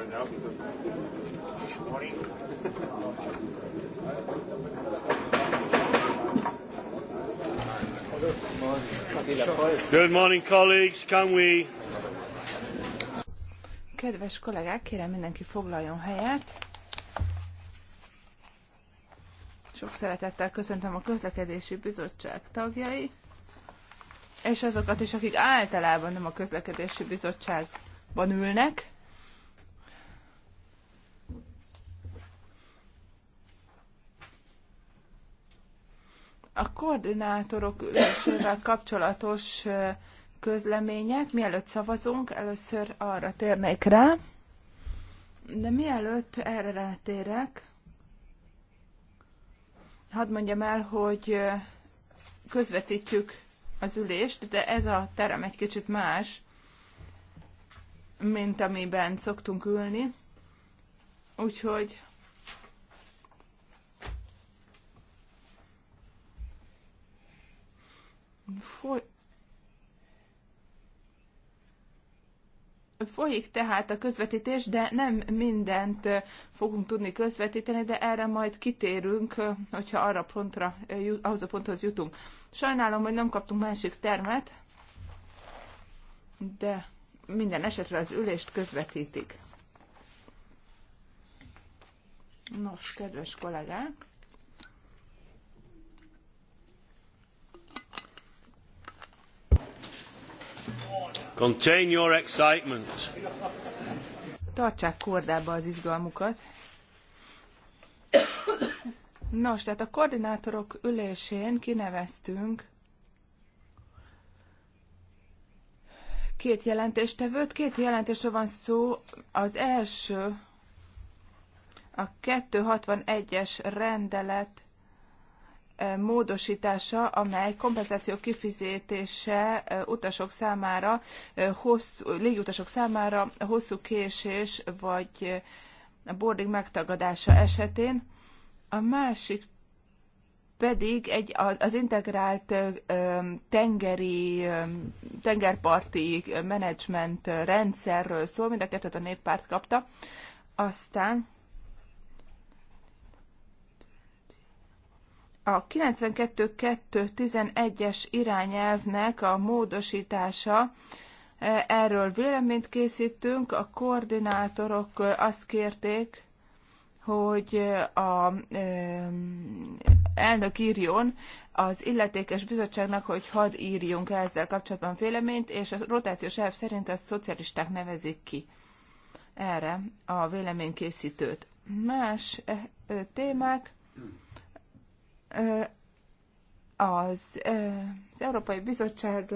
right now because morning. Good morning, colleagues. Can we? Kedves kollégák, kérem mindenki foglaljon helyet. Sok szeretettel köszöntöm a közlekedési bizottság tagjai, és azokat is, akik általában nem a közlekedési bizottságban ülnek. a koordinátorok ülésével kapcsolatos közlemények. Mielőtt szavazunk, először arra térnék rá, de mielőtt erre rátérek, hadd mondjam el, hogy közvetítjük az ülést, de ez a terem egy kicsit más, mint amiben szoktunk ülni. Úgyhogy foly, Folyik tehát a közvetítés, de nem mindent fogunk tudni közvetíteni, de erre majd kitérünk, hogyha arra pontra, ahhoz a ponthoz jutunk. Sajnálom, hogy nem kaptunk másik termet, de minden esetre az ülést közvetítik. Nos, kedves kollégák! Contain your excitement. Tartsák kordába az izgalmukat. Nos, tehát a koordinátorok ülésén kineveztünk két jelentéstevőt. Két jelentésről van szó. Az első a 261-es rendelet módosítása, amely kompenzáció kifizetése utasok számára, hosszú, légutasok számára hosszú késés vagy a boarding megtagadása esetén. A másik pedig egy, az integrált tengeri, tengerparti menedzsment rendszerről szól, mind a kettőt a néppárt kapta. Aztán A 92.2.11-es irányelvnek a módosítása, e, erről véleményt készítünk, a koordinátorok e, azt kérték, hogy e, a elnök írjon az illetékes bizottságnak, hogy hadd írjunk ezzel kapcsolatban véleményt, és a rotációs elv szerint a szocialisták nevezik ki erre a véleménykészítőt. Más témák az, az Európai Bizottság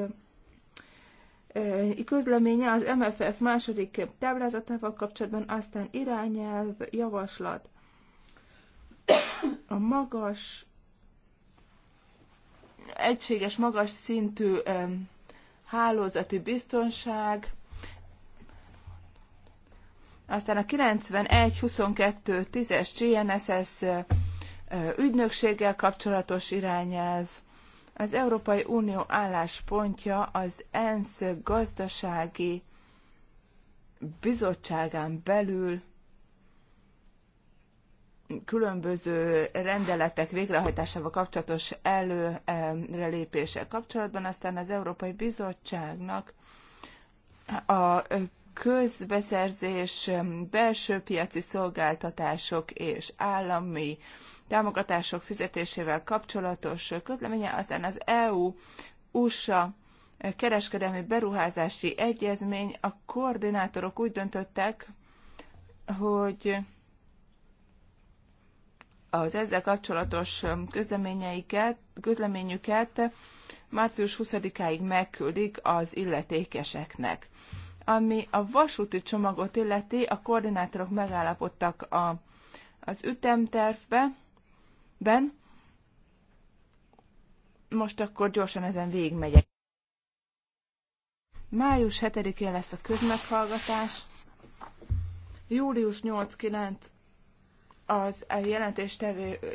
közleménye az MFF második táblázatával kapcsolatban, aztán irányelv, javaslat. A magas, egységes, magas szintű hálózati biztonság, aztán a 91-22-10-es GNSS ügynökséggel kapcsolatos irányelv, az Európai Unió álláspontja az ENSZ gazdasági bizottságán belül különböző rendeletek végrehajtásával kapcsolatos előrelépése kapcsolatban, aztán az Európai Bizottságnak a közbeszerzés, belső piaci szolgáltatások és állami támogatások fizetésével kapcsolatos közleménye, aztán az EU-USA kereskedelmi beruházási egyezmény, a koordinátorok úgy döntöttek, hogy az ezzel kapcsolatos közleményeiket, közleményüket március 20-áig megküldik az illetékeseknek. Ami a vasúti csomagot illeti, a koordinátorok megállapodtak a, az ütemtervbe, ben. Most akkor gyorsan ezen végigmegyek. Május 7-én lesz a közmeghallgatás. Július 8-9 az a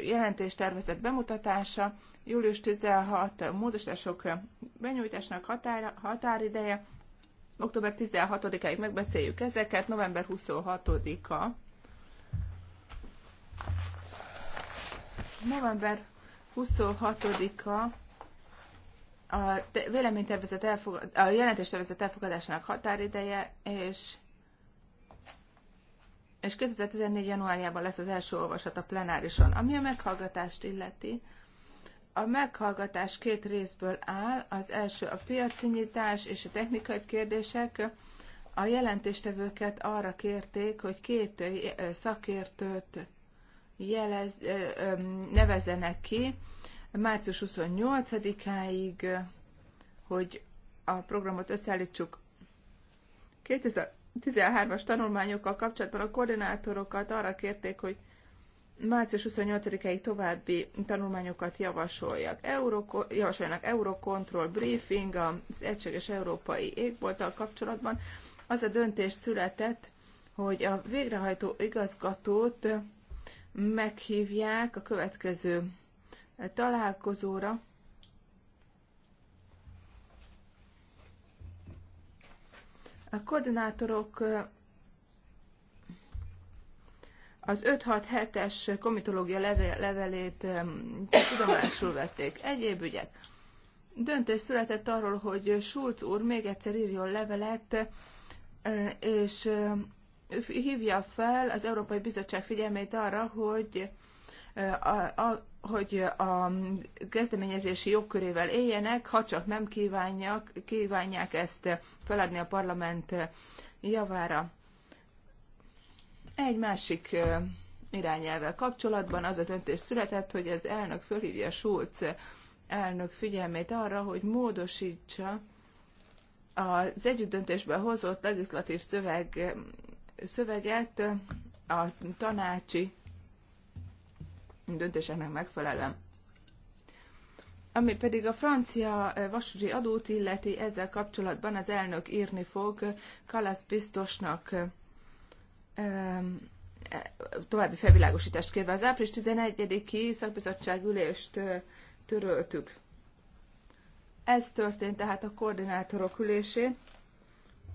jelentéstervezet bemutatása, július 16 a módosítások benyújtásnak határa, határideje, október 16-áig megbeszéljük ezeket, november 26-a November 26-a a véleménytervezet elfogad, a jelentéstervezet elfogadásának határideje, és, és 2014. januárjában lesz az első olvasat a plenárison, ami a meghallgatást illeti. A meghallgatás két részből áll, az első a piaci nyitás és a technikai kérdések. A jelentéstevőket arra kérték, hogy két szakértőt jelez, nevezenek ki március 28-áig, hogy a programot összeállítsuk. 2013-as tanulmányokkal kapcsolatban a koordinátorokat arra kérték, hogy március 28-ig további tanulmányokat javasoljak. Euro, javasoljanak Eurocontrol briefing az egységes európai égbolttal kapcsolatban. Az a döntés született, hogy a végrehajtó igazgatót meghívják a következő találkozóra. A koordinátorok az 5-6-7-es komitológia levelét tudomásul vették. Egyéb ügyek. Döntés született arról, hogy Schulz úr még egyszer írjon levelet, és hívja fel az Európai Bizottság figyelmét arra, hogy a, a, hogy a kezdeményezési jogkörével éljenek, ha csak nem kívánják, kívánják ezt feladni a parlament javára. Egy másik irányelvvel kapcsolatban az a döntés született, hogy az elnök fölhívja Schulz elnök figyelmét arra, hogy módosítsa az együttdöntésben hozott legislatív szöveg szöveget a tanácsi döntéseknek megfelelően. Ami pedig a francia vasúti adót illeti, ezzel kapcsolatban az elnök írni fog Kalasz biztosnak további felvilágosítást kérve. Az április 11-i szakbizottság ülést töröltük. Ez történt tehát a koordinátorok ülésén.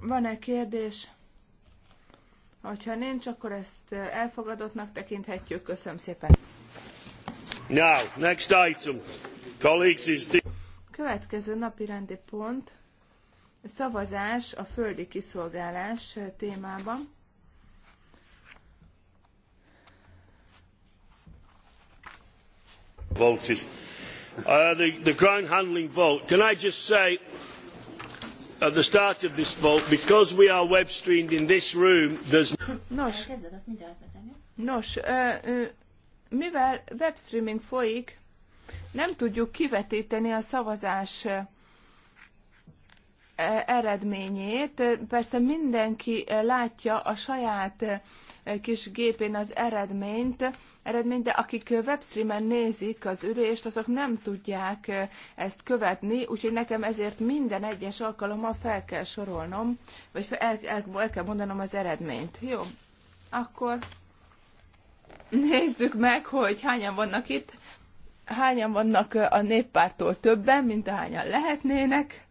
Van-e kérdés? Hogyha nincs, akkor ezt eh, elfogadottnak tekinthetjük. Köszönöm szépen. Now, next item. Colleagues is the Következő napi rendi pont szavazás a földi kiszolgálás eh, témában. Vote is. Uh, the, the ground handling vote. Can I just say at the start of this vote, because we are web streamed in this room, there's... Nos, nos uh, mivel web streaming folyik, nem tudjuk kivetíteni a szavazás Uh, E, eredményét. Persze mindenki e, látja a saját e, kis gépén az eredményt, eredményt de akik webstreamen nézik az ülést, azok nem tudják ezt követni, úgyhogy nekem ezért minden egyes alkalommal fel kell sorolnom, vagy el, el, el kell mondanom az eredményt. Jó, akkor nézzük meg, hogy hányan vannak itt. Hányan vannak a néppártól többen, mint ahányan lehetnének.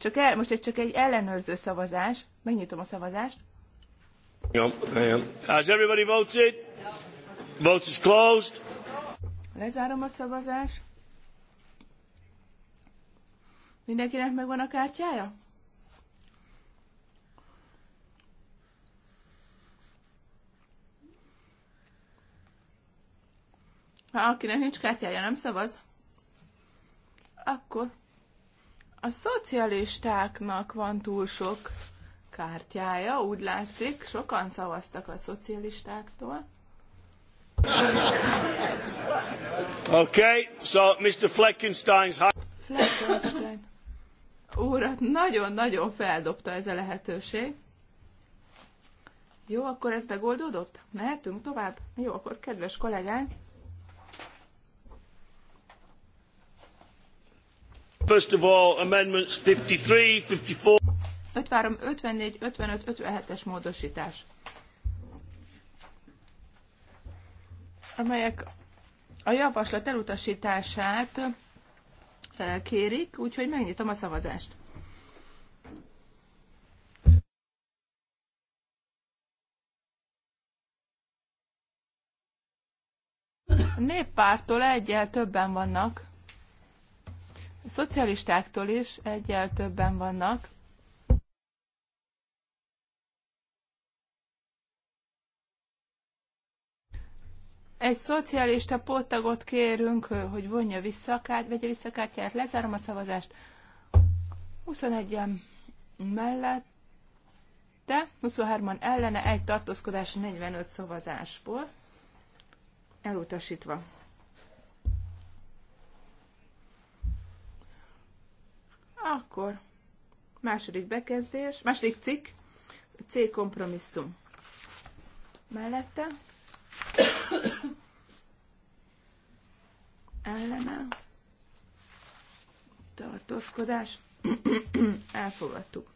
Csak el, most egy, csak egy ellenőrző szavazás. Megnyitom a szavazást. Has everybody voted? Vote is closed. Lezárom a szavazást. Mindenkinek megvan a kártyája? Ha akinek nincs kártyája, nem szavaz, akkor a szocialistáknak van túl sok kártyája, úgy látszik, sokan szavaztak a szocialistáktól. Okay, so Mr. Fleckenstein's... Fleckenstein. Úrat nagyon-nagyon feldobta ez a lehetőség. Jó, akkor ez megoldódott? Mehetünk tovább? Jó, akkor kedves kollégánk, First of all, amendments 53, 54. 53, 54, 55, 57-es módosítás. Amelyek a javaslat elutasítását e, kérik, úgyhogy megnyitom a szavazást. A néppártól egyel többen vannak szocialistáktól is egyel többen vannak. Egy szocialista póttagot kérünk, hogy vonja vissza a kárt, vegye vissza a kártyát, lezárom a szavazást. 21-en mellette, 23-an ellene, egy tartózkodás 45 szavazásból, elutasítva. Akkor második bekezdés, második cikk, C kompromisszum. Mellette ellene tartózkodás elfogadtuk.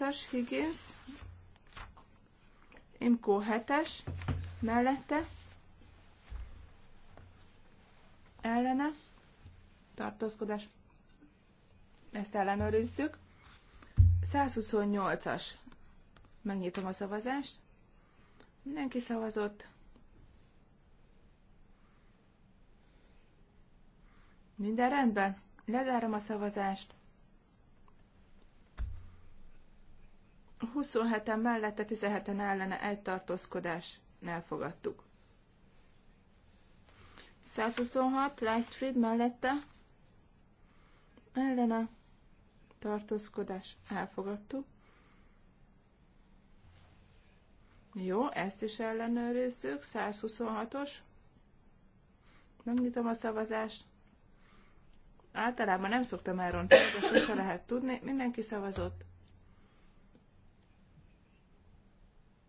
as Higgins, Imco 7-es, mellette, ellene, tartózkodás, ezt ellenőrizzük. 128-as, megnyitom a szavazást, mindenki szavazott, minden rendben, lezárom a szavazást, 27-en mellette, 17-en ellene egy tartózkodás elfogadtuk. 126 Lightfried mellette ellene tartózkodás elfogadtuk. Jó, ezt is ellenőrizzük. 126-os. Megnyitom a szavazást. Általában nem szoktam elrontani, de sose lehet tudni. Mindenki szavazott.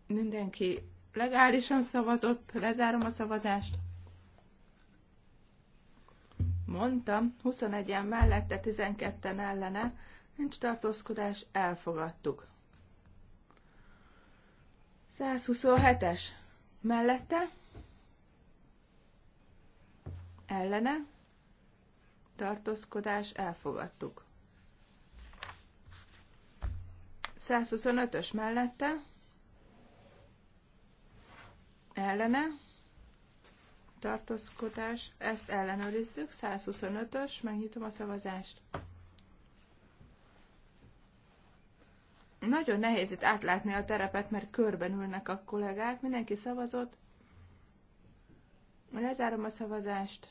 Mindenki legálisan szavazott, lezárom a szavazást. Mondtam, 21-en mellette, 12-en ellene, nincs tartózkodás, elfogadtuk. 127-es mellette, ellene, tartózkodás, elfogadtuk. 125-ös mellette, ellene, tartózkodás, ezt ellenőrizzük, 125-ös, megnyitom a szavazást. Nagyon nehéz itt átlátni a terepet, mert körben ülnek a kollégák, mindenki szavazott. Lezárom a szavazást.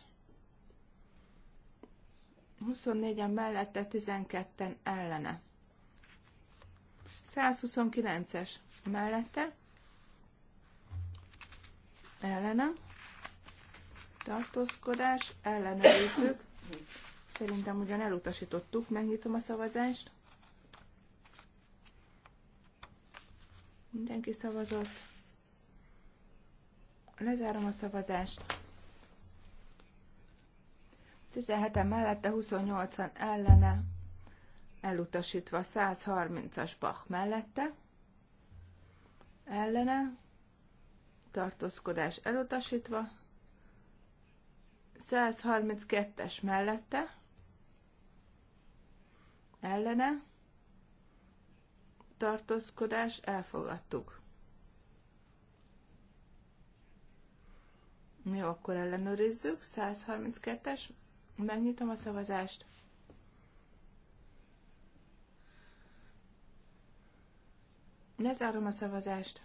24-en mellette, 12-en ellene. 129-es mellette, ellene, tartózkodás, ellenőrizzük. Szerintem ugyan elutasítottuk, megnyitom a szavazást. Mindenki szavazott. Lezárom a szavazást. 17-en mellette, 28-an ellene, elutasítva 130-as Bach mellette, ellene, tartózkodás elutasítva, 132-es mellette, ellene, tartózkodás elfogadtuk. Jó, akkor ellenőrizzük. 132-es. Megnyitom a szavazást. Lezárom a szavazást.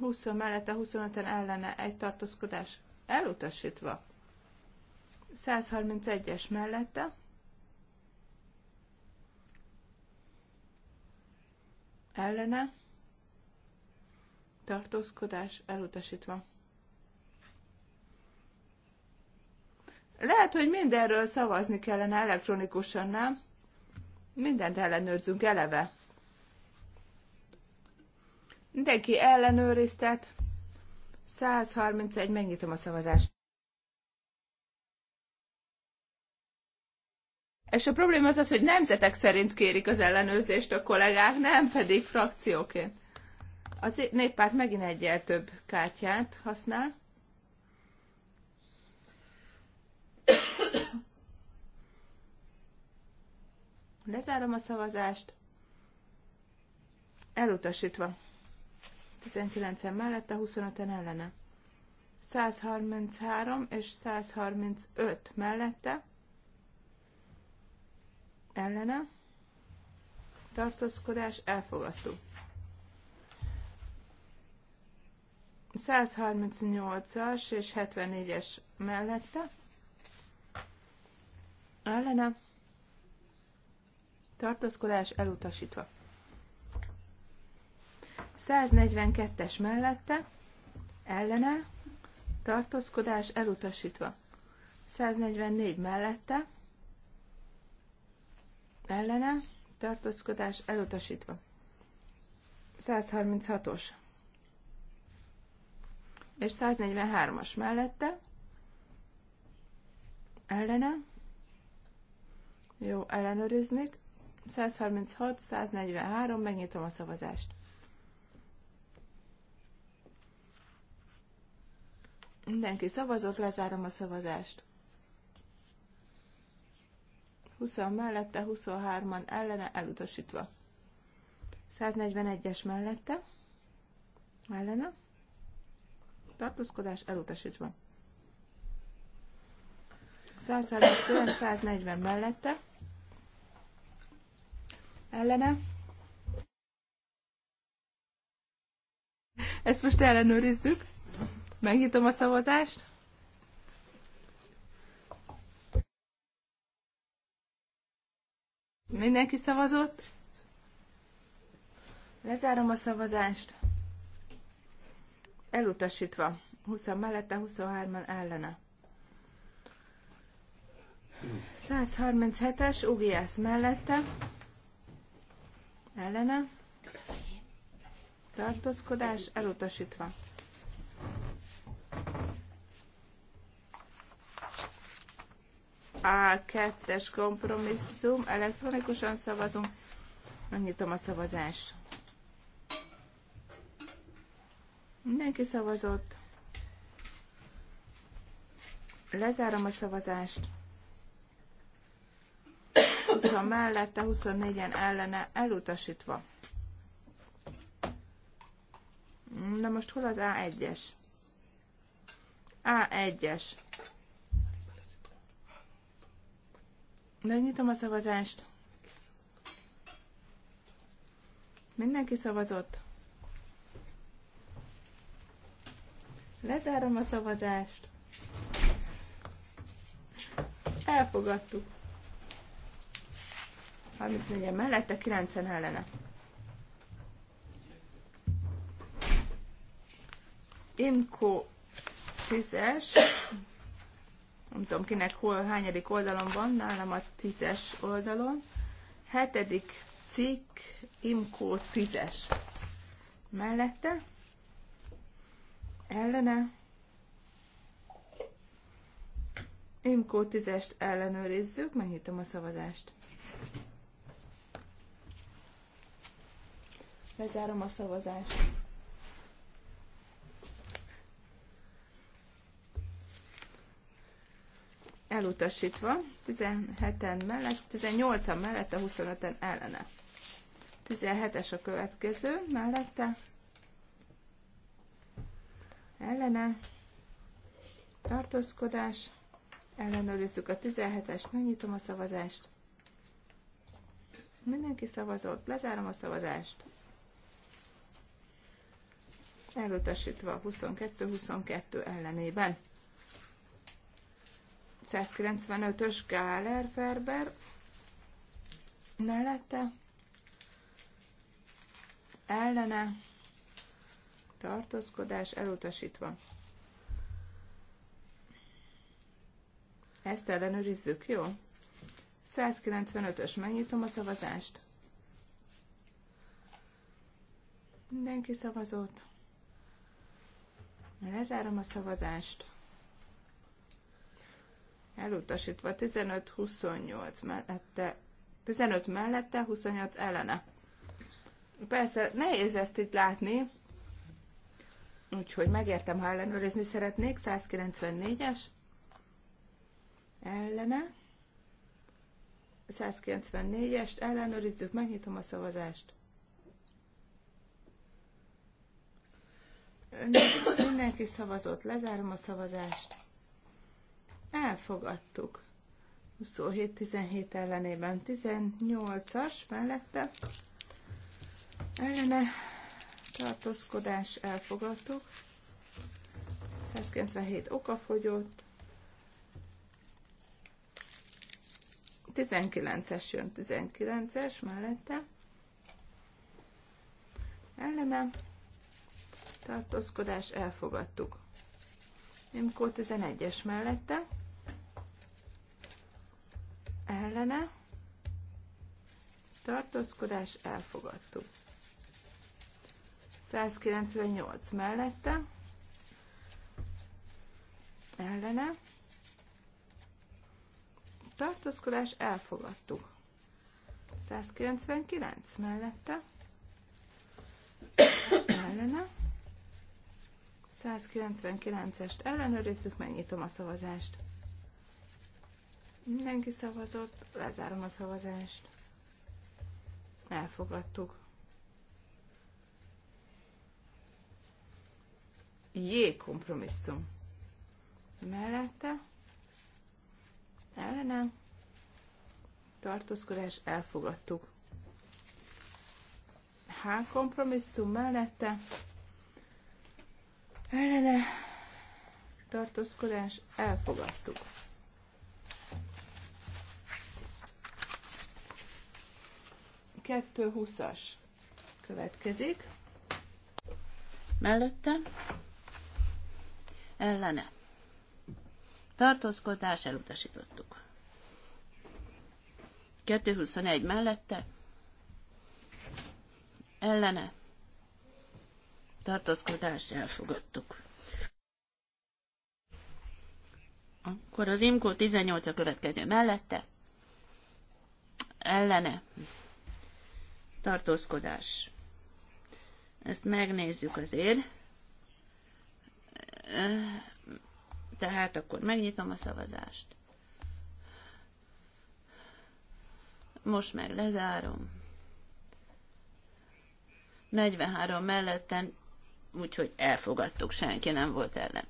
20 mellette, 25-en ellene egy tartózkodás elutasítva. 131-es mellette. Ellene. Tartózkodás elutasítva. Lehet, hogy mindenről szavazni kellene elektronikusan, nem? Mindent ellenőrzünk eleve. Mindenki ellenőriztet. 131, megnyitom a szavazást. És a probléma az az, hogy nemzetek szerint kérik az ellenőrzést a kollégák, nem pedig frakcióként. A néppárt megint egyel több kártyát használ. Lezárom a szavazást. Elutasítva. 19-en mellette, 25-en ellene. 133 és 135 mellette, ellene, tartózkodás, elfogadtuk. 138-as és 74-es mellette, ellene, tartózkodás elutasítva. 142-es mellette, ellene, tartózkodás elutasítva. 144 mellette, ellene, tartózkodás elutasítva. 136-os és 143-as mellette, ellene, jó, ellenőriznék, 136, 143, megnyitom a szavazást. Mindenki szavazott, lezárom a szavazást. 20 mellette, 23-an ellene, elutasítva. 141-es mellette, ellene, tartózkodás elutasítva. 139, 140 mellette, ellene. Ezt most ellenőrizzük. Megnyitom a szavazást. Mindenki szavazott? Lezárom a szavazást. Elutasítva. 20 mellette, 23-an ellene. 137-es, UGS mellette. Ellene. Tartózkodás elutasítva. A2-es kompromisszum, elektronikusan szavazunk, megnyitom a szavazást. Mindenki szavazott. Lezárom a szavazást. 20 mellette, 24-en ellene elutasítva. Na most hol az A1-es? A1-es. Megnyitom a szavazást. Mindenki szavazott. Lezárom a szavazást. Elfogadtuk. 34 mellette, 9 ellene. Imko 10-es nem tudom kinek hol, hányadik oldalon van, nálam a tízes oldalon. Hetedik cikk, Imkó tízes. Mellette, ellene, Imkó tízest ellenőrizzük, megnyitom a szavazást. Lezárom a szavazást. elutasítva, 17-en mellett, 18-an mellette, 25-en ellene. 17-es a következő, mellette, ellene, tartózkodás, ellenőrizzük a 17-est, megnyitom a szavazást. Mindenki szavazott, lezárom a szavazást. Elutasítva 22-22 ellenében. 295-ös Gáler Ferber mellette ellene tartózkodás elutasítva. Ezt ellenőrizzük, jó? 195-ös, megnyitom a szavazást. Mindenki szavazott. Lezárom a szavazást elutasítva 15-28 mellette, 15 mellette, 28 ellene. Persze nehéz ezt itt látni, úgyhogy megértem, ha ellenőrizni szeretnék, 194-es ellene. 194-est ellenőrizzük, megnyitom a szavazást. Mindenki szavazott, lezárom a szavazást elfogadtuk. 27-17 ellenében 18-as mellette ellene tartózkodás elfogadtuk. 197 oka fogyott. 19-es jön, 19-es mellette. Ellene tartózkodás elfogadtuk. Imkó 11-es mellette ellene tartózkodás elfogadtuk. 198 mellette ellene tartózkodás elfogadtuk. 199 mellette ellene 199-est ellenőrizzük, megnyitom a szavazást. Mindenki szavazott, lezárom a szavazást. Elfogadtuk. Jé kompromisszum. Mellette, ellene, tartózkodás, elfogadtuk. H kompromisszum mellette, ellene, tartózkodás, elfogadtuk. 220-as következik. Mellette ellene. Tartózkodás elutasítottuk. 221 mellette ellene. Tartózkodás elfogadtuk. Akkor az IMKO 18 a következő mellette ellene tartózkodás. Ezt megnézzük azért. Tehát akkor megnyitom a szavazást. Most meg lezárom. 43 melletten, úgyhogy elfogadtuk, senki nem volt ellen.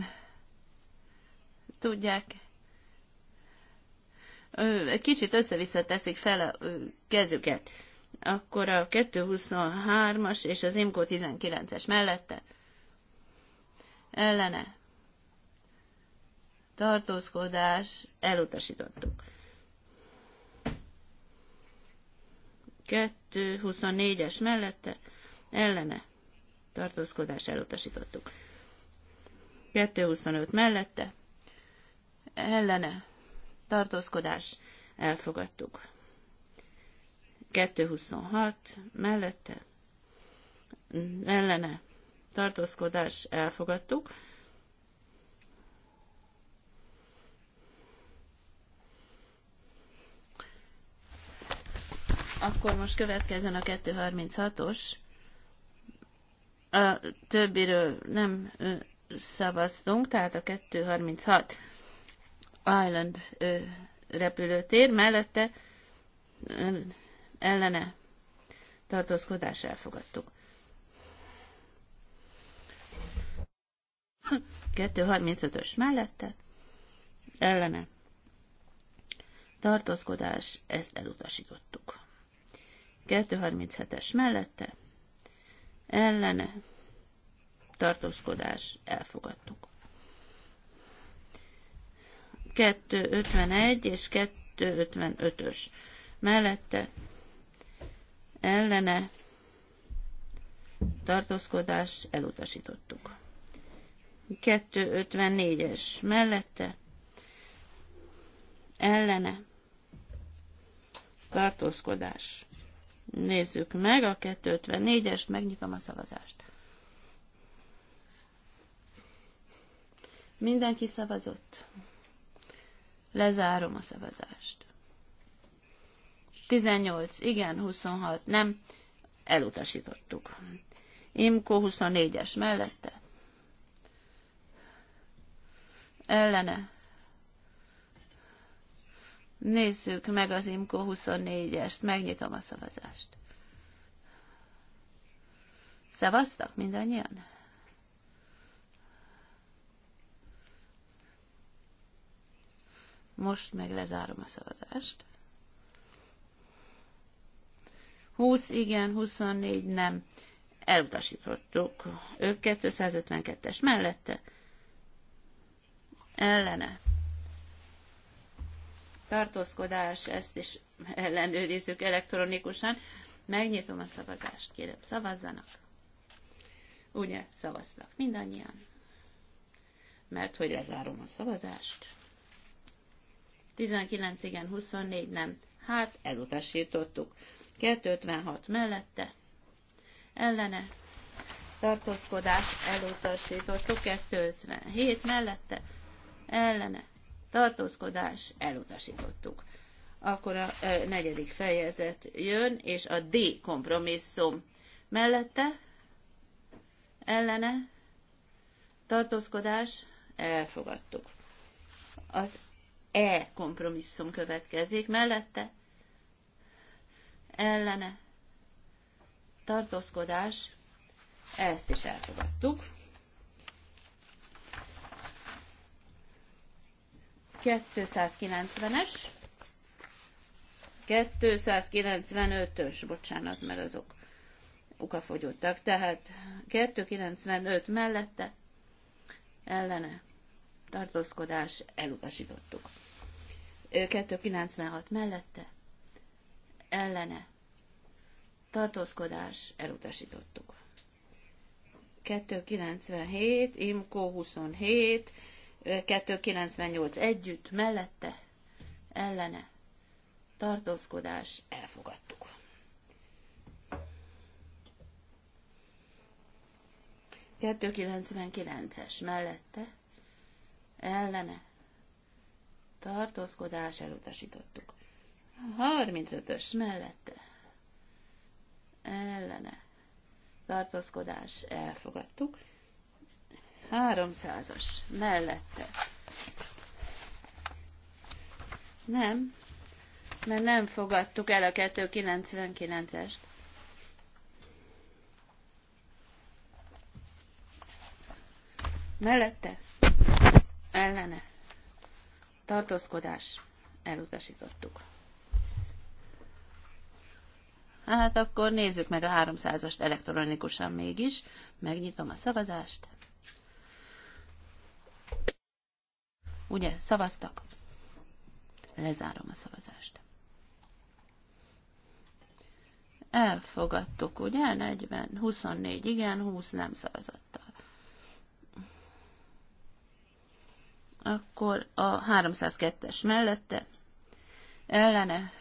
Tudják, egy kicsit össze-vissza teszik fel a kezüket. Akkor a 223-as és az IMCO 19-es mellette ellene tartózkodás elutasítottuk. 224-es mellette ellene tartózkodás elutasítottuk. 225 mellette ellene tartózkodás, elfogadtuk. 226 mellette, ellene, tartózkodás, elfogadtuk. Akkor most következzen a 236-os. A többiről nem szavaztunk, tehát a 236 Island repülőtér, mellette ellene tartózkodás elfogadtuk. 235-ös mellette ellene tartózkodás, ezt elutasítottuk. 237-es mellette ellene tartózkodás, elfogadtuk. 251 és 255-ös. Mellette ellene tartózkodás elutasítottuk. 254-es mellette ellene tartózkodás. Nézzük meg a 254-est, megnyitom a szavazást. Mindenki szavazott. Lezárom a szavazást. 18, igen, 26, nem, elutasítottuk. Imko 24-es mellette. Ellene. Nézzük meg az Imko 24-est, megnyitom a szavazást. Szavaztak mindannyian? Most meg lezárom a szavazást. 20 igen, 24 nem. Elutasítottuk. Ők 252-es mellette. Ellene. Tartózkodás, ezt is ellenőrizzük elektronikusan. Megnyitom a szavazást, kérem, szavazzanak. Ugye, szavaztak mindannyian. Mert hogy lezárom a szavazást. 19 igen, 24 nem. Hát elutasítottuk. 256 mellette, ellene, tartózkodás elutasítottuk, 257 mellette, ellene, tartózkodás elutasítottuk. Akkor a ö, negyedik fejezet jön, és a D kompromisszum mellette, ellene, tartózkodás, elfogadtuk. Az E kompromisszum következik, mellette ellene tartózkodás, ezt is elfogadtuk. Kettőszázkilencvenes, 295-ös, bocsánat, mert azok ukafogyottak, tehát 295 mellette ellene tartózkodás elutasítottuk. 296 mellette ellene tartózkodás elutasítottuk. 297, IMCO 27, 298 együtt, mellette, ellene, tartózkodás, elfogadtuk. Kettő es mellette, ellene tartózkodás elutasítottuk. 35-ös mellette ellene tartózkodás elfogadtuk. 300-as mellette nem, mert nem fogadtuk el a 299-est. Mellette ellene tartózkodás elutasítottuk. Hát akkor nézzük meg a 300-ast elektronikusan mégis. Megnyitom a szavazást. Ugye, szavaztak? Lezárom a szavazást. Elfogadtuk, ugye? 40, 24 igen, 20 nem szavazattal. akkor a 302-es mellette ellene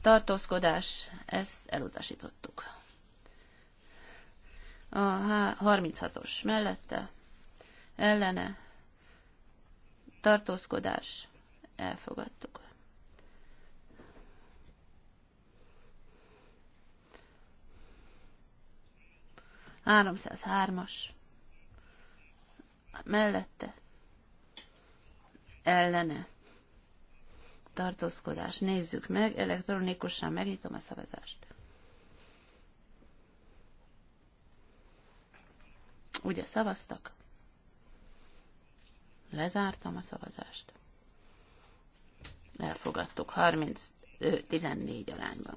tartózkodás, ezt elutasítottuk. A 36-os mellette ellene tartózkodás, elfogadtuk. Háromszázhármas mellette ellene tartózkodás. Nézzük meg, elektronikusan megnyitom a szavazást. Ugye szavaztak? Lezártam a szavazást. Elfogadtuk 30-14 arányban.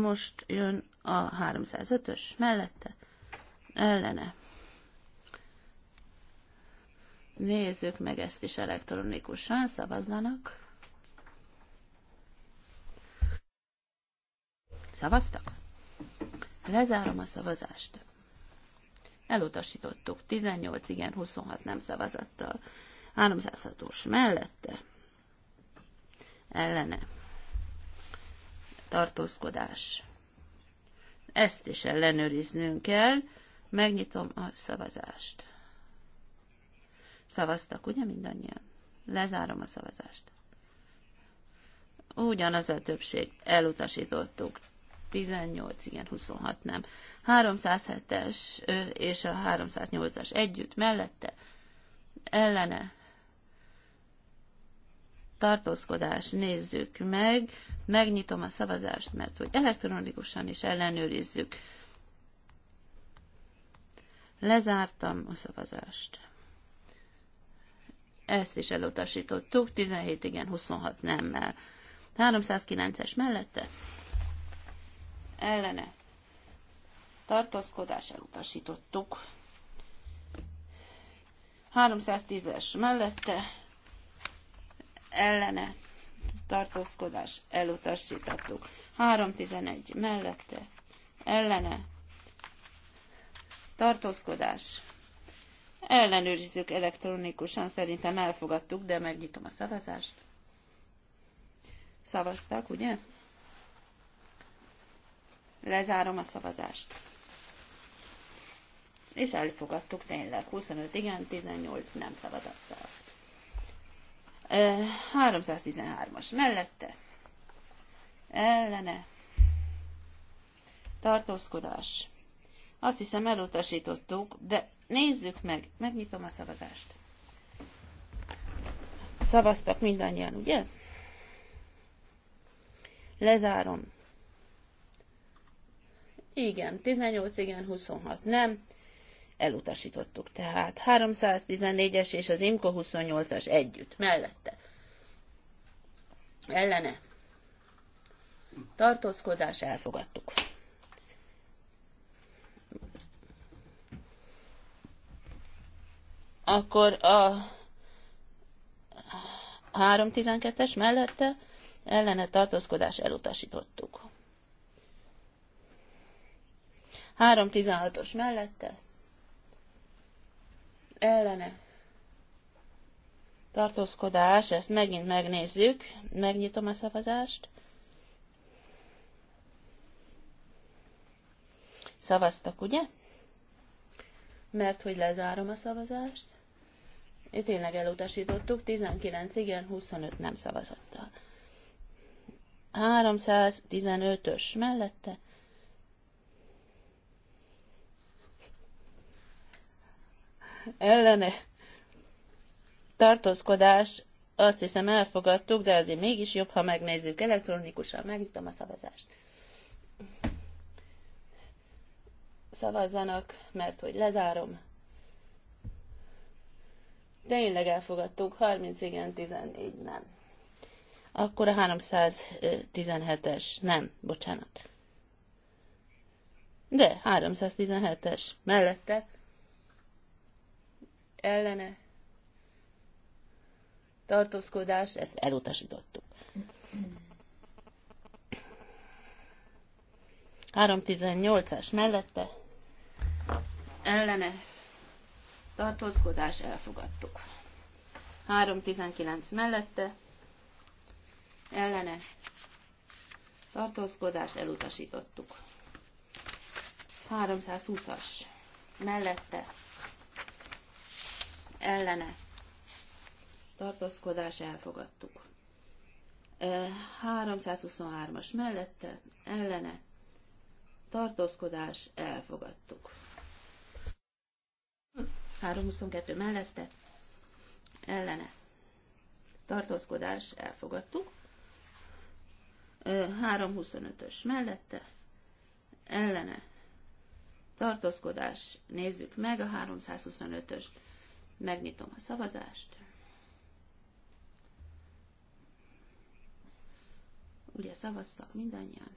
Most jön a 305-ös mellette. Ellene Nézzük meg ezt is elektronikusan, szavazzanak. Szavaztak? Lezárom a szavazást. Elutasítottuk 18 igen, 26 nem szavazattal. 306-os mellette. Ellene. Tartózkodás. Ezt is ellenőriznünk kell. Megnyitom a szavazást. Szavaztak, ugye mindannyian? Lezárom a szavazást. Ugyanaz a többség. Elutasítottuk. 18, igen, 26 nem. 307-es és a 308-as együtt, mellette, ellene, tartózkodás, nézzük meg, megnyitom a szavazást, mert hogy elektronikusan is ellenőrizzük. Lezártam a szavazást ezt is elutasítottuk, 17 igen, 26 nemmel. 309-es mellette ellene tartózkodás elutasítottuk. 310-es mellette ellene tartózkodás elutasítottuk. 311 mellette ellene tartózkodás Ellenőrizzük elektronikusan, szerintem elfogadtuk, de megnyitom a szavazást. Szavaztak, ugye? Lezárom a szavazást. És elfogadtuk tényleg. 25 igen, 18 nem szavazattal. 313-as mellette. Ellene. Tartózkodás. Azt hiszem elutasítottuk, de nézzük meg. Megnyitom a szavazást. Szavaztak mindannyian, ugye? Lezárom. Igen, 18, igen, 26, nem. Elutasítottuk tehát. 314-es és az IMKO 28-as együtt, mellette. Ellene. Tartózkodás elfogadtuk. Akkor a 3.12-es mellette ellene tartózkodás elutasítottuk. 3.16-os mellette ellene tartózkodás, ezt megint megnézzük, megnyitom a szavazást. Szavaztak, ugye? Mert hogy lezárom a szavazást tényleg elutasítottuk, 19 igen, 25 nem szavazattal. 315-ös mellette. Ellene tartózkodás, azt hiszem elfogadtuk, de azért mégis jobb, ha megnézzük elektronikusan. Megnyitom a szavazást. Szavazzanak, mert hogy lezárom. Tényleg elfogadtuk, 30 igen, 14 nem. Akkor a 317-es, nem, bocsánat. De, 317-es, mellette, ellene, tartózkodás, ezt elutasítottuk. 318-as mellette, ellene, tartózkodás elfogadtuk. 3.19 mellette, ellene, tartózkodás elutasítottuk. 320-as mellette, ellene, tartózkodás elfogadtuk. 323-as mellette, ellene, tartózkodás elfogadtuk. 322 mellette ellene tartózkodás elfogadtuk. 325-ös mellette ellene tartózkodás nézzük meg a 325-ös. Megnyitom a szavazást. Ugye szavaztak mindannyian?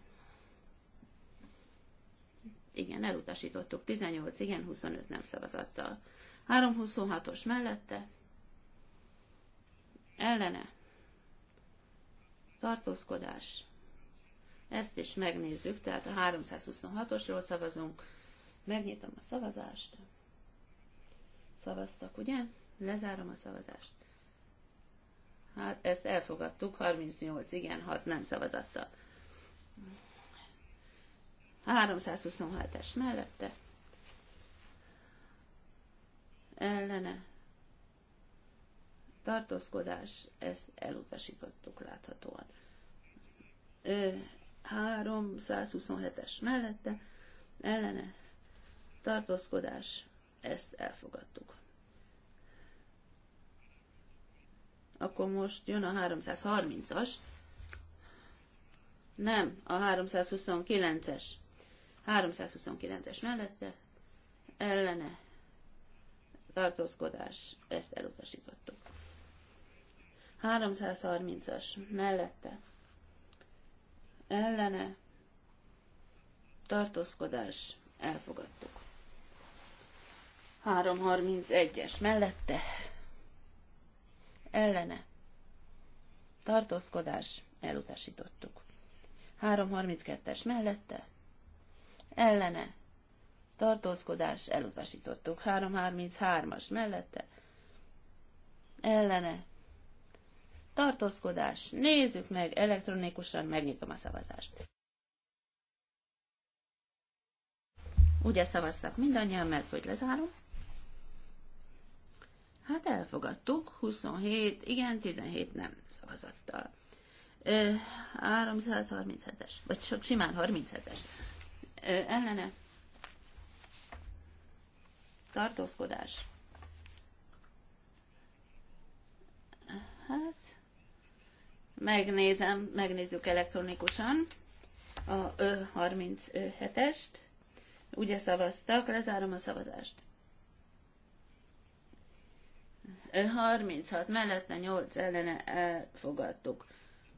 Igen, elutasítottuk 18, igen, 25 nem szavazattal. 326-os mellette, ellene, tartózkodás. Ezt is megnézzük, tehát a 326-osról szavazunk. Megnyitom a szavazást. Szavaztak, ugye? Lezárom a szavazást. Hát ezt elfogadtuk, 38 igen, 6 nem szavazattal. 327-es mellette ellene tartózkodás, ezt elutasítottuk láthatóan. 327-es mellette ellene tartózkodás, ezt elfogadtuk. Akkor most jön a 330-as. Nem, a 329-es. 329-es mellette ellene tartózkodás, ezt elutasítottuk. 330-as, mellette, ellene, tartózkodás, elfogadtuk. 331-es, mellette, ellene, tartózkodás, elutasítottuk. 332-es mellette, ellene, tartózkodás, elutasítottuk. 333-as mellette, ellene, tartózkodás, nézzük meg elektronikusan, megnyitom a szavazást. Ugye szavaztak mindannyian, mert hogy lezárom? Hát elfogadtuk, 27, igen, 17 nem szavazattal. 337-es, vagy csak simán 37-es. Ö, ellene tartózkodás. Hát, megnézem, megnézzük elektronikusan a 37-est. Ugye szavaztak, lezárom a szavazást. 36 mellette 8 ellene elfogadtuk.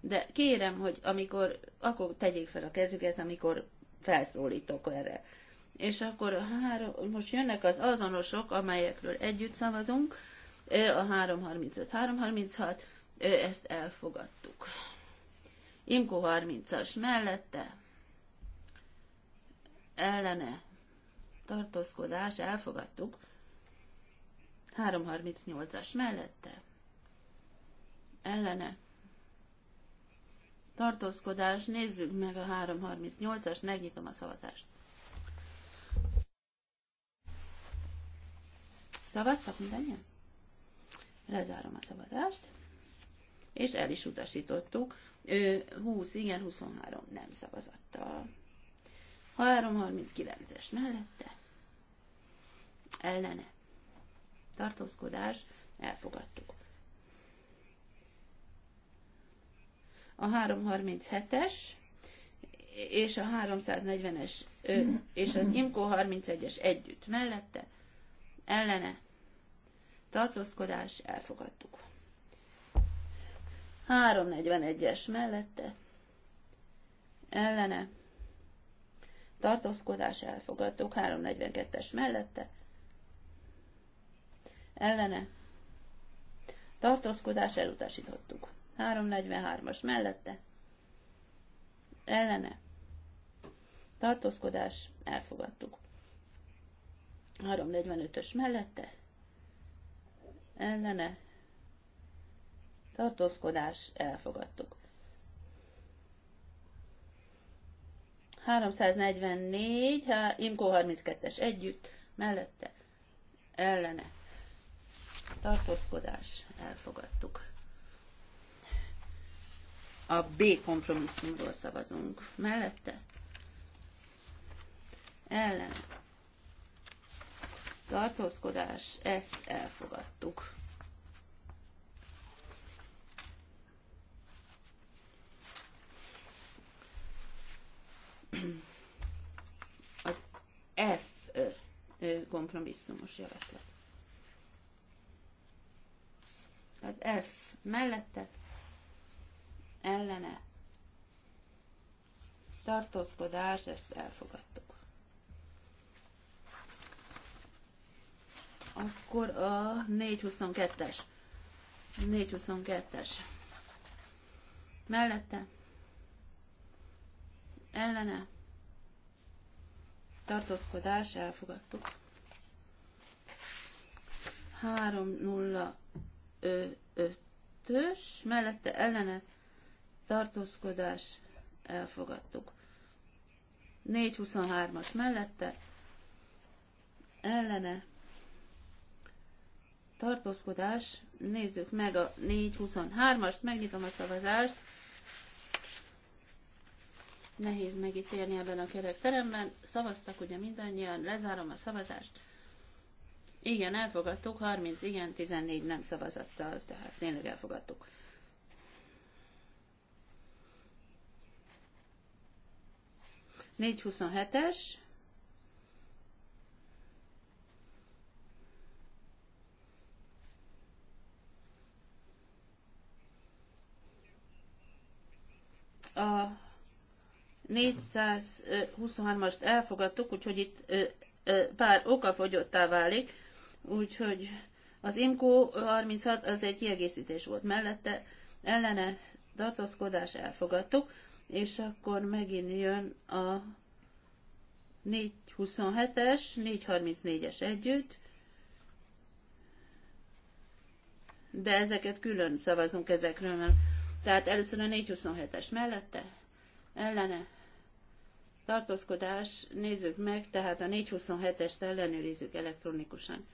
De kérem, hogy amikor, akkor tegyék fel a kezüket, amikor felszólítok erre és akkor három, most jönnek az azonosok, amelyekről együtt szavazunk, a 335, 336, ezt elfogadtuk. Imko 30-as mellette, ellene tartózkodás, elfogadtuk. 338-as mellette, ellene tartózkodás, nézzük meg a 338-as, megnyitom a szavazást. Szavaztak mindannyian? Lezárom a szavazást. És el is utasítottuk. 20, igen, 23 nem szavazattal. 339-es mellette. Ellene. Tartózkodás. Elfogadtuk. A 337-es és a 340-es és az IMCO 31-es együtt mellette, ellene tartózkodás, elfogadtuk. 341-es mellette, ellene, tartózkodás, elfogadtuk. 342-es mellette, ellene, tartózkodás, elutasítottuk. 343-as mellette, ellene, tartózkodás, elfogadtuk. 345-ös mellette, ellene tartózkodás elfogadtuk. 344, Imko 32-es együtt, mellette ellene tartózkodás elfogadtuk. A B kompromisszumról szavazunk. Mellette ellene tartózkodás, ezt elfogadtuk. Az F kompromisszumos javaslat. Tehát F mellette, ellene, tartózkodás, ezt elfogadtuk. Akkor a 422-es. 422-es. Mellette. Ellene. Tartózkodás, elfogadtuk. 305-ös, mellette ellene tartózkodás, elfogadtuk. 423-as mellette ellene tartózkodás, nézzük meg a 423-ast, megnyitom a szavazást. Nehéz megítélni ebben a kerek teremben. Szavaztak ugye mindannyian, lezárom a szavazást. Igen, elfogadtuk, 30 igen, 14 nem szavazattal, tehát tényleg elfogadtuk. Négy es A 423-ast elfogadtuk, úgyhogy itt pár okafogyottá válik, úgyhogy az IMCO 36 az egy kiegészítés volt mellette, ellene tartózkodás elfogadtuk, és akkor megint jön a 427-es, 434-es együtt, de ezeket külön szavazunk ezekről, mert tehát először a 427-es mellette, ellene, tartózkodás, nézzük meg, tehát a 427-est ellenőrizzük elektronikusan.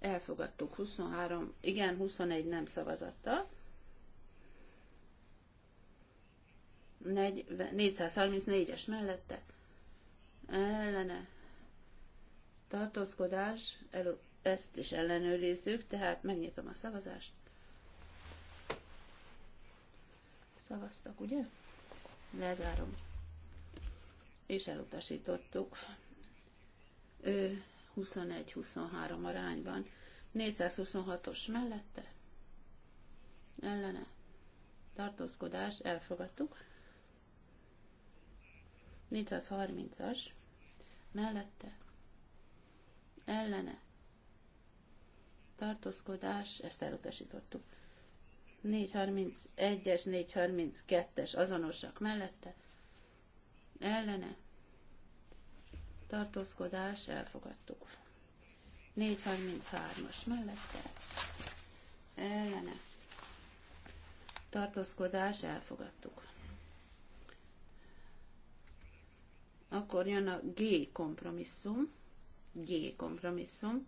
Elfogadtuk 23, igen, 21 nem szavazattal. 434-es mellette, ellene, tartózkodás, el, ezt is ellenőrizzük, tehát megnyitom a szavazást. Szavaztak, ugye? Lezárom. És elutasítottuk. 21-23 arányban. 426-os mellette. Ellene. Tartózkodás, elfogadtuk. 430-as mellette ellene tartózkodás, ezt elutasítottuk. 431-es, 432-es azonosak mellette, ellene tartózkodás, elfogadtuk. 433-as mellette, ellene tartózkodás, elfogadtuk. Akkor jön a G kompromisszum. G kompromisszum,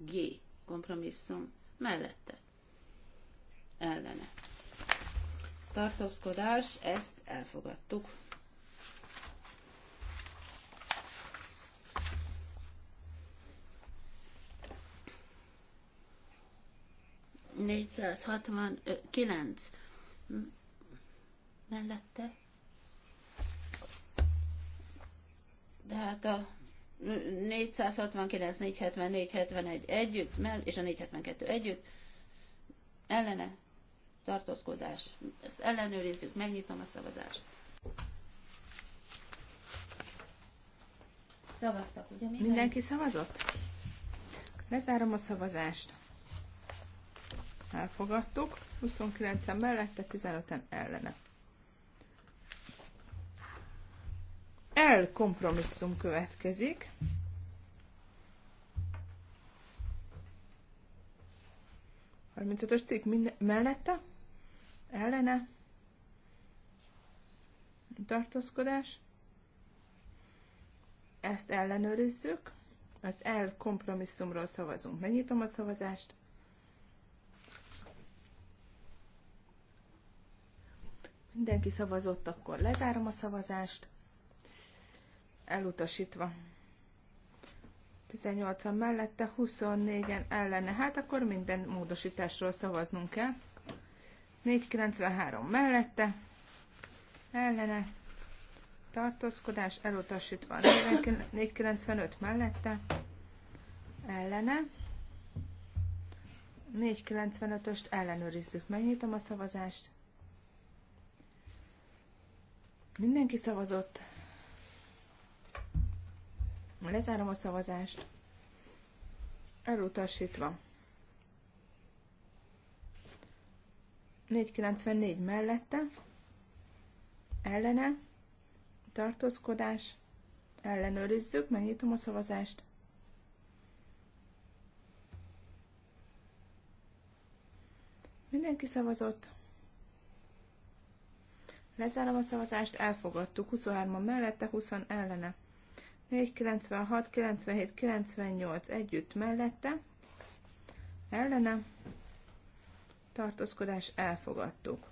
G kompromisszum mellette. Ellene. Tartózkodás, ezt elfogadtuk. kilenc mellette. De hát a 469, 470, 471 együtt, és a 472 együtt, ellene tartózkodás. Ezt ellenőrizzük, megnyitom a szavazást. Szavaztak, ugye mindenki? Mindenki szavazott? Lezárom a szavazást. Elfogadtuk. 29-en mellette, 15-en ellene. Shell kompromisszum következik. A 35-ös cikk mellette, ellene, tartózkodás. Ezt ellenőrizzük. Az L kompromisszumról szavazunk. Megnyitom a szavazást. Mindenki szavazott, akkor lezárom a szavazást elutasítva. 18-an mellette, 24-en ellene. Hát akkor minden módosításról szavaznunk kell. 493 mellette, ellene, tartózkodás elutasítva. 495 mellette, ellene. 495-öst ellenőrizzük. Megnyitom a szavazást. Mindenki szavazott. Lezárom a szavazást. Elutasítva. 494 mellette, ellene, tartózkodás, ellenőrizzük, megnyitom a szavazást. Mindenki szavazott. Lezárom a szavazást, elfogadtuk. 23-an mellette, 20 ellene. 4, 96, 97, 98 együtt mellette, ellene, tartózkodás elfogadtuk.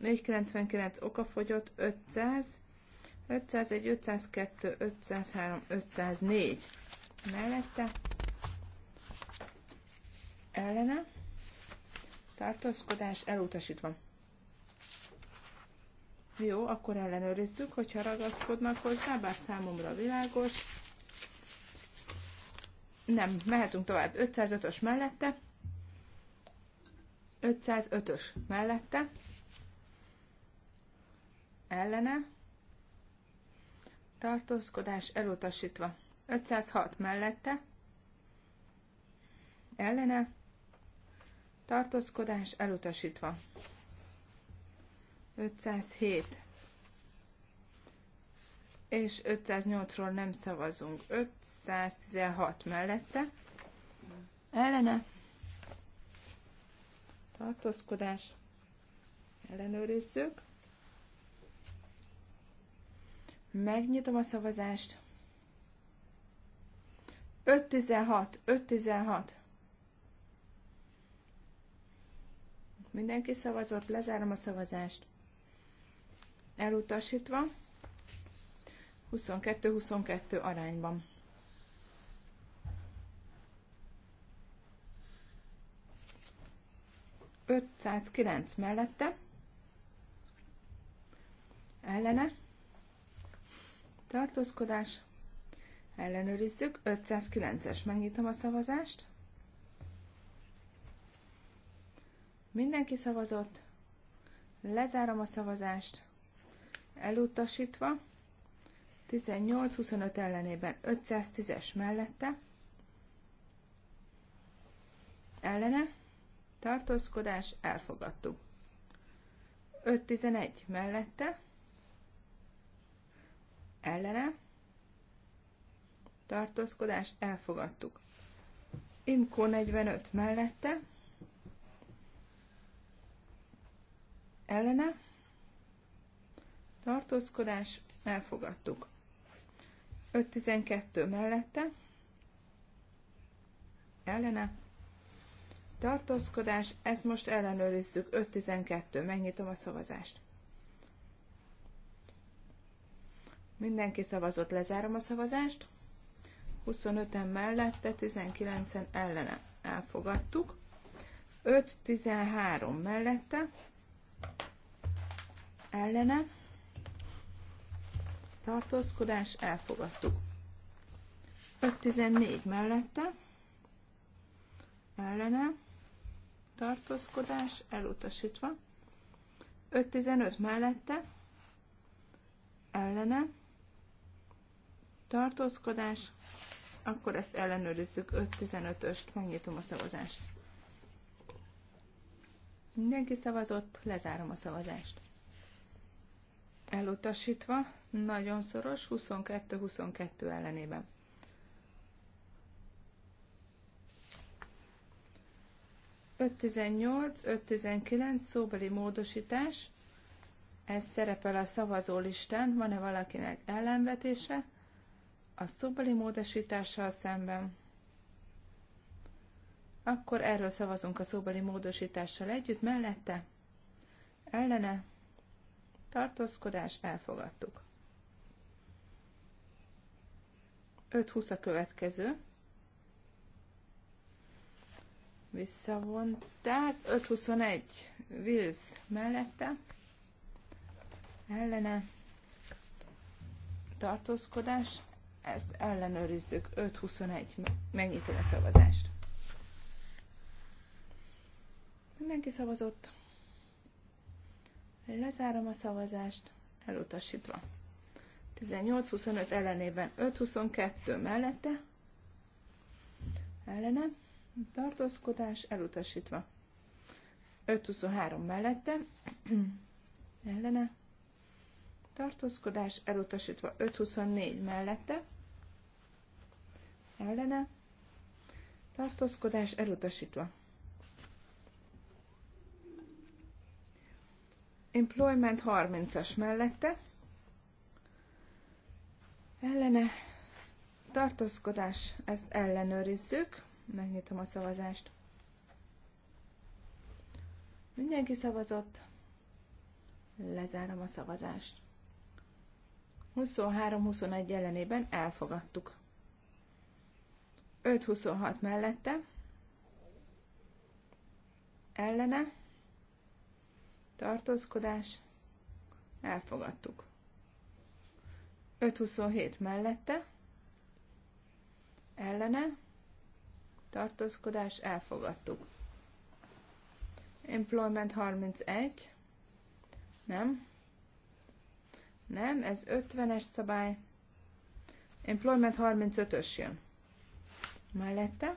499 okafogyott, 500, 501, 502, 503, 504 mellette, ellene, tartózkodás elutasítva. Jó, akkor ellenőrizzük, hogyha ragaszkodnak hozzá, bár számomra világos. Nem, mehetünk tovább. 505-ös mellette. 505-ös mellette. Ellene. Tartózkodás elutasítva. 506 mellette. Ellene. Tartózkodás elutasítva. 507 és 508-ról nem szavazunk. 516 mellette ellene tartózkodás ellenőrizzük. Megnyitom a szavazást. 516, 516. Mindenki szavazott, lezárom a szavazást elutasítva, 22-22 arányban. kilenc mellette, ellene, tartózkodás, ellenőrizzük, 509-es, megnyitom a szavazást, mindenki szavazott, lezárom a szavazást, elutasítva, 18-25 ellenében 510-es mellette, ellene, tartózkodás, elfogadtuk. 511 mellette, ellene, tartózkodás, elfogadtuk. Imkó 45 mellette, ellene, tartózkodás, elfogadtuk. 5.12 mellette, ellene, tartózkodás, ezt most ellenőrizzük, 5.12, megnyitom a szavazást. Mindenki szavazott, lezárom a szavazást. 25-en mellette, 19-en ellene. Elfogadtuk. 5-13 mellette, ellene tartózkodás, elfogadtuk. 514 mellette, ellene, tartózkodás, elutasítva. 515 mellette, ellene, tartózkodás, akkor ezt ellenőrizzük 515 öst megnyitom a szavazást. Mindenki szavazott, lezárom a szavazást elutasítva, nagyon szoros, 22-22 ellenében. Öt 59 szóbeli módosítás, ez szerepel a szavazólistán, van-e valakinek ellenvetése a szóbeli módosítással szemben? Akkor erről szavazunk a szóbeli módosítással együtt, mellette, ellene, tartózkodás, elfogadtuk. 5-20 a következő. Visszavonták. 5-21 Wills mellette. Ellene tartózkodás. Ezt ellenőrizzük. 5-21. Megnyitom a szavazást. Mindenki szavazott. 5-21. Lezárom a szavazást, elutasítva. 18-25 ellenében 5-22 mellette, ellene, tartózkodás elutasítva. 5-23 mellette, ellene, tartózkodás elutasítva. 5-24 mellette, ellene, tartózkodás elutasítva. Employment 30-as mellette. Ellene tartózkodás, ezt ellenőrizzük. Megnyitom a szavazást. Mindenki szavazott. Lezárom a szavazást. 23-21 ellenében elfogadtuk. 5-26 mellette. Ellene tartózkodás, elfogadtuk. 527 mellette, ellene, tartózkodás, elfogadtuk. Employment 31, nem, nem, ez 50-es szabály. Employment 35-ös jön. Mellette,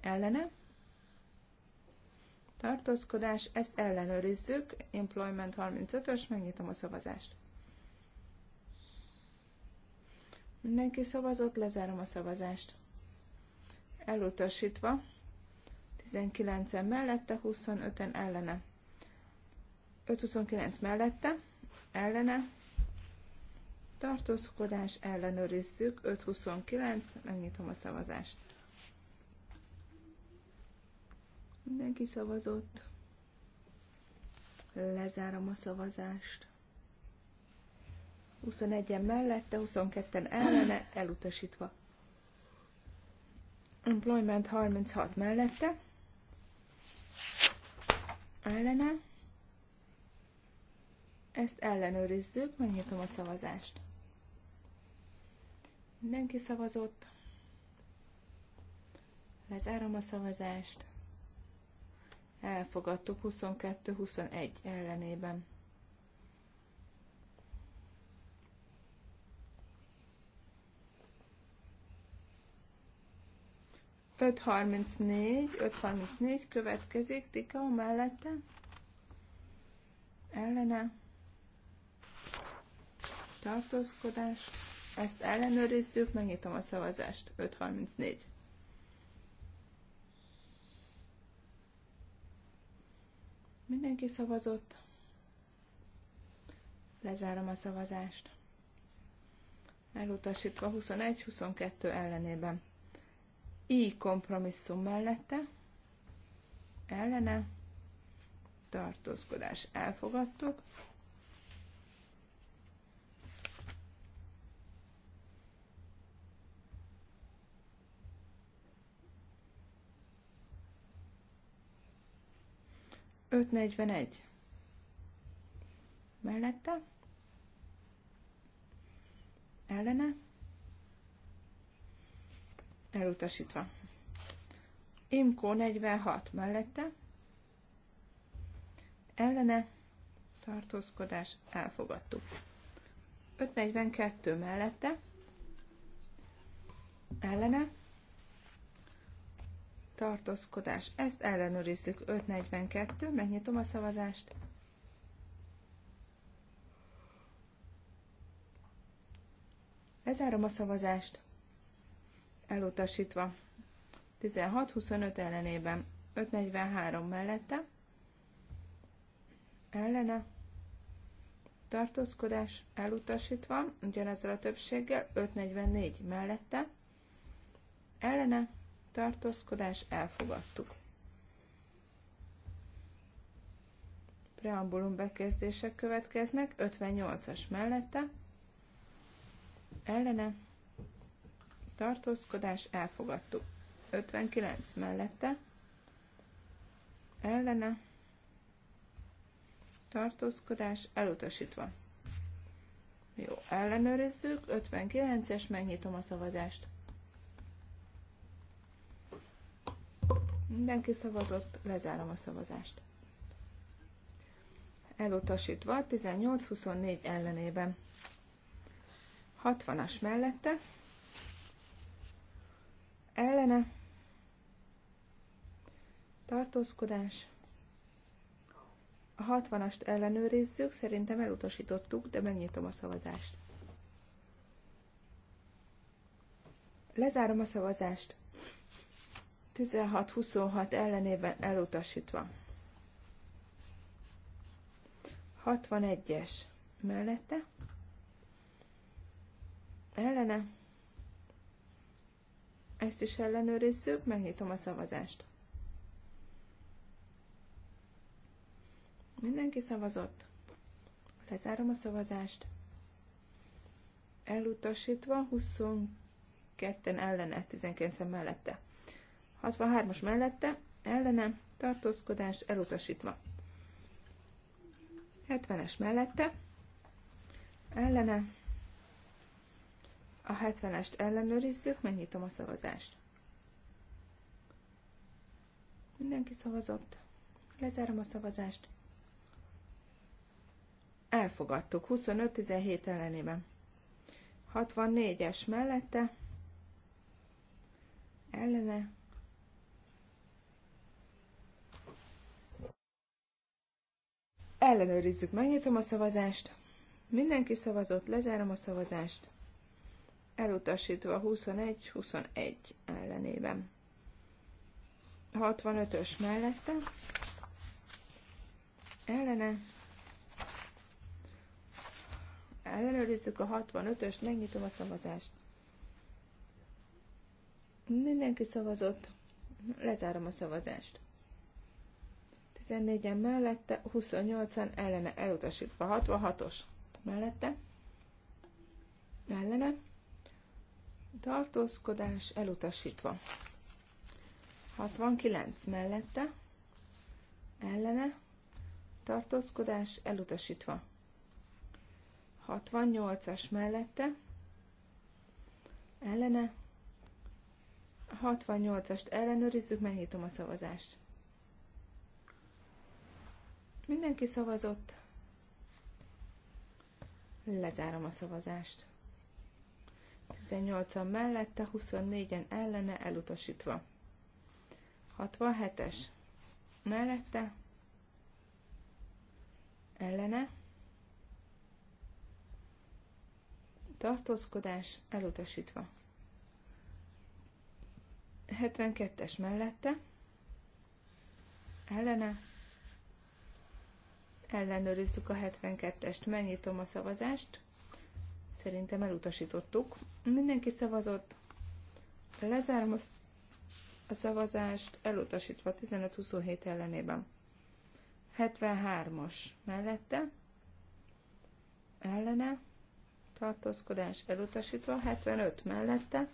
ellene, tartózkodás, ezt ellenőrizzük, Employment 35-ös, megnyitom a szavazást. Mindenki szavazott, lezárom a szavazást. Elutasítva, 19-en mellette, 25-en ellene. 529 mellette, ellene, tartózkodás, ellenőrizzük, 529, megnyitom a szavazást. Mindenki szavazott. Lezárom a szavazást. 21-en mellette, 22-en ellene, elutasítva. Employment 36 mellette. Ellene. Ezt ellenőrizzük, megnyitom a szavazást. Mindenki szavazott. Lezárom a szavazást elfogadtuk 22-21 ellenében. Öt harminc négy, öt harminc négy következik, Tikao mellette, ellene, tartózkodás, ezt ellenőrizzük, megnyitom a szavazást, 534. Mindenki szavazott. Lezárom a szavazást. Elutasítva 21-22 ellenében. I kompromisszum mellette. Ellene. Tartózkodás elfogadtuk. 541. Mellette. Ellene. Elutasítva. Imkó 46. Mellette. Ellene. Tartózkodás. Elfogadtuk. 542 mellette. Ellene tartózkodás. Ezt ellenőrizzük. 542, megnyitom a szavazást. Lezárom a szavazást. Elutasítva. 16-25 ellenében. 543 mellette. Ellene. Tartózkodás elutasítva, ugyanezzel a többséggel, 544 mellette, ellene, tartózkodás, elfogadtuk. Preambulum bekezdések következnek, 58-as mellette, ellene, tartózkodás, elfogadtuk. 59 mellette, ellene, tartózkodás, elutasítva. Jó, ellenőrizzük, 59-es, megnyitom a szavazást. Mindenki szavazott, lezárom a szavazást. Elutasítva 18-24 ellenében. 60-as mellette. Ellene. Tartózkodás. A 60-ast ellenőrizzük, szerintem elutasítottuk, de megnyitom a szavazást. Lezárom a szavazást. 16-26 ellenében elutasítva. 61-es mellette, ellene, ezt is ellenőrizzük, megnyitom a szavazást. Mindenki szavazott. Lezárom a szavazást. Elutasítva 22-en ellene, 19 mellette. 63-as mellette, ellene, tartózkodás elutasítva. 70-es mellette, ellene, a 70-est ellenőrizzük, megnyitom a szavazást. Mindenki szavazott. Lezárom a szavazást. Elfogadtuk 25-17 ellenében. 64-es mellette, ellene, ellenőrizzük, megnyitom a szavazást, mindenki szavazott, lezárom a szavazást, elutasítva 21-21 ellenében. 65-ös mellette, ellene, ellenőrizzük a 65-öst, megnyitom a szavazást. Mindenki szavazott, lezárom a szavazást. 14-en mellette, 28-an ellene elutasítva, 66-os mellette, ellene, tartózkodás elutasítva, 69 mellette, ellene, tartózkodás elutasítva, 68-as mellette, ellene, 68-ast ellenőrizzük, megnyitom a szavazást. Mindenki szavazott. Lezárom a szavazást. 18-an mellette, 24-en ellene, elutasítva. 67-es mellette, ellene, tartózkodás, elutasítva. 72-es mellette, ellene, ellenőrizzük a 72-est. Megnyitom a szavazást. Szerintem elutasítottuk. Mindenki szavazott. Lezárom a szavazást, elutasítva 15-27 ellenében. 73-as mellette, ellene, tartózkodás elutasítva, 75 mellette,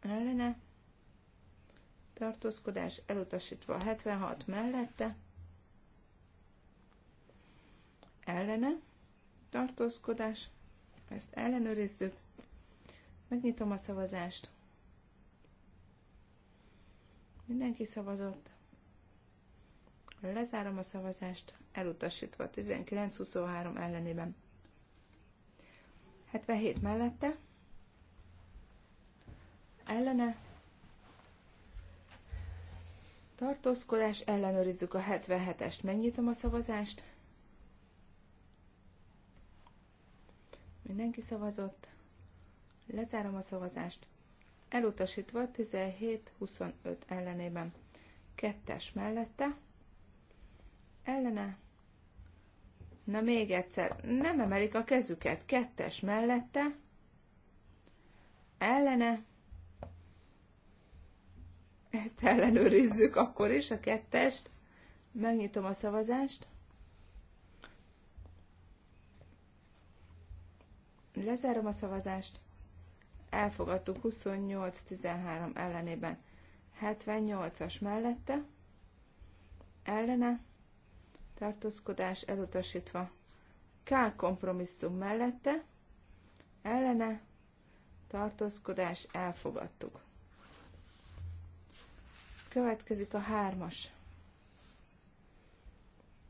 ellene, tartózkodás elutasítva, 76 mellette, ellene tartózkodás, ezt ellenőrizzük, megnyitom a szavazást. Mindenki szavazott. Lezárom a szavazást, elutasítva 19-23 ellenében. 77 mellette. Ellene. Tartózkodás, ellenőrizzük a 77-est, megnyitom a szavazást. Mindenki szavazott. Lezárom a szavazást. Elutasítva 17-25 ellenében. Kettes mellette. Ellene. Na még egyszer. Nem emelik a kezüket. Kettes mellette. Ellene. Ezt ellenőrizzük akkor is, a kettest. Megnyitom a szavazást. Lezárom a szavazást. Elfogadtuk 28-13 ellenében. 78-as mellette. Ellene. Tartózkodás elutasítva. K kompromisszum mellette. Ellene. Tartózkodás elfogadtuk. Következik a hármas.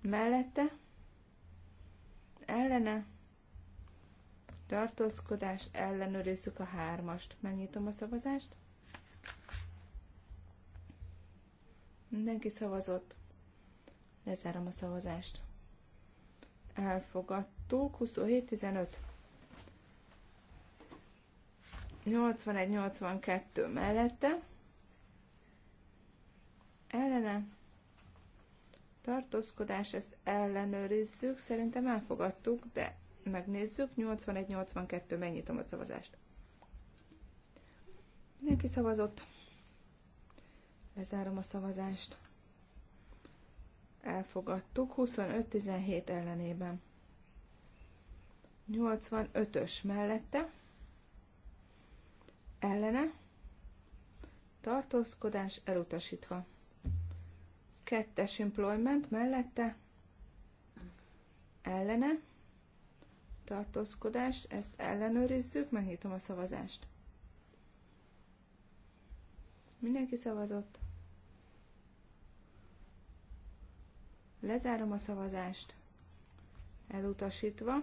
Mellette. Ellene tartózkodás, ellenőrizzük a hármast. Megnyitom a szavazást. Mindenki szavazott. Lezárom a szavazást. Elfogadtuk. 27-15. 81-82 mellette. Ellene. Tartózkodás, ezt ellenőrizzük. Szerintem elfogadtuk, de megnézzük. 81-82, megnyitom a szavazást. Mindenki szavazott. Lezárom a szavazást. Elfogadtuk 25-17 ellenében. 85-ös mellette. Ellene. Tartózkodás elutasítva. Kettes employment mellette. Ellene tartózkodás, ezt ellenőrizzük, megnyitom a szavazást. Mindenki szavazott. Lezárom a szavazást. Elutasítva.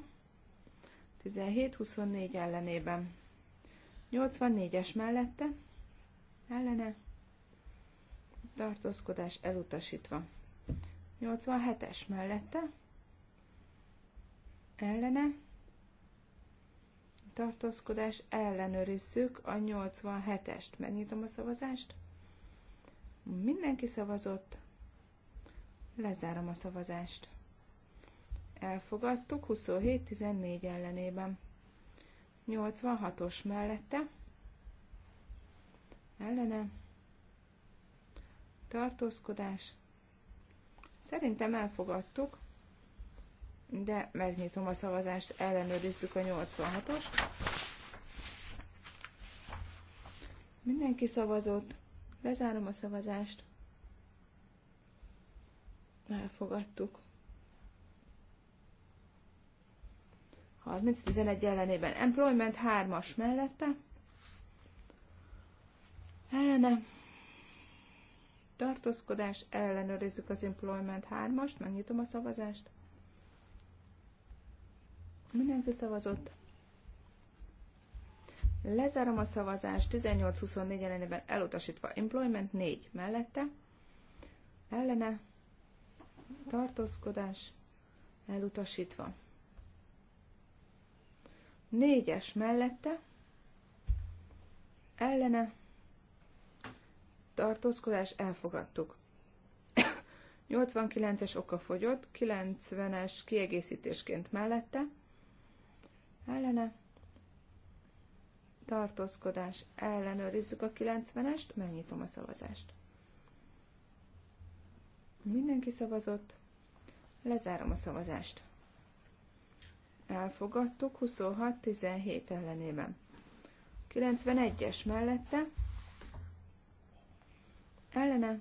17-24 ellenében. 84-es mellette. Ellene. Tartózkodás elutasítva. 87-es mellette. Ellene tartózkodás, ellenőrizzük a 87-est. Megnyitom a szavazást. Mindenki szavazott. Lezárom a szavazást. Elfogadtuk 27-14 ellenében. 86-os mellette. Ellene. Tartózkodás. Szerintem elfogadtuk de megnyitom a szavazást, ellenőrizzük a 86-os. Mindenki szavazott, lezárom a szavazást. Elfogadtuk. 30-11 ellenében employment 3-as mellette. Ellene tartózkodás, ellenőrizzük az employment 3-ast, megnyitom a szavazást. Mindenki szavazott. Lezárom a szavazást, 18-24 ellenében elutasítva. Employment 4 mellette, ellene, tartózkodás, elutasítva. 4-es mellette, ellene, tartózkodás, elfogadtuk. 89-es oka fogyott, 90-es kiegészítésként mellette, ellene, tartózkodás, ellenőrizzük a 90-est, megnyitom a szavazást. Mindenki szavazott, lezárom a szavazást. Elfogadtuk 26-17 ellenében. 91-es mellette, ellene,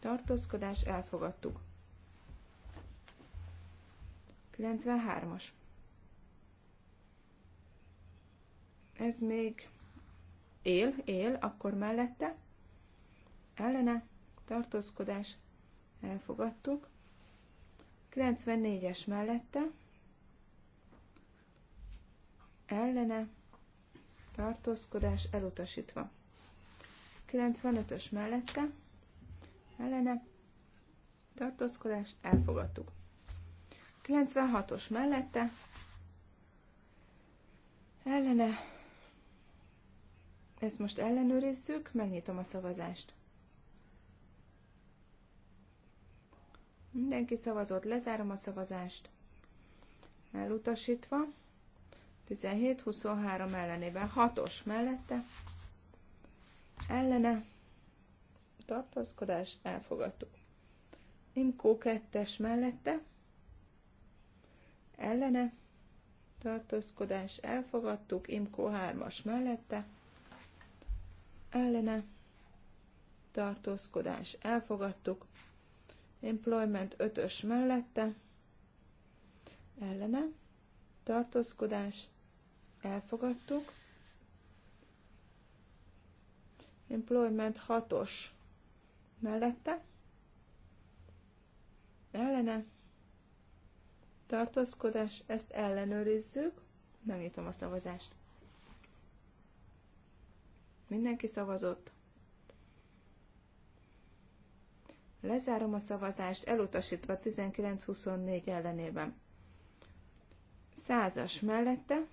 tartózkodás, elfogadtuk. 93-as ez még él, él, akkor mellette, ellene, tartózkodás, elfogadtuk. 94-es mellette, ellene, tartózkodás, elutasítva. 95-ös mellette, ellene, tartózkodás, elfogadtuk. 96-os mellette, ellene, ezt most ellenőrizzük, megnyitom a szavazást. Mindenki szavazott, lezárom a szavazást. Elutasítva. 17-23 ellenében. 6-os mellette. Ellene. Tartózkodás. Elfogadtuk. Imkó 2-es mellette. Ellene. Tartózkodás. Elfogadtuk. Imkó 3-as mellette ellene tartózkodás elfogadtuk, employment 5-ös mellette ellene tartózkodás elfogadtuk, employment 6-os mellette ellene tartózkodás, ezt ellenőrizzük, megnyitom a szavazást. Mindenki szavazott. Lezárom a szavazást, elutasítva 1924 ellenében. Százas mellette,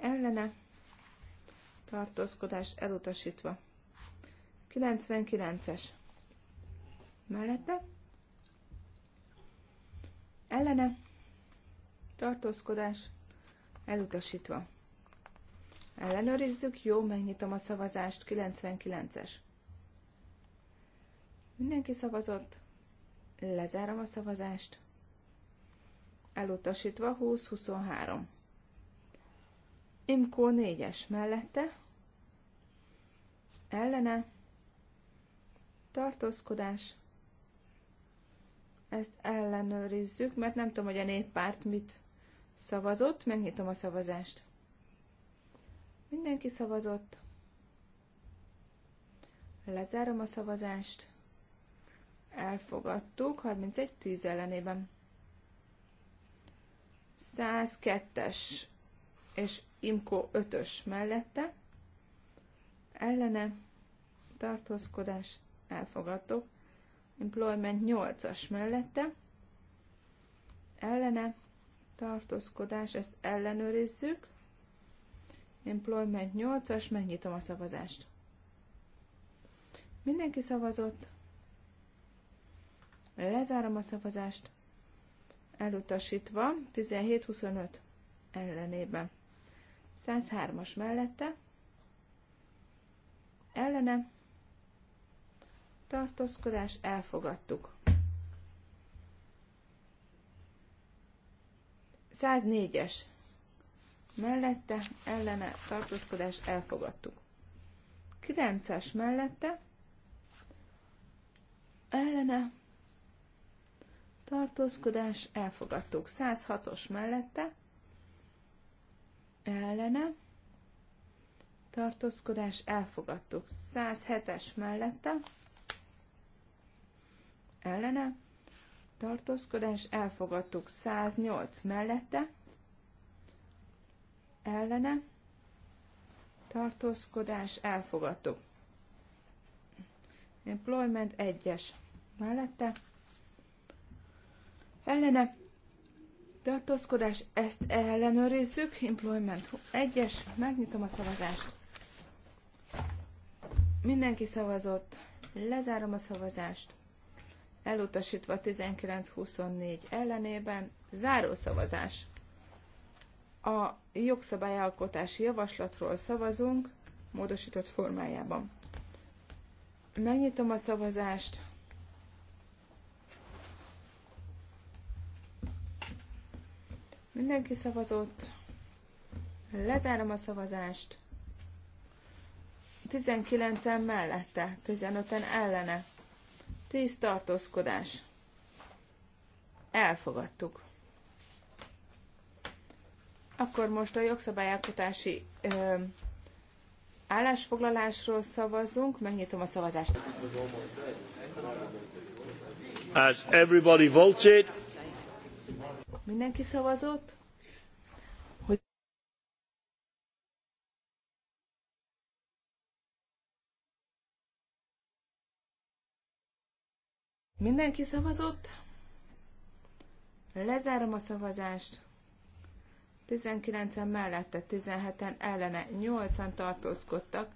ellene, tartózkodás elutasítva. 99-es mellette, ellene, tartózkodás elutasítva. Ellenőrizzük, jó, megnyitom a szavazást, 99-es. Mindenki szavazott, lezárom a szavazást. Elutasítva 20-23. Imkó 4-es mellette, ellene, tartózkodás, ezt ellenőrizzük, mert nem tudom, hogy a néppárt mit szavazott, megnyitom a szavazást. Mindenki szavazott. Lezárom a szavazást. Elfogadtuk 31-10 ellenében. 102-es és Imko 5-ös mellette. Ellene tartózkodás elfogadtuk. Employment 8-as mellette. Ellene tartózkodás, ezt ellenőrizzük. Employment 8-as, megnyitom a szavazást. Mindenki szavazott. Lezárom a szavazást. Elutasítva 17-25 ellenében. 103-as mellette. Ellene. Tartózkodás elfogadtuk. 104-es mellette, ellene tartózkodás elfogadtuk. 9-es mellette, ellene tartózkodás elfogadtuk. 106-os mellette, ellene tartózkodás elfogadtuk. 107-es mellette, ellene tartózkodás elfogadtuk. 108 mellette, ellene, tartózkodás, elfogadó. Employment 1-es mellette, ellene, tartózkodás, ezt ellenőrizzük, employment 1-es, megnyitom a szavazást. Mindenki szavazott, lezárom a szavazást, elutasítva 1924 ellenében, záró szavazás. A jogszabályalkotási javaslatról szavazunk módosított formájában. Megnyitom a szavazást. Mindenki szavazott. Lezárom a szavazást. 19-en mellette, 15-en ellene. 10 tartózkodás. Elfogadtuk. Akkor most a jogszabályalkotási ö, állásfoglalásról szavazzunk. Megnyitom a szavazást. As everybody voted. Mindenki szavazott? Mindenki szavazott? Lezárom a szavazást. 19-en mellette, 17-en ellene, 8-an tartózkodtak.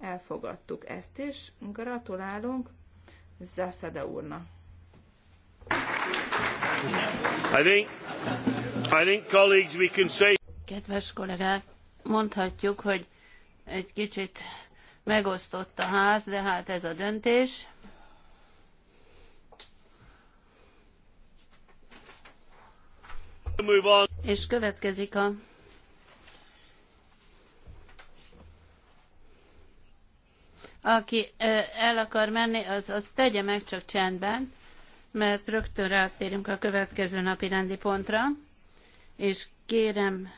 Elfogadtuk ezt is. Gratulálunk Zászada úrnak. I think, I think colleagues we can say... Kedves kollégák, mondhatjuk, hogy egy kicsit megosztott a ház, de hát ez a döntés. És következik a Aki el akar menni, az, az tegye meg csak csendben, mert rögtön rátérünk a következő napi rendi pontra, és kérem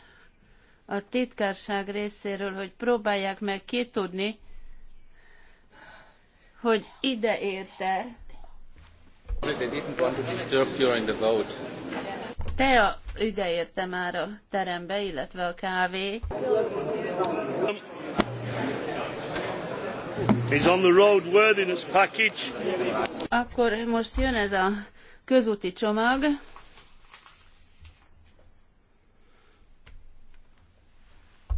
a titkárság részéről, hogy próbálják meg kitudni, hogy ide érte. They didn't want to disturb during the vote. Te érte már a terembe, illetve a kávé. Is on the road worthiness package. Akkor most jön ez a közúti csomag.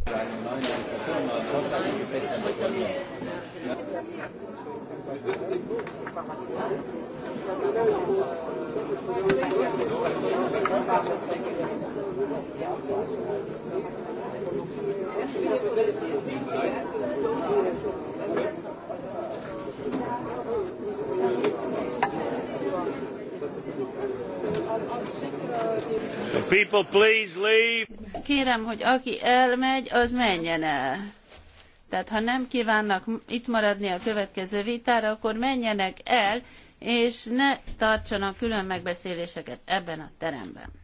Right, People, please leave. Kérem, hogy aki elmegy, az menjen el. Tehát ha nem kívánnak itt maradni a következő vitára, akkor menjenek el, és ne tartsanak külön megbeszéléseket ebben a teremben.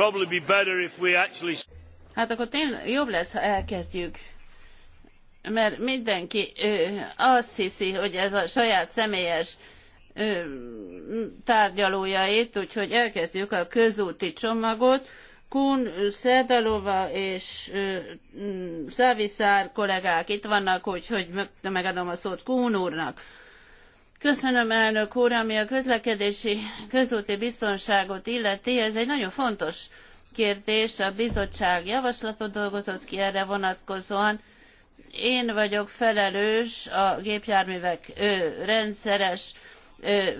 probably be better if we actually... Hát akkor tényleg jobb lesz, ha elkezdjük. Mert mindenki ö, azt hiszi, hogy ez a saját személyes ö, tárgyalójait, úgyhogy elkezdjük a közúti csomagot. Kun, Szerdalova és ö, mm, Szaviszár kollégák itt vannak, úgyhogy megadom a szót Kun úrnak. Köszönöm, elnök úr, ami a közlekedési közúti biztonságot illeti, ez egy nagyon fontos kérdés, a bizottság javaslatot dolgozott ki erre vonatkozóan. Én vagyok felelős a gépjárművek ö, rendszeres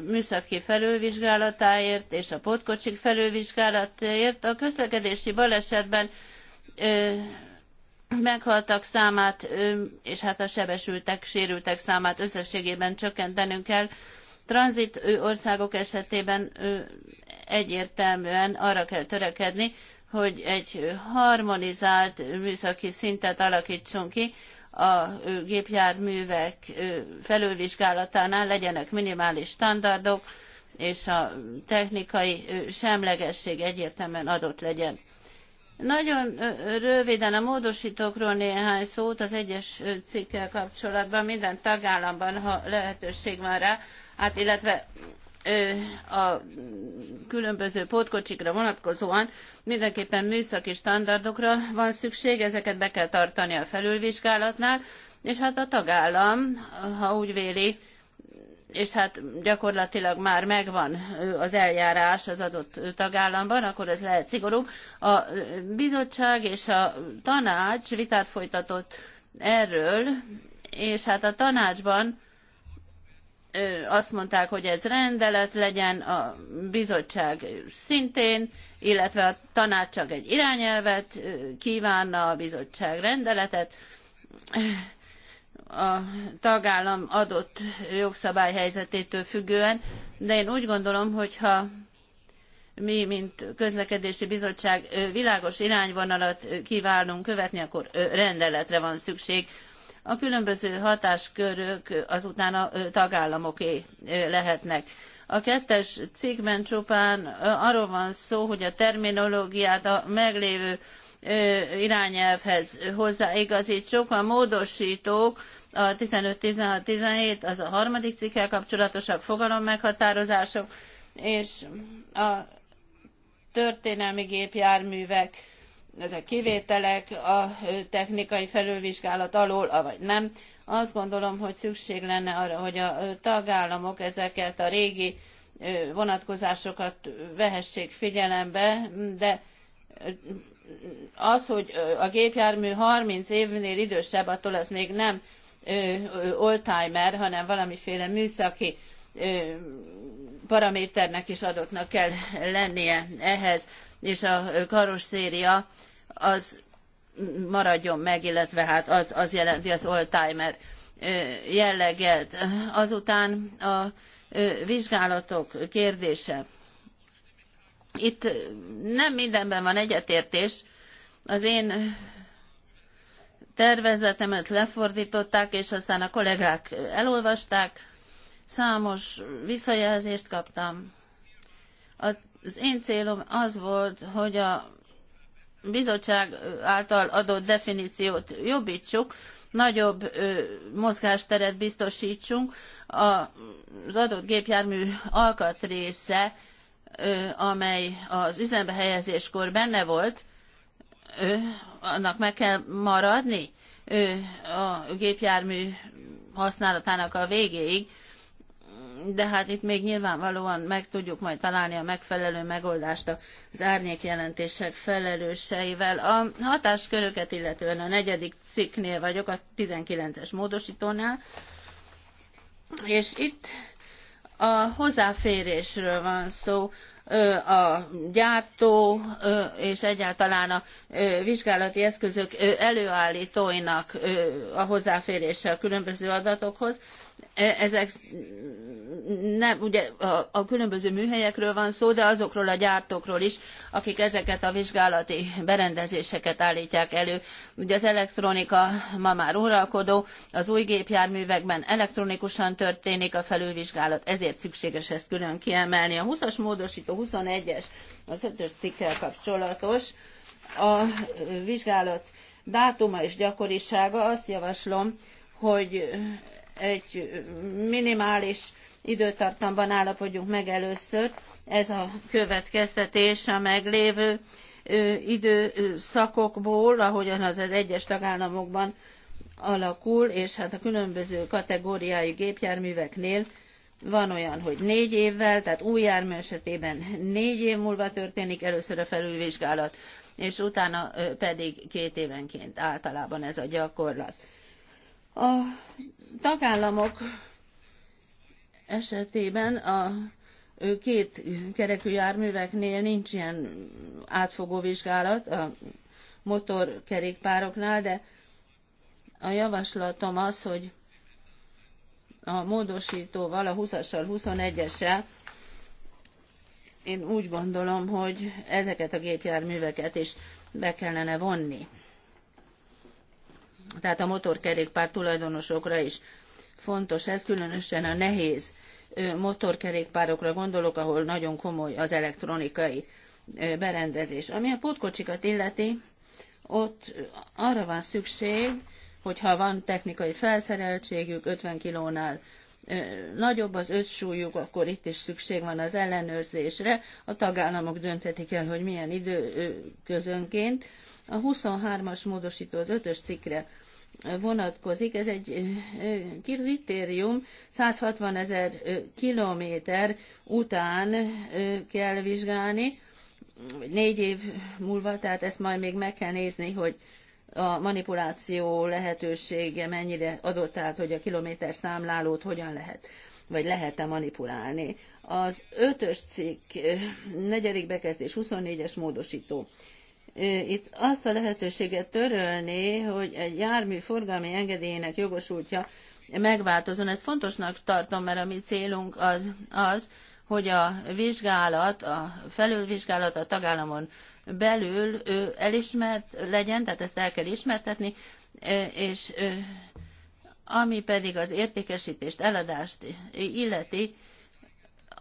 műszaki felülvizsgálatáért és a pótkocsik felülvizsgálatáért. A közlekedési balesetben meghaltak számát, és hát a sebesültek, sérültek számát összességében csökkentenünk kell. Tranzit országok esetében egyértelműen arra kell törekedni, hogy egy harmonizált műszaki szintet alakítsunk ki, a gépjárművek felülvizsgálatánál legyenek minimális standardok, és a technikai semlegesség egyértelműen adott legyen. Nagyon röviden a módosítókról néhány szót az egyes cikkel kapcsolatban. Minden tagállamban, ha lehetőség van rá, hát illetve a különböző pótkocsikra vonatkozóan mindenképpen műszaki standardokra van szükség, ezeket be kell tartani a felülvizsgálatnál, és hát a tagállam, ha úgy véli, és hát gyakorlatilag már megvan az eljárás az adott tagállamban, akkor ez lehet szigorú. A bizottság és a tanács vitát folytatott erről, és hát a tanácsban azt mondták, hogy ez rendelet legyen, a bizottság szintén, illetve a tanács csak egy irányelvet kívánna, a bizottság rendeletet a tagállam adott jogszabályhelyzetétől függően, de én úgy gondolom, hogy ha mi, mint közlekedési bizottság világos irányvonalat kívánunk követni, akkor rendeletre van szükség. A különböző hatáskörök azután a tagállamoké lehetnek. A kettes cikkben csupán arról van szó, hogy a terminológiát a meglévő irányelvhez hozzáigazítsuk. A módosítók a 15-16-17 az a harmadik cikkel kapcsolatosabb fogalom meghatározások, és a történelmi gépjárművek, ezek kivételek a technikai felülvizsgálat alól, vagy nem. Azt gondolom, hogy szükség lenne arra, hogy a tagállamok ezeket a régi vonatkozásokat vehessék figyelembe, de az, hogy a gépjármű 30 évnél idősebb, attól az még nem oldtimer, hanem valamiféle műszaki paraméternek is adottnak kell lennie ehhez, és a karosszéria az maradjon meg, illetve hát az, az jelenti az oldtimer jelleget. Azután a vizsgálatok kérdése. Itt nem mindenben van egyetértés. Az én tervezetemet lefordították, és aztán a kollégák elolvasták. Számos visszajelzést kaptam. Az én célom az volt, hogy a bizottság által adott definíciót jobbítsuk, nagyobb ö, mozgásteret biztosítsunk az adott gépjármű alkatrésze amely az üzembe helyezéskor benne volt, annak meg kell maradni a gépjármű használatának a végéig, de hát itt még nyilvánvalóan meg tudjuk majd találni a megfelelő megoldást az árnyékjelentések felelőseivel. A hatásköröket illetően a negyedik cikknél vagyok, a 19-es módosítónál, és itt a hozzáférésről van szó a gyártó és egyáltalán a vizsgálati eszközök előállítóinak a hozzáférése a különböző adatokhoz E, ezek nem, ugye a, a különböző műhelyekről van szó, de azokról a gyártókról is, akik ezeket a vizsgálati berendezéseket állítják elő. Ugye az elektronika ma már uralkodó, az új gépjárművekben elektronikusan történik a felülvizsgálat, ezért szükséges ezt külön kiemelni. A 20-as módosító 21-es, az 5-ös cikkel kapcsolatos, a vizsgálat dátuma és gyakorisága, azt javaslom, hogy egy minimális időtartamban állapodjunk meg először. Ez a következtetés a meglévő időszakokból, ahogyan az az egyes tagállamokban alakul, és hát a különböző kategóriájú gépjárműveknél van olyan, hogy négy évvel, tehát új jármű esetében négy év múlva történik először a felülvizsgálat, és utána pedig két évenként általában ez a gyakorlat. A tagállamok esetében a két kerekű járműveknél nincs ilyen átfogó vizsgálat a motorkerékpároknál, de a javaslatom az, hogy a módosítóval, a 20-assal, 21-essel én úgy gondolom, hogy ezeket a gépjárműveket is be kellene vonni tehát a motorkerékpár tulajdonosokra is fontos ez, különösen a nehéz motorkerékpárokra gondolok, ahol nagyon komoly az elektronikai berendezés. Ami a pótkocsikat illeti, ott arra van szükség, hogyha van technikai felszereltségük, 50 kilónál nagyobb az összsúlyuk, akkor itt is szükség van az ellenőrzésre. A tagállamok dönthetik el, hogy milyen időközönként. A 23-as módosító az 5-ös cikkre vonatkozik. Ez egy kritérium, 160 ezer kilométer után kell vizsgálni, négy év múlva, tehát ezt majd még meg kell nézni, hogy a manipuláció lehetősége mennyire adott, át, hogy a kilométer számlálót hogyan lehet, vagy lehet-e manipulálni. Az ötös cikk, negyedik bekezdés, 24-es módosító itt azt a lehetőséget törölni, hogy egy jármű forgalmi engedélyének jogosultja megváltozon. Ezt fontosnak tartom, mert a mi célunk az, az hogy a vizsgálat, a felülvizsgálat a tagállamon belül ő elismert legyen, tehát ezt el kell ismertetni, és ami pedig az értékesítést, eladást illeti,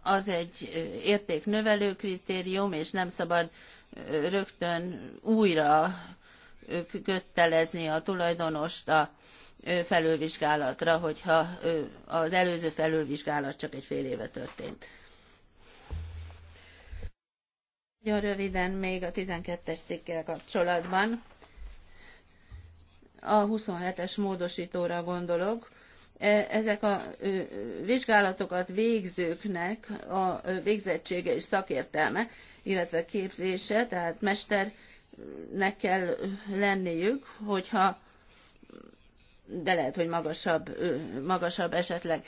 az egy értéknövelő kritérium, és nem szabad rögtön újra köttelezni a tulajdonost a felülvizsgálatra, hogyha az előző felülvizsgálat csak egy fél éve történt. Nagyon röviden még a 12-es cikkel kapcsolatban. A 27-es módosítóra gondolok, E, ezek a vizsgálatokat végzőknek a végzettsége és szakértelme, illetve képzése, tehát mesternek kell lenniük, hogyha de lehet, hogy magasabb, magasabb esetleg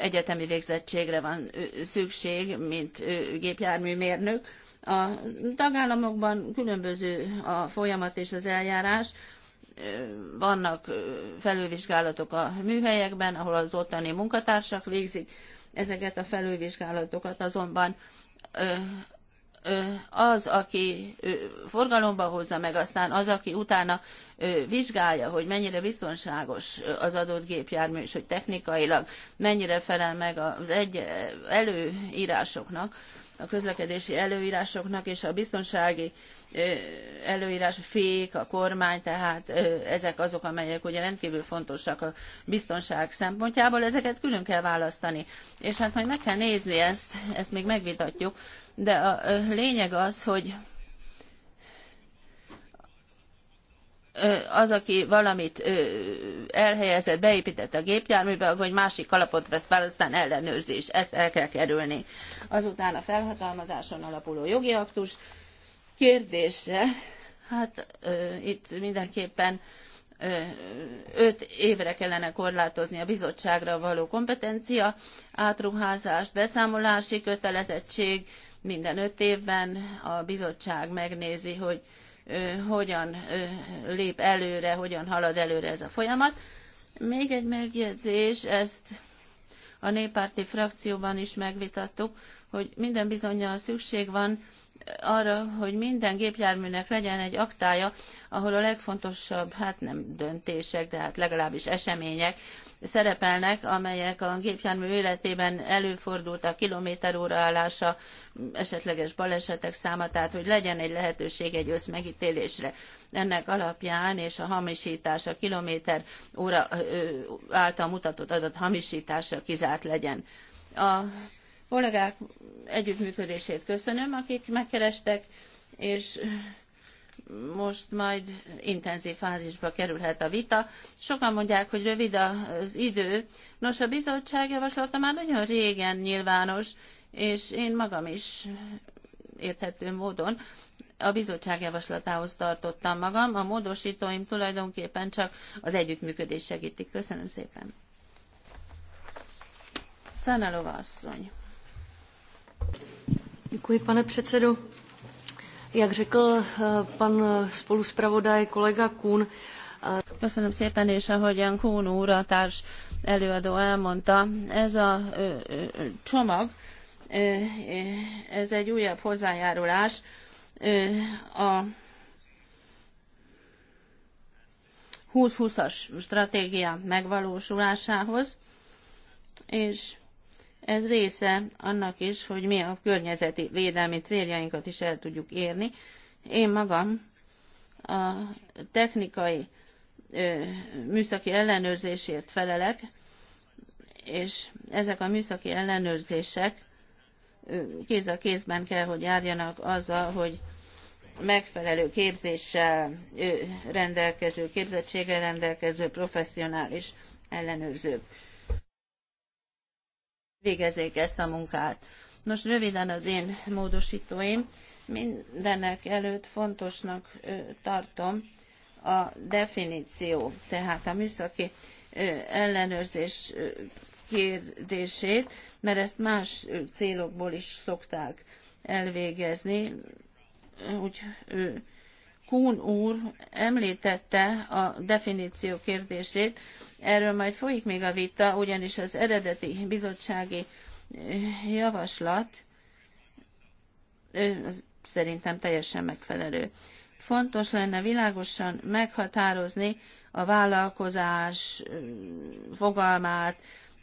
egyetemi végzettségre van szükség, mint gépjárműmérnök. A tagállamokban különböző a folyamat és az eljárás, vannak felülvizsgálatok a műhelyekben, ahol az ottani munkatársak végzik ezeket a felülvizsgálatokat, azonban az, aki forgalomba hozza meg, aztán az, aki utána vizsgálja, hogy mennyire biztonságos az adott gépjármű, és hogy technikailag mennyire felel meg az egy előírásoknak, a közlekedési előírásoknak és a biztonsági előírás fék, a kormány, tehát ezek azok, amelyek ugye rendkívül fontosak a biztonság szempontjából, ezeket külön kell választani. És hát majd meg kell nézni ezt, ezt még megvitatjuk, de a lényeg az, hogy az, aki valamit elhelyezett, beépített a gépjárműbe, akkor egy másik kalapot vesz fel, aztán ellenőrzés. Ezt el kell kerülni. Azután a felhatalmazáson alapuló jogi aktus kérdése, hát itt mindenképpen öt évre kellene korlátozni a bizottságra való kompetencia, átruházást, beszámolási kötelezettség, minden öt évben a bizottság megnézi, hogy hogyan lép előre, hogyan halad előre ez a folyamat. Még egy megjegyzés, ezt a néppárti frakcióban is megvitattuk, hogy minden bizonyal szükség van arra, hogy minden gépjárműnek legyen egy aktája, ahol a legfontosabb, hát nem döntések, de hát legalábbis események szerepelnek, amelyek a gépjármű életében előfordultak, kilométer állása, esetleges balesetek száma, tehát hogy legyen egy lehetőség egy összmegítélésre. Ennek alapján és a hamisítás, a kilométer óra által mutatott adat hamisítása kizárt legyen. A kollégák együttműködését köszönöm, akik megkerestek, és most majd intenzív fázisba kerülhet a vita. Sokan mondják, hogy rövid az idő. Nos, a bizottság javaslata már nagyon régen nyilvános, és én magam is érthető módon a bizottság javaslatához tartottam magam. A módosítóim tulajdonképpen csak az együttműködés segítik. Köszönöm szépen. Szanalova asszony. Děkuji, pane předsedo. Jak řekl eh, pan eh, spoluspravodaj kolega Kuhn, eh, Köszönöm szépen, és ahogyan Kuhn úr, a társ előadó elmondta, ez a csomag, ez egy újabb hozzájárulás a 2020-as stratégia megvalósulásához, és ez része annak is, hogy mi a környezeti védelmi céljainkat is el tudjuk érni. Én magam a technikai műszaki ellenőrzésért felelek, és ezek a műszaki ellenőrzések kéz a kézben kell, hogy járjanak azzal, hogy megfelelő képzéssel rendelkező, képzettséggel rendelkező professzionális ellenőrzők végezzék ezt a munkát. Nos, röviden az én módosítóim. Mindenek előtt fontosnak tartom a definíció, tehát a műszaki ellenőrzés kérdését, mert ezt más célokból is szokták elvégezni, úgy Kuhn úr említette a definíció kérdését, erről majd folyik még a vita, ugyanis az eredeti bizottsági eh, javaslat eh, az szerintem teljesen megfelelő. Fontos lenne világosan meghatározni a vállalkozás eh, fogalmát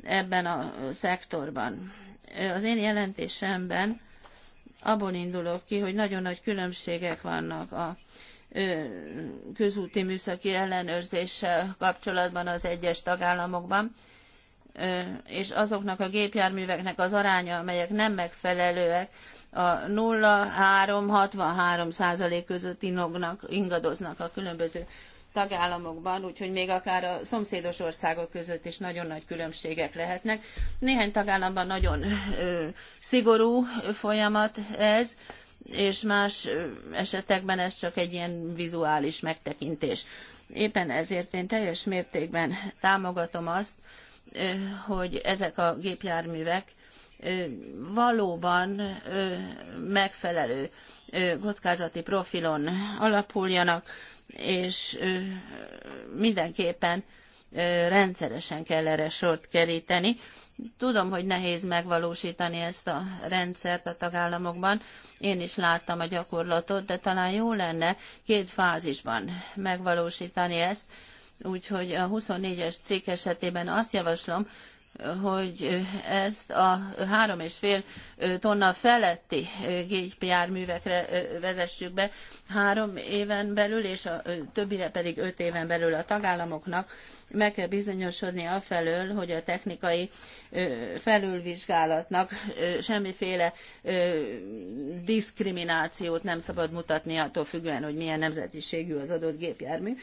ebben a szektorban. Az én jelentésemben abból indulok ki, hogy nagyon nagy különbségek vannak a közúti műszaki ellenőrzéssel kapcsolatban az egyes tagállamokban, és azoknak a gépjárműveknek az aránya, amelyek nem megfelelőek, a 0-3-63 százalék között inognak, ingadoznak a különböző tagállamokban, úgyhogy még akár a szomszédos országok között is nagyon nagy különbségek lehetnek. Néhány tagállamban nagyon ö, szigorú folyamat ez, és más esetekben ez csak egy ilyen vizuális megtekintés. Éppen ezért én teljes mértékben támogatom azt, hogy ezek a gépjárművek valóban megfelelő kockázati profilon alapuljanak, és mindenképpen rendszeresen kell erre sort keríteni. Tudom, hogy nehéz megvalósítani ezt a rendszert a tagállamokban. Én is láttam a gyakorlatot, de talán jó lenne két fázisban megvalósítani ezt. Úgyhogy a 24-es cikk esetében azt javaslom, hogy ezt a három és fél tonna feletti gépjárművekre vezessük be három éven belül, és a többire pedig öt éven belül a tagállamoknak meg kell bizonyosodni afelől, hogy a technikai felülvizsgálatnak semmiféle diszkriminációt nem szabad mutatni attól függően, hogy milyen nemzetiségű az adott gépjármű,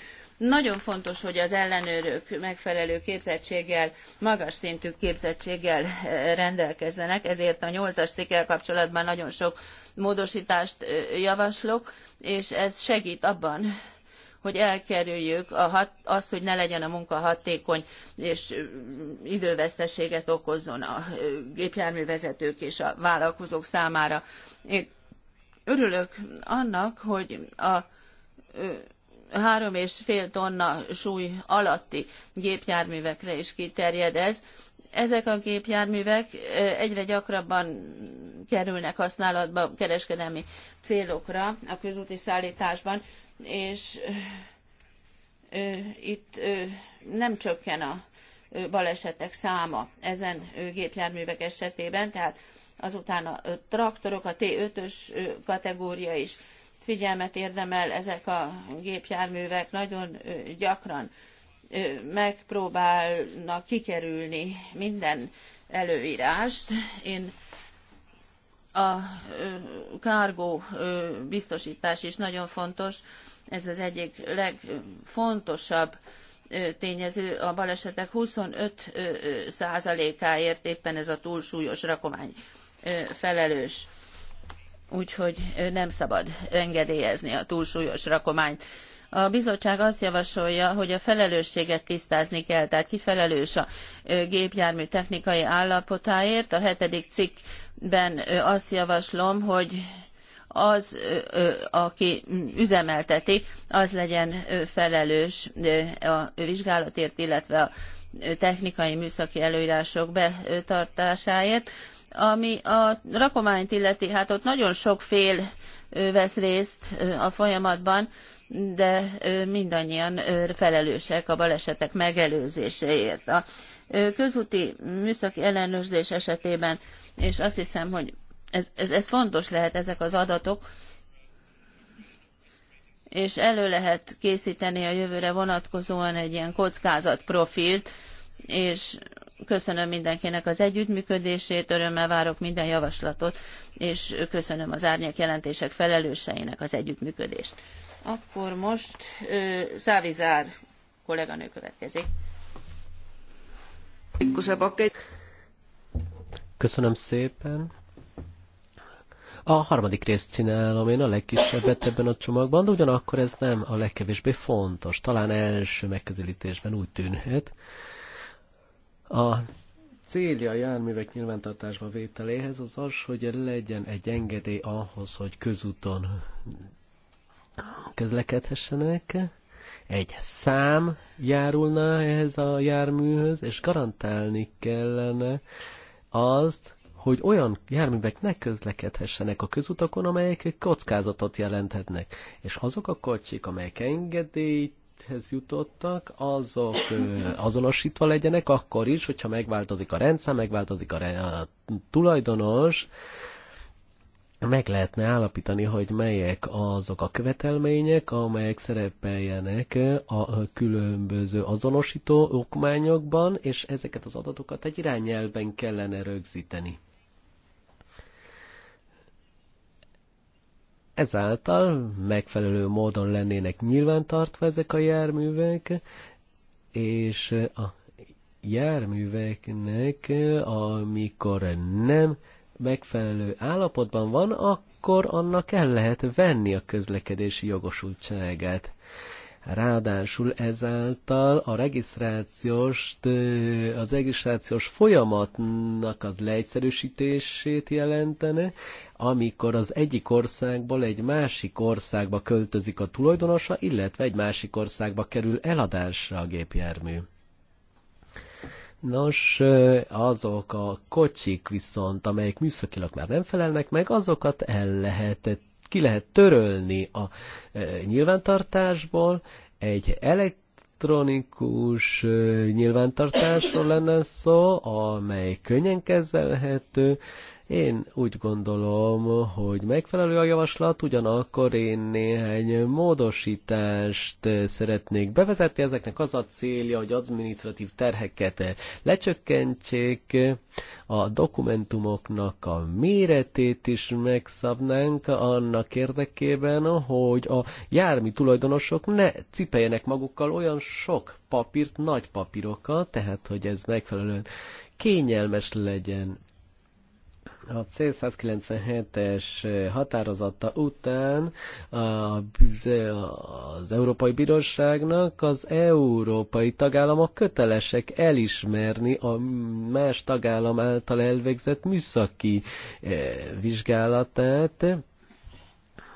nagyon fontos, hogy az ellenőrök megfelelő képzettséggel, magas szintű képzettséggel eh, rendelkezzenek, ezért a nyolcas cikkel kapcsolatban nagyon sok módosítást eh, javaslok, és ez segít abban, hogy elkerüljük a hat, azt, hogy ne legyen a munka hatékony, és eh, időveszteséget okozzon a gépjárművezetők és a vállalkozók számára. Én örülök annak, hogy a három és fél tonna súly alatti gépjárművekre is kiterjed ez. Ezek a gépjárművek egyre gyakrabban kerülnek használatba kereskedelmi célokra a közúti szállításban, és itt nem csökken a balesetek száma ezen gépjárművek esetében, tehát azután a traktorok, a T5-ös kategória is figyelmet érdemel ezek a gépjárművek, nagyon gyakran megpróbálnak kikerülni minden előírást. Én a kárgó biztosítás is nagyon fontos, ez az egyik legfontosabb tényező, a balesetek 25 áért éppen ez a túlsúlyos rakomány felelős úgyhogy nem szabad engedélyezni a túlsúlyos rakományt. A bizottság azt javasolja, hogy a felelősséget tisztázni kell, tehát ki felelős a gépjármű technikai állapotáért. A hetedik cikkben azt javaslom, hogy az, aki üzemelteti, az legyen felelős a vizsgálatért, illetve a technikai műszaki előírások betartásáért. Ami a rakományt illeti, hát ott nagyon sok fél vesz részt a folyamatban, de mindannyian felelősek a balesetek megelőzéséért. A közúti műszaki ellenőrzés esetében, és azt hiszem, hogy ez, ez, ez fontos lehet ezek az adatok, és elő lehet készíteni a jövőre vonatkozóan egy ilyen kockázatprofilt, és köszönöm mindenkinek az együttműködését, örömmel várok minden javaslatot, és köszönöm az árnyék jelentések felelőseinek az együttműködést. Akkor most Szávizár kolléganő következik. Köszönöm szépen. A harmadik részt csinálom én a legkisebbet ebben a csomagban, de ugyanakkor ez nem a legkevésbé fontos. Talán első megközelítésben úgy tűnhet. A célja a járművek nyilvántartásba vételéhez az az, hogy legyen egy engedély ahhoz, hogy közúton közlekedhessenek. Egy szám járulna ehhez a járműhöz, és garantálni kellene azt, hogy olyan járművek ne közlekedhessenek a közutakon, amelyek kockázatot jelenthetnek. És azok a kocsik, amelyek engedélyt hez jutottak, azok azonosítva legyenek akkor is, hogyha megváltozik a rendszer, megváltozik a, re- a tulajdonos, meg lehetne állapítani, hogy melyek azok a követelmények, amelyek szerepeljenek a különböző azonosító okmányokban, és ezeket az adatokat egy irányelben kellene rögzíteni. Ezáltal megfelelő módon lennének nyilvántartva ezek a járművek, és a járműveknek, amikor nem megfelelő állapotban van, akkor annak el lehet venni a közlekedési jogosultságát. Ráadásul ezáltal a regisztrációs, az regisztrációs folyamatnak az leegyszerűsítését jelentene, amikor az egyik országból egy másik országba költözik a tulajdonosa, illetve egy másik országba kerül eladásra a gépjármű. Nos, azok a kocsik viszont, amelyek műszakilag már nem felelnek meg, azokat el lehet ki lehet törölni a e, nyilvántartásból, egy elektronikus e, nyilvántartásról lenne szó, amely könnyen kezelhető, én úgy gondolom, hogy megfelelő a javaslat, ugyanakkor én néhány módosítást szeretnék bevezetni. Ezeknek az a célja, hogy adminisztratív terheket lecsökkentsék, a dokumentumoknak a méretét is megszabnánk annak érdekében, hogy a jármi tulajdonosok ne cipeljenek magukkal olyan sok papírt, nagy papírokat, tehát hogy ez megfelelően kényelmes legyen a C197-es határozata után a az Európai Bíróságnak az európai tagállamok kötelesek elismerni a más tagállam által elvégzett műszaki eh, vizsgálatát,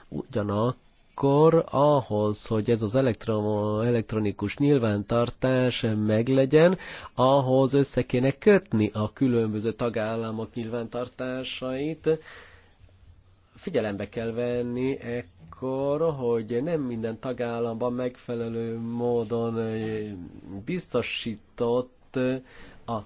ugyanak akkor ahhoz, hogy ez az elektromo, elektronikus nyilvántartás meglegyen, ahhoz össze kéne kötni a különböző tagállamok nyilvántartásait. Figyelembe kell venni ekkor, hogy nem minden tagállamban megfelelő módon eh, biztosított a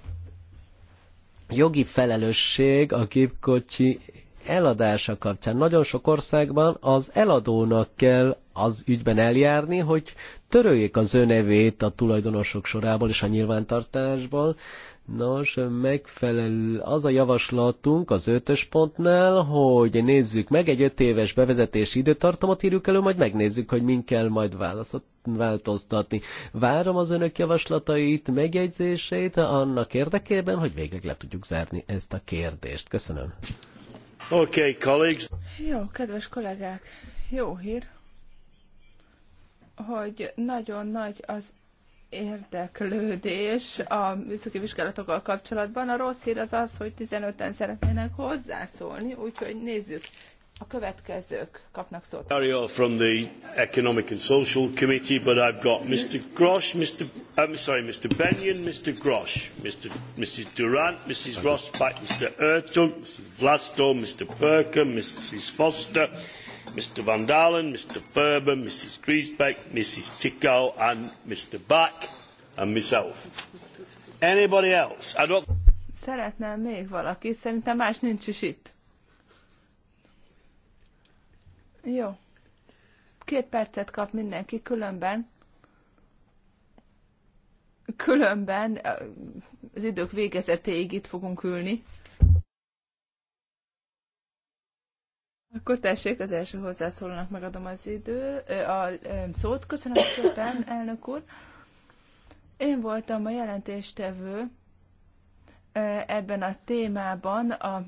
jogi felelősség a gépkocsi eladása kapcsán. Nagyon sok országban az eladónak kell az ügyben eljárni, hogy töröljék az önevét a tulajdonosok sorából és a nyilvántartásból. Nos, megfelelő az a javaslatunk az ötös pontnál, hogy nézzük meg egy öt éves bevezetési időtartamot írjuk elő, majd megnézzük, hogy min kell majd választott változtatni. Várom az önök javaslatait, megjegyzéseit annak érdekében, hogy végleg le tudjuk zárni ezt a kérdést. Köszönöm. Okay, colleagues. Jó, kedves kollégák, jó hír, hogy nagyon nagy az érdeklődés a műszaki vizsgálatokkal kapcsolatban. A rossz hír az az, hogy 15-en szeretnének hozzászólni, úgyhogy nézzük, a következők kapnak szót. from the Economic and Social Committee, but I've got Mr. Grosh, Mr. Uh, I'm sorry, Mr. Benyon, Mr. Grosh, Mr. Mrs. Durant, Mrs. Rossback, Mr. Ertug, Mrs. Vlasto, Mr. Perker, Mrs. Foster, Mr. Van Dalen, Mr. Ferber, Mrs. Griesbeck, Mrs. Tickow, and Mr. Back, and myself. Anybody else? I don't... Szeretném még valakit, szerintem más nincs is itt. Jó. Két percet kap mindenki, különben különben az idők végezetéig itt fogunk ülni. Akkor tessék, az első hozzászólónak megadom az idő, a szót. Köszönöm szépen, elnök úr. Én voltam a jelentéstevő ebben a témában, a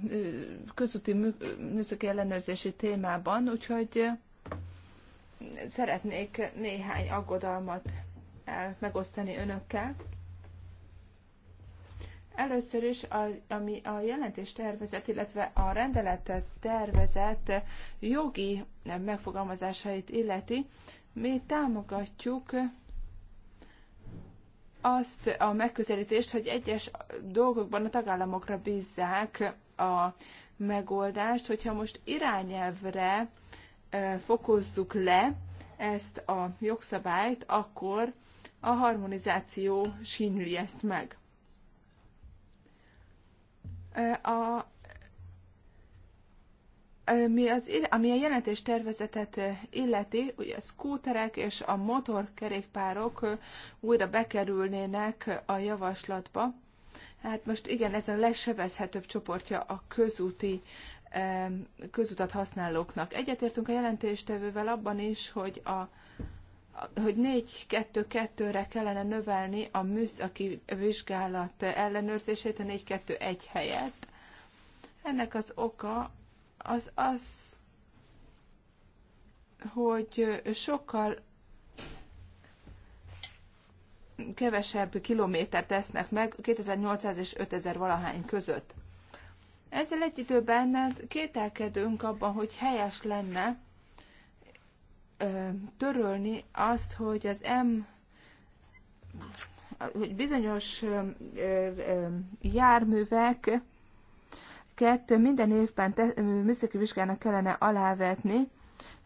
közúti műszaki ellenőrzési témában, úgyhogy szeretnék néhány aggodalmat el, megosztani önökkel. Először is, a, ami a jelentés tervezet, illetve a rendelet tervezet jogi megfogalmazásait illeti, mi támogatjuk azt a megközelítést, hogy egyes dolgokban a tagállamokra bízzák a megoldást, hogyha most irányelvre fokozzuk le ezt a jogszabályt, akkor a harmonizáció sínli ezt meg. A ami, az, ami a jelentés tervezetet illeti, ugye a skúterek és a motorkerékpárok újra bekerülnének a javaslatba. Hát most igen, ez a legsebezhetőbb csoportja a közúti közutat használóknak. Egyetértünk a jelentéstevővel abban is, hogy a hogy 4-2-2-re kellene növelni a műszaki vizsgálat ellenőrzését a 4-2-1 helyett. Ennek az oka az az, hogy sokkal kevesebb kilométer tesznek meg 2800 és 5000 valahány között. Ezzel egy időben kételkedünk abban, hogy helyes lenne ö, törölni azt, hogy az M hogy bizonyos ö, ö, járművek ezeket minden évben te, műszaki vizsgának kellene alávetni.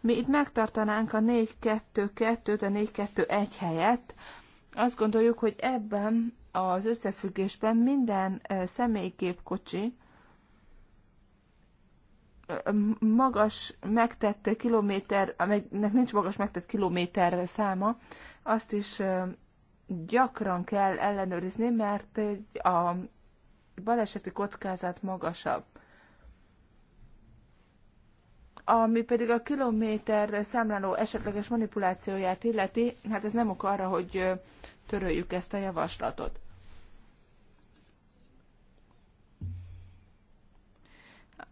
Mi itt megtartanánk a 4-2-2-t, a 4-2-1 helyett. Azt gondoljuk, hogy ebben az összefüggésben minden személygépkocsi magas megtett kilométer, amelynek nincs magas megtett kilométer száma, azt is gyakran kell ellenőrizni, mert a baleseti kockázat magasabb. Ami pedig a kilométer számláló esetleges manipulációját illeti, hát ez nem ok arra, hogy töröljük ezt a javaslatot.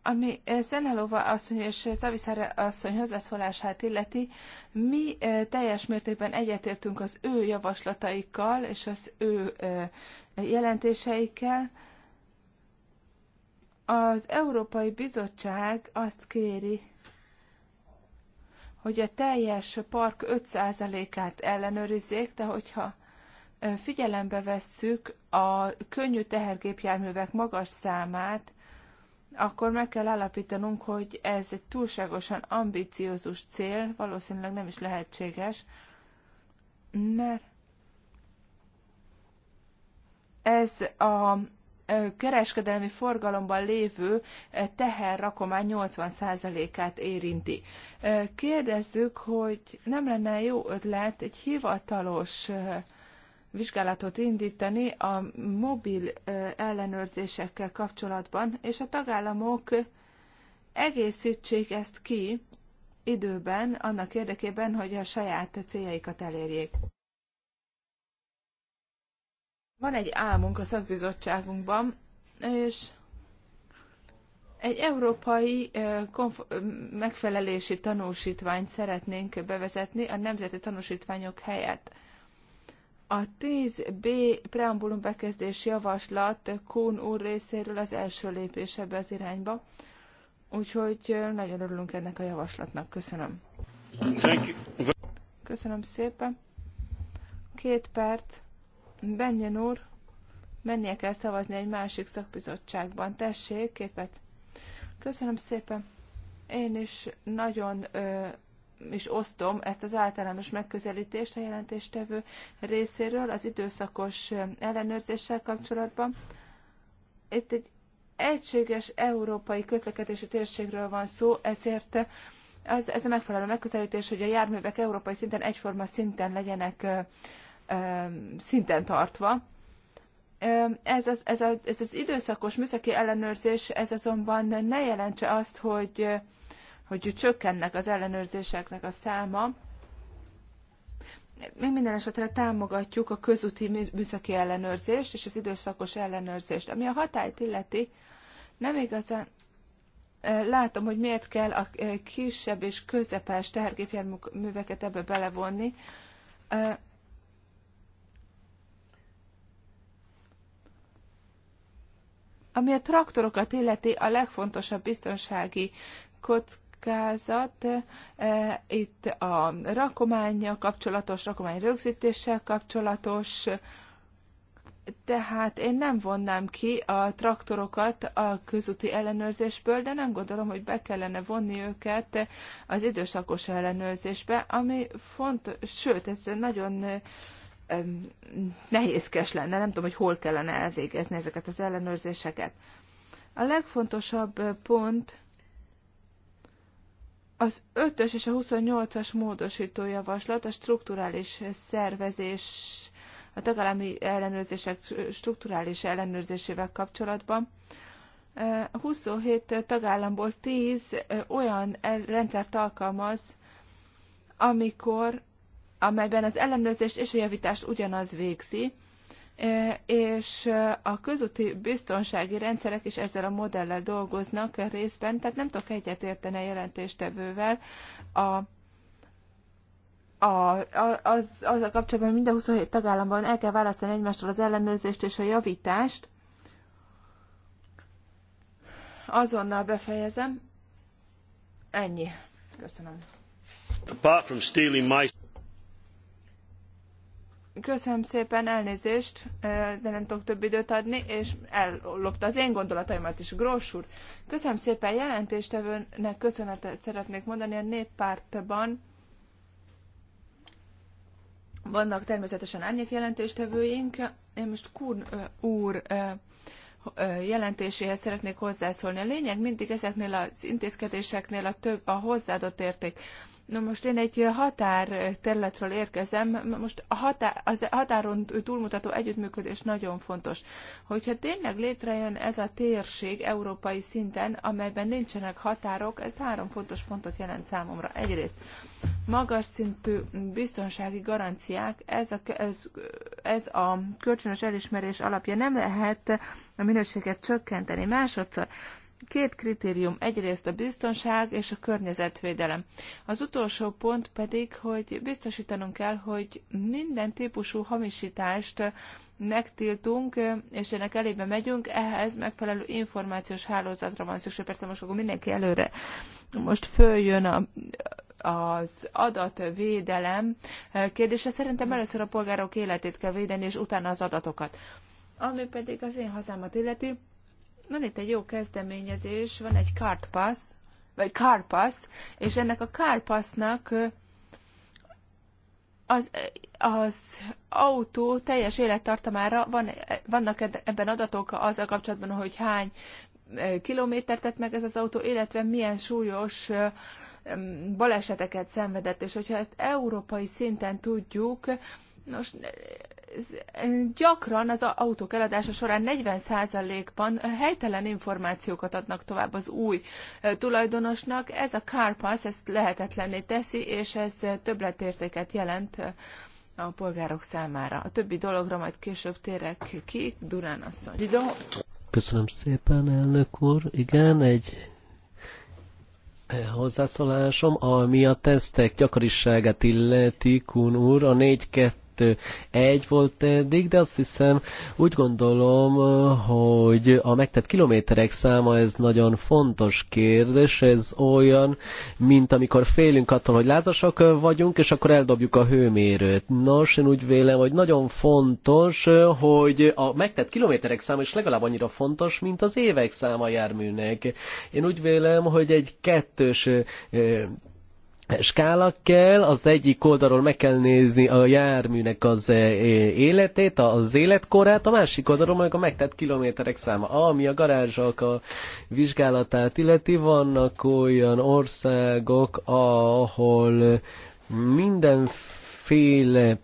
Ami Szenelova asszony és Szaviszár asszony hozzászólását illeti, mi teljes mértékben egyetértünk az ő javaslataikkal és az ő jelentéseikkel, az Európai Bizottság azt kéri, hogy a teljes park 5%-át ellenőrizzék, de hogyha figyelembe vesszük a könnyű tehergépjárművek magas számát, akkor meg kell állapítanunk, hogy ez egy túlságosan ambiciózus cél, valószínűleg nem is lehetséges, mert ez a kereskedelmi forgalomban lévő teherrakomány 80%-át érinti. Kérdezzük, hogy nem lenne jó ötlet egy hivatalos vizsgálatot indítani a mobil ellenőrzésekkel kapcsolatban, és a tagállamok egészítsék ezt ki időben, annak érdekében, hogy a saját céljaikat elérjék. Van egy álmunk a szakbizottságunkban, és egy európai megfelelési tanúsítványt szeretnénk bevezetni a nemzeti tanúsítványok helyett. A 10B preambulum bekezdés javaslat Kuhn úr részéről az első lépés ebbe az irányba, úgyhogy nagyon örülünk ennek a javaslatnak. Köszönöm. Köszönöm szépen. Két perc Benjen úr, mennie kell szavazni egy másik szakbizottságban. Tessék, képet. Köszönöm szépen. Én is nagyon ö, is osztom ezt az általános megközelítést a jelentéstevő részéről az időszakos ellenőrzéssel kapcsolatban. Itt egy egységes európai közlekedési térségről van szó, ezért az, ez a megfelelő megközelítés, hogy a járművek európai szinten, egyforma szinten legyenek szinten tartva. Ez az, ez, a, ez az időszakos műszaki ellenőrzés, ez azonban ne jelentse azt, hogy, hogy csökkennek az ellenőrzéseknek a száma. Mi minden esetre támogatjuk a közúti műszaki ellenőrzést és az időszakos ellenőrzést. Ami a hatályt illeti, nem igazán eh, látom, hogy miért kell a eh, kisebb és közepes tehergépjárműveket ebbe belevonni eh, Ami a traktorokat illeti, a legfontosabb biztonsági kockázat eh, itt a rakománya kapcsolatos, rakomány rögzítéssel kapcsolatos, tehát én nem vonnám ki a traktorokat a közúti ellenőrzésből, de nem gondolom, hogy be kellene vonni őket az időszakos ellenőrzésbe, ami fontos, sőt, ez nagyon eh, nehézkes lenne, nem tudom, hogy hol kellene elvégezni ezeket az ellenőrzéseket. A legfontosabb pont az 5-ös és a 28-as módosítójavaslat, a strukturális szervezés, a tagállami ellenőrzések strukturális ellenőrzésével kapcsolatban. 27 tagállamból 10 olyan rendszert alkalmaz, amikor amelyben az ellenőrzést és a javítást ugyanaz végzi, e, és a közúti biztonsági rendszerek is ezzel a modellel dolgoznak részben, tehát nem tudok egyetérteni a jelentéstevővel a a, a, az, az a kapcsolatban minden 27 tagállamban el kell választani egymástól az ellenőrzést és a javítást. Azonnal befejezem. Ennyi. Köszönöm. Apart from stealing my... Köszönöm szépen, elnézést, de nem tudok több időt adni, és ellopta az én gondolataimat is, Gross úr. Köszönöm szépen, jelentéstevőnek köszönetet szeretnék mondani a néppártban. Vannak természetesen árnyék jelentéstevőink. Én most Kun úr jelentéséhez szeretnék hozzászólni. A lényeg mindig ezeknél az intézkedéseknél a több a hozzáadott érték. Na most én egy határ területről érkezem, most a határ, az határon túlmutató együttműködés nagyon fontos. Hogyha tényleg létrejön ez a térség európai szinten, amelyben nincsenek határok, ez három fontos pontot jelent számomra. Egyrészt magas szintű biztonsági garanciák, ez a, ez, ez a kölcsönös elismerés alapja nem lehet a minőséget csökkenteni. Másodszor két kritérium, egyrészt a biztonság és a környezetvédelem. Az utolsó pont pedig, hogy biztosítanunk kell, hogy minden típusú hamisítást megtiltunk, és ennek elébe megyünk, ehhez megfelelő információs hálózatra van szükség. Persze most akkor mindenki előre most följön a, az adatvédelem kérdése. Szerintem először a polgárok életét kell védeni, és utána az adatokat. Ami pedig az én hazámat illeti, van itt egy jó kezdeményezés, van egy card pass, vagy CarPass, pass, és ennek a CarPassnak passnak az, az autó teljes élettartamára van, vannak ebben adatok azzal kapcsolatban, hogy hány kilométert tett meg ez az autó, illetve milyen súlyos baleseteket szenvedett, és hogyha ezt európai szinten tudjuk, nos, gyakran az autók eladása során 40%-ban helytelen információkat adnak tovább az új tulajdonosnak. Ez a CarPass ezt lehetetlenné teszi, és ez többletértéket jelent a polgárok számára. A többi dologra majd később térek ki. Durán asszony. Köszönöm szépen, elnök úr. Igen, egy eh, hozzászólásom, ami a tesztek gyakoriságát illeti, Kun úr, a 4 kettő hát, egy volt eddig, de azt hiszem, úgy gondolom, hogy a megtett kilométerek száma ez nagyon fontos kérdés, ez olyan, mint amikor félünk attól, hogy lázasak vagyunk, és akkor eldobjuk a hőmérőt. Nos, én úgy vélem, hogy nagyon fontos, hogy a megtett kilométerek száma is legalább annyira fontos, mint az évek száma járműnek. Én úgy vélem, hogy egy kettős skála kell, az egyik oldalról meg kell nézni a járműnek az e, e, életét, az életkorát, a másik oldalról meg a megtett kilométerek száma. Ami a garázsok a vizsgálatát illeti, vannak olyan országok, ahol mindenféle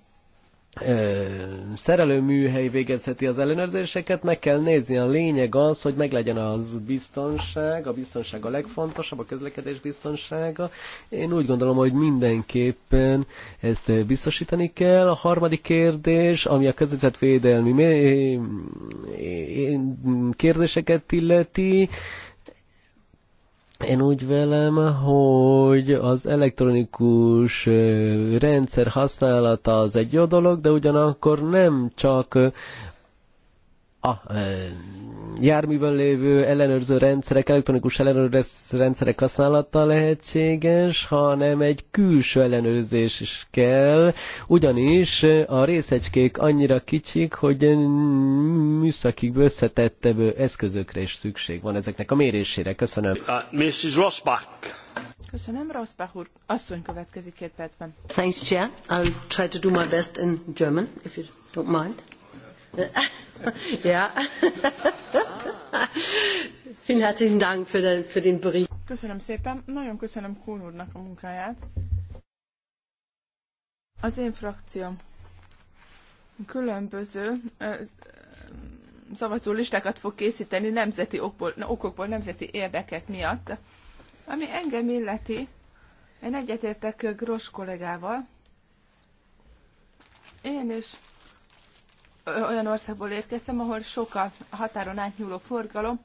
szerelőműhely végezheti az ellenőrzéseket, meg kell nézni. A lényeg az, hogy meglegyen az biztonság, a biztonság a legfontosabb, a közlekedés biztonsága. Én úgy gondolom, hogy mindenképpen ezt biztosítani kell. A harmadik kérdés, ami a környezetvédelmi kérdéseket illeti, én úgy vélem, hogy az elektronikus rendszer használata az egy jó dolog, de ugyanakkor nem csak a járművön lévő ellenőrző rendszerek, elektronikus ellenőrző rendszerek használata lehetséges, hanem egy külső ellenőrzés is kell, ugyanis a részecskék annyira kicsik, hogy műszakig összetettebb eszközökre is szükség van ezeknek a mérésére. Köszönöm. Uh, Mrs. Rosbach. Köszönöm, Rosbach úr. Asszony következik két percben. Thanks, Chair. I'll try to do my best in German, if you don't mind ja. Vielen herzlichen Dank für den, für den Bericht. Köszönöm szépen, nagyon köszönöm Kuhn úrnak a munkáját. Az én frakcióm különböző ö, szavazó listákat fog készíteni nemzeti okból, okokból, nemzeti érdekek miatt. Ami engem illeti, én egyetértek Gros kollégával. Én is olyan országból érkeztem, ahol sok a határon átnyúló forgalom,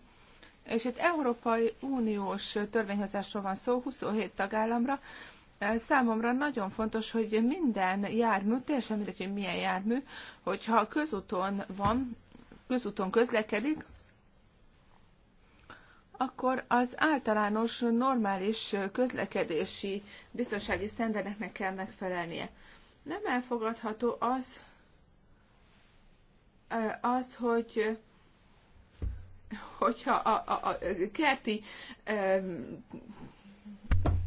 és itt Európai Uniós törvényhozásról van szó, 27 tagállamra. Számomra nagyon fontos, hogy minden jármű, teljesen mindegy, hogy milyen jármű, hogyha a közúton van, közúton közlekedik, akkor az általános, normális közlekedési biztonsági sztenderdeknek kell megfelelnie. Nem elfogadható az, az, hogy hogyha a, a, a kerti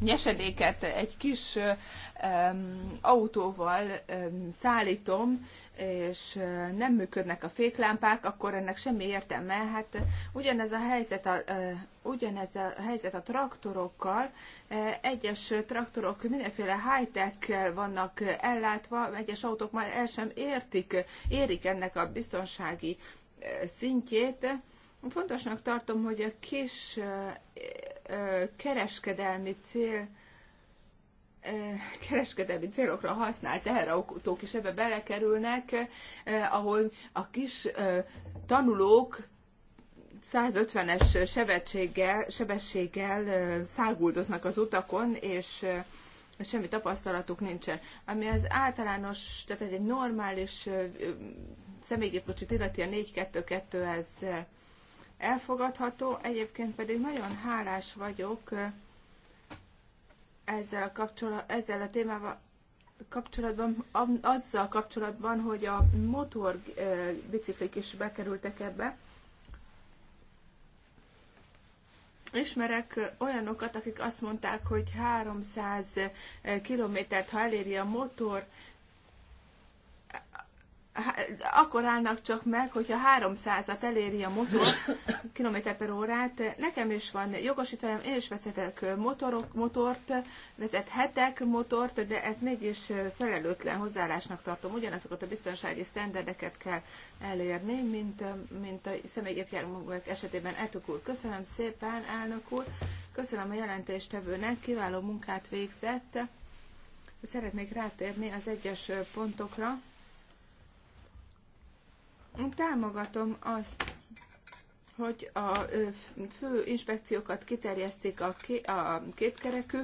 nyesedéket egy kis autóval szállítom, és nem működnek a féklámpák, akkor ennek semmi értelme. Hát ugyanez a helyzet a, ugyanez a helyzet a traktorokkal. Egyes traktorok mindenféle high-tech vannak ellátva, egyes autók már el sem értik, érik ennek a biztonsági szintjét Fontosnak tartom, hogy a kis kereskedelmi cél kereskedelmi célokra használt teherautók is ebbe belekerülnek, ahol a kis tanulók 150-es sebességgel, sebességgel száguldoznak az utakon, és semmi tapasztalatuk nincsen. Ami az általános, tehát egy normális személygépkocsit illeti a 422 ez elfogadható, egyébként pedig nagyon hálás vagyok ezzel a, kapcsolat, ezzel a témával kapcsolatban, azzal kapcsolatban, hogy a motor biciklik is bekerültek ebbe. Ismerek olyanokat, akik azt mondták, hogy 300 kilométert, ha eléri a motor akkor állnak csak meg, hogyha 300-at eléri a motor kilométer per órát. Nekem is van jogosítványom, én is veszetek motorok, motort, vezethetek motort, de ez mégis felelőtlen hozzáállásnak tartom. Ugyanazokat a biztonsági sztenderdeket kell elérni, mint, mint a személygépjárművek esetében. Etuk úr, köszönöm szépen, elnök úr, köszönöm a jelentéstevőnek, kiváló munkát végzett. Szeretnék rátérni az egyes pontokra Támogatom azt, hogy a fő inspekciókat kiterjesztik a, ké, a kétkerekű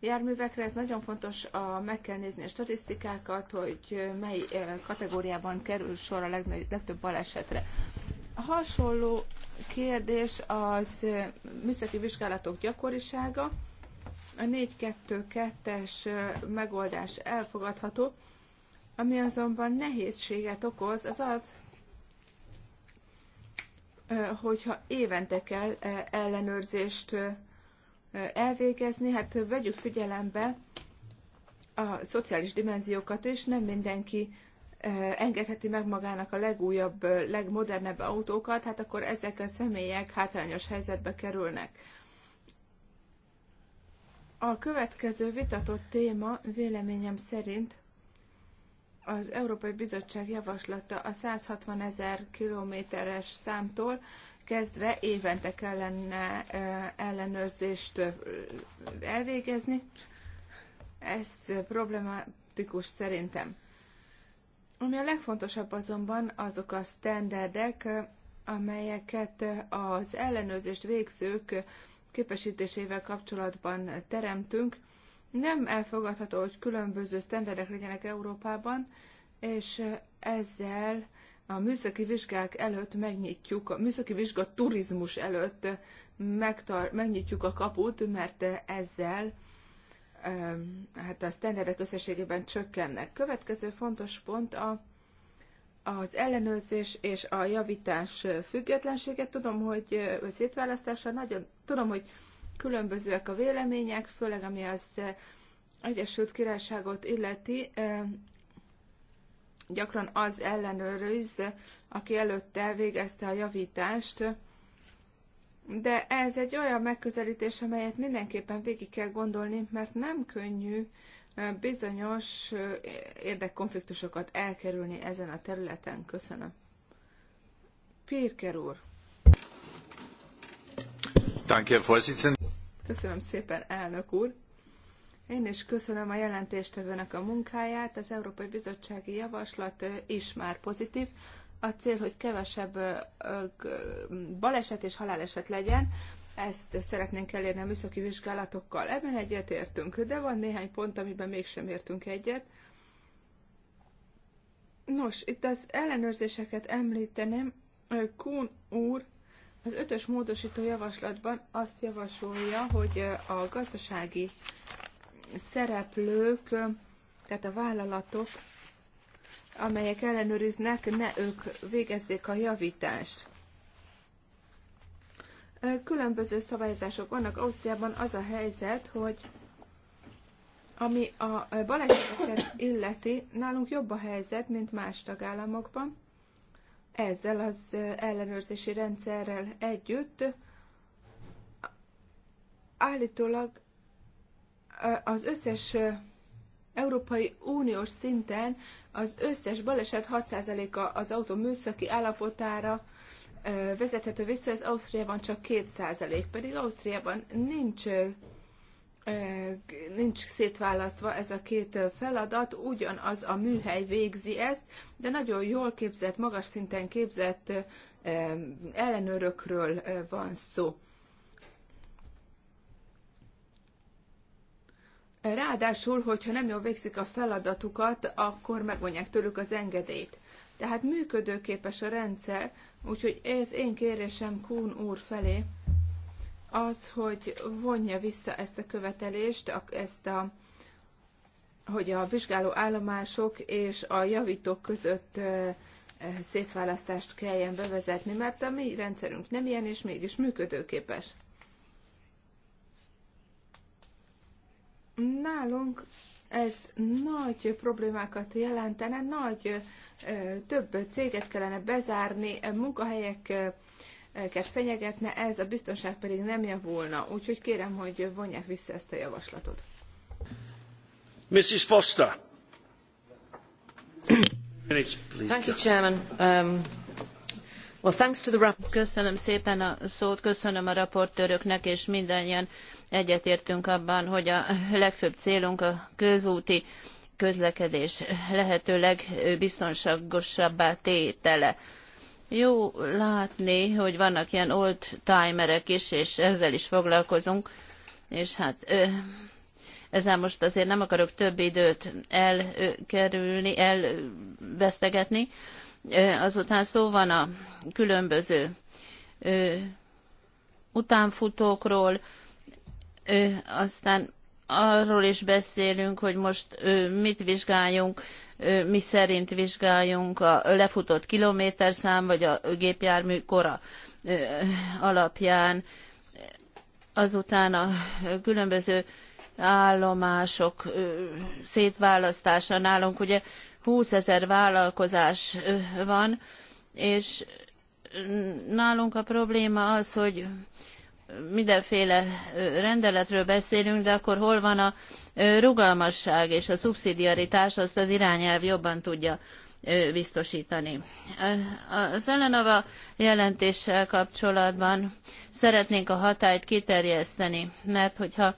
járművekre. Ez nagyon fontos, a, meg kell nézni a statisztikákat, hogy mely kategóriában kerül sor a legnagy, legtöbb balesetre. Hasonló kérdés az műszaki vizsgálatok gyakorisága. A 4-2-2-es megoldás elfogadható, ami azonban nehézséget okoz, az az, hogyha évente kell ellenőrzést elvégezni, hát vegyük figyelembe a szociális dimenziókat is, nem mindenki engedheti meg magának a legújabb, legmodernebb autókat, hát akkor ezek a személyek hátrányos helyzetbe kerülnek. A következő vitatott téma véleményem szerint az Európai Bizottság javaslata a 160 ezer kilométeres számtól kezdve évente kellene ellenőrzést elvégezni. Ez problematikus szerintem. Ami a legfontosabb azonban azok a standardek, amelyeket az ellenőrzést végzők képesítésével kapcsolatban teremtünk, nem elfogadható, hogy különböző sztenderek legyenek Európában, és ezzel a műszaki vizsgák előtt megnyitjuk, a műszaki vizsga turizmus előtt megtar- megnyitjuk a kaput, mert ezzel hát a sztenderek összességében csökkennek. Következő fontos pont a, az ellenőrzés és a javítás függetlensége. Tudom, hogy szétválasztása nagyon, tudom, hogy Különbözőek a vélemények, főleg ami az eh, Egyesült Királyságot illeti, eh, gyakran az ellenőrőz, aki előtte végezte a javítást, de ez egy olyan megközelítés, amelyet mindenképpen végig kell gondolni, mert nem könnyű eh, bizonyos érdekkonfliktusokat elkerülni ezen a területen. Köszönöm. Pirker úr. Köszönöm szépen, elnök úr! Én is köszönöm a jelentéstevőnek a munkáját. Az Európai Bizottsági Javaslat is már pozitív. A cél, hogy kevesebb baleset és haláleset legyen, ezt szeretnénk elérni a műszaki vizsgálatokkal. Ebben egyetértünk, de van néhány pont, amiben mégsem értünk egyet. Nos, itt az ellenőrzéseket említeném. Kún úr az ötös módosító javaslatban azt javasolja, hogy a gazdasági szereplők, tehát a vállalatok, amelyek ellenőriznek, ne ők végezzék a javítást. Különböző szabályozások vannak. Ausztriában az a helyzet, hogy ami a balesetet illeti, nálunk jobb a helyzet, mint más tagállamokban ezzel az ellenőrzési rendszerrel együtt állítólag az összes Európai Uniós szinten az összes baleset 6%-a az autó műszaki állapotára vezethető vissza, Az Ausztriában csak 2%, pedig Ausztriában nincs nincs szétválasztva ez a két feladat, ugyanaz a műhely végzi ezt, de nagyon jól képzett, magas szinten képzett ellenőrökről van szó. Ráadásul, hogyha nem jól végzik a feladatukat, akkor megvonják tőlük az engedélyt. Tehát működőképes a rendszer, úgyhogy ez én kérésem Kún úr felé, az, hogy vonja vissza ezt a követelést, ezt a, hogy a vizsgáló állomások és a javítók között szétválasztást kelljen bevezetni, mert a mi rendszerünk nem ilyen, és mégis működőképes. Nálunk ez nagy problémákat jelentene, nagy több céget kellene bezárni, munkahelyek őket fenyegetne, ez a biztonság pedig nem javulna. Úgyhogy kérem, hogy vonják vissza ezt a javaslatot. Mrs. Foster. Thank you, Chairman. Um... Köszönöm szépen a szót, köszönöm a raportőröknek, és mindannyian egyetértünk abban, hogy a legfőbb célunk a közúti közlekedés lehetőleg biztonságosabbá tétele. Jó látni, hogy vannak ilyen old timerek is, és ezzel is foglalkozunk, és hát ö, ezzel most azért nem akarok több időt elkerülni, elvesztegetni. Azután szó van a különböző ö, utánfutókról, ö, aztán arról is beszélünk, hogy most ö, mit vizsgáljunk mi szerint vizsgáljunk a lefutott kilométerszám vagy a gépjármű kora alapján. Azután a különböző állomások szétválasztása nálunk ugye 20 ezer vállalkozás van, és nálunk a probléma az, hogy mindenféle rendeletről beszélünk, de akkor hol van a rugalmasság és a szubszidiaritás, azt az irányelv jobban tudja biztosítani. A Zelenova jelentéssel kapcsolatban szeretnénk a hatályt kiterjeszteni, mert hogyha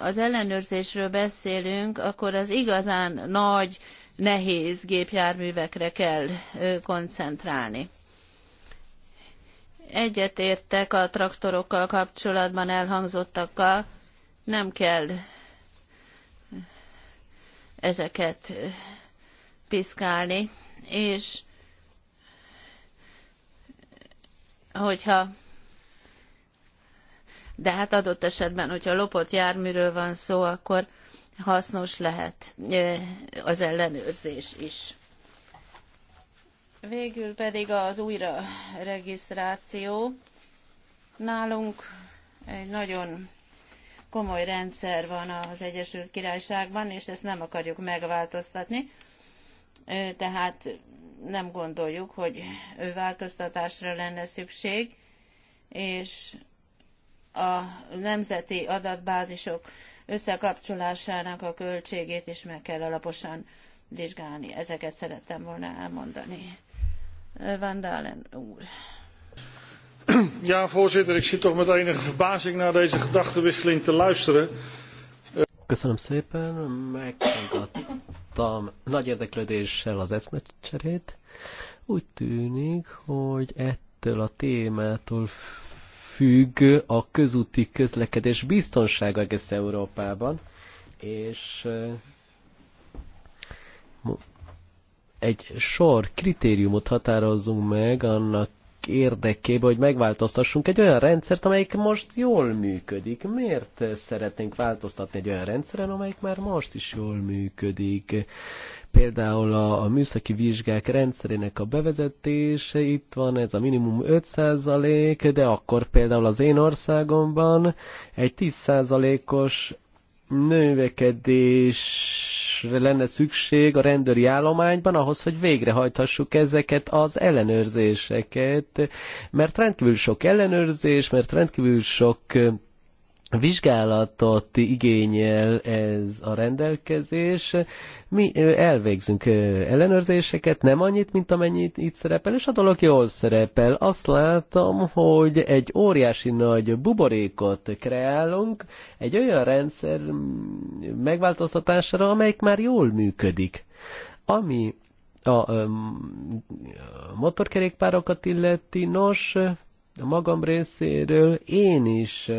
az ellenőrzésről beszélünk, akkor az igazán nagy, nehéz gépjárművekre kell koncentrálni. Egyetértek a traktorokkal kapcsolatban elhangzottakkal, nem kell ezeket piszkálni, és hogyha de hát adott esetben, hogyha lopott járműről van szó, akkor hasznos lehet az ellenőrzés is. Végül pedig az újra regisztráció. Nálunk egy nagyon komoly rendszer van az Egyesült Királyságban, és ezt nem akarjuk megváltoztatni. Tehát nem gondoljuk, hogy változtatásra lenne szükség, és a nemzeti adatbázisok összekapcsolásának a költségét is meg kell alaposan vizsgálni. Ezeket szerettem volna elmondani. Van Dalen úr. Ja, voorzitter, ik zit toch met enige verbazing naar deze gedachtenwisseling te luisteren. Köszönöm szépen, meghallgattam nagy érdeklődéssel az eszmecserét. Úgy tűnik, hogy ettől a témától függ a közúti közlekedés biztonsága egész Európában, és eh, egy sor kritériumot határozzunk meg annak érdekében, hogy megváltoztassunk egy olyan rendszert, amelyik most jól működik. Miért szeretnénk változtatni egy olyan rendszeren, amelyik már most is jól működik? Például a, a műszaki vizsgák rendszerének a bevezetése, itt van ez a minimum 5%, de akkor például az én országomban egy 10%-os növekedésre lenne szükség a rendőri állományban ahhoz, hogy végrehajthassuk ezeket az ellenőrzéseket, mert rendkívül sok ellenőrzés, mert rendkívül sok vizsgálatot igényel ez a rendelkezés. Mi elvégzünk ellenőrzéseket, nem annyit, mint amennyit itt szerepel, és a dolog jól szerepel. Azt látom, hogy egy óriási nagy buborékot kreálunk egy olyan rendszer megváltoztatására, amelyik már jól működik. Ami a motorkerékpárokat illeti, nos, a magam részéről én is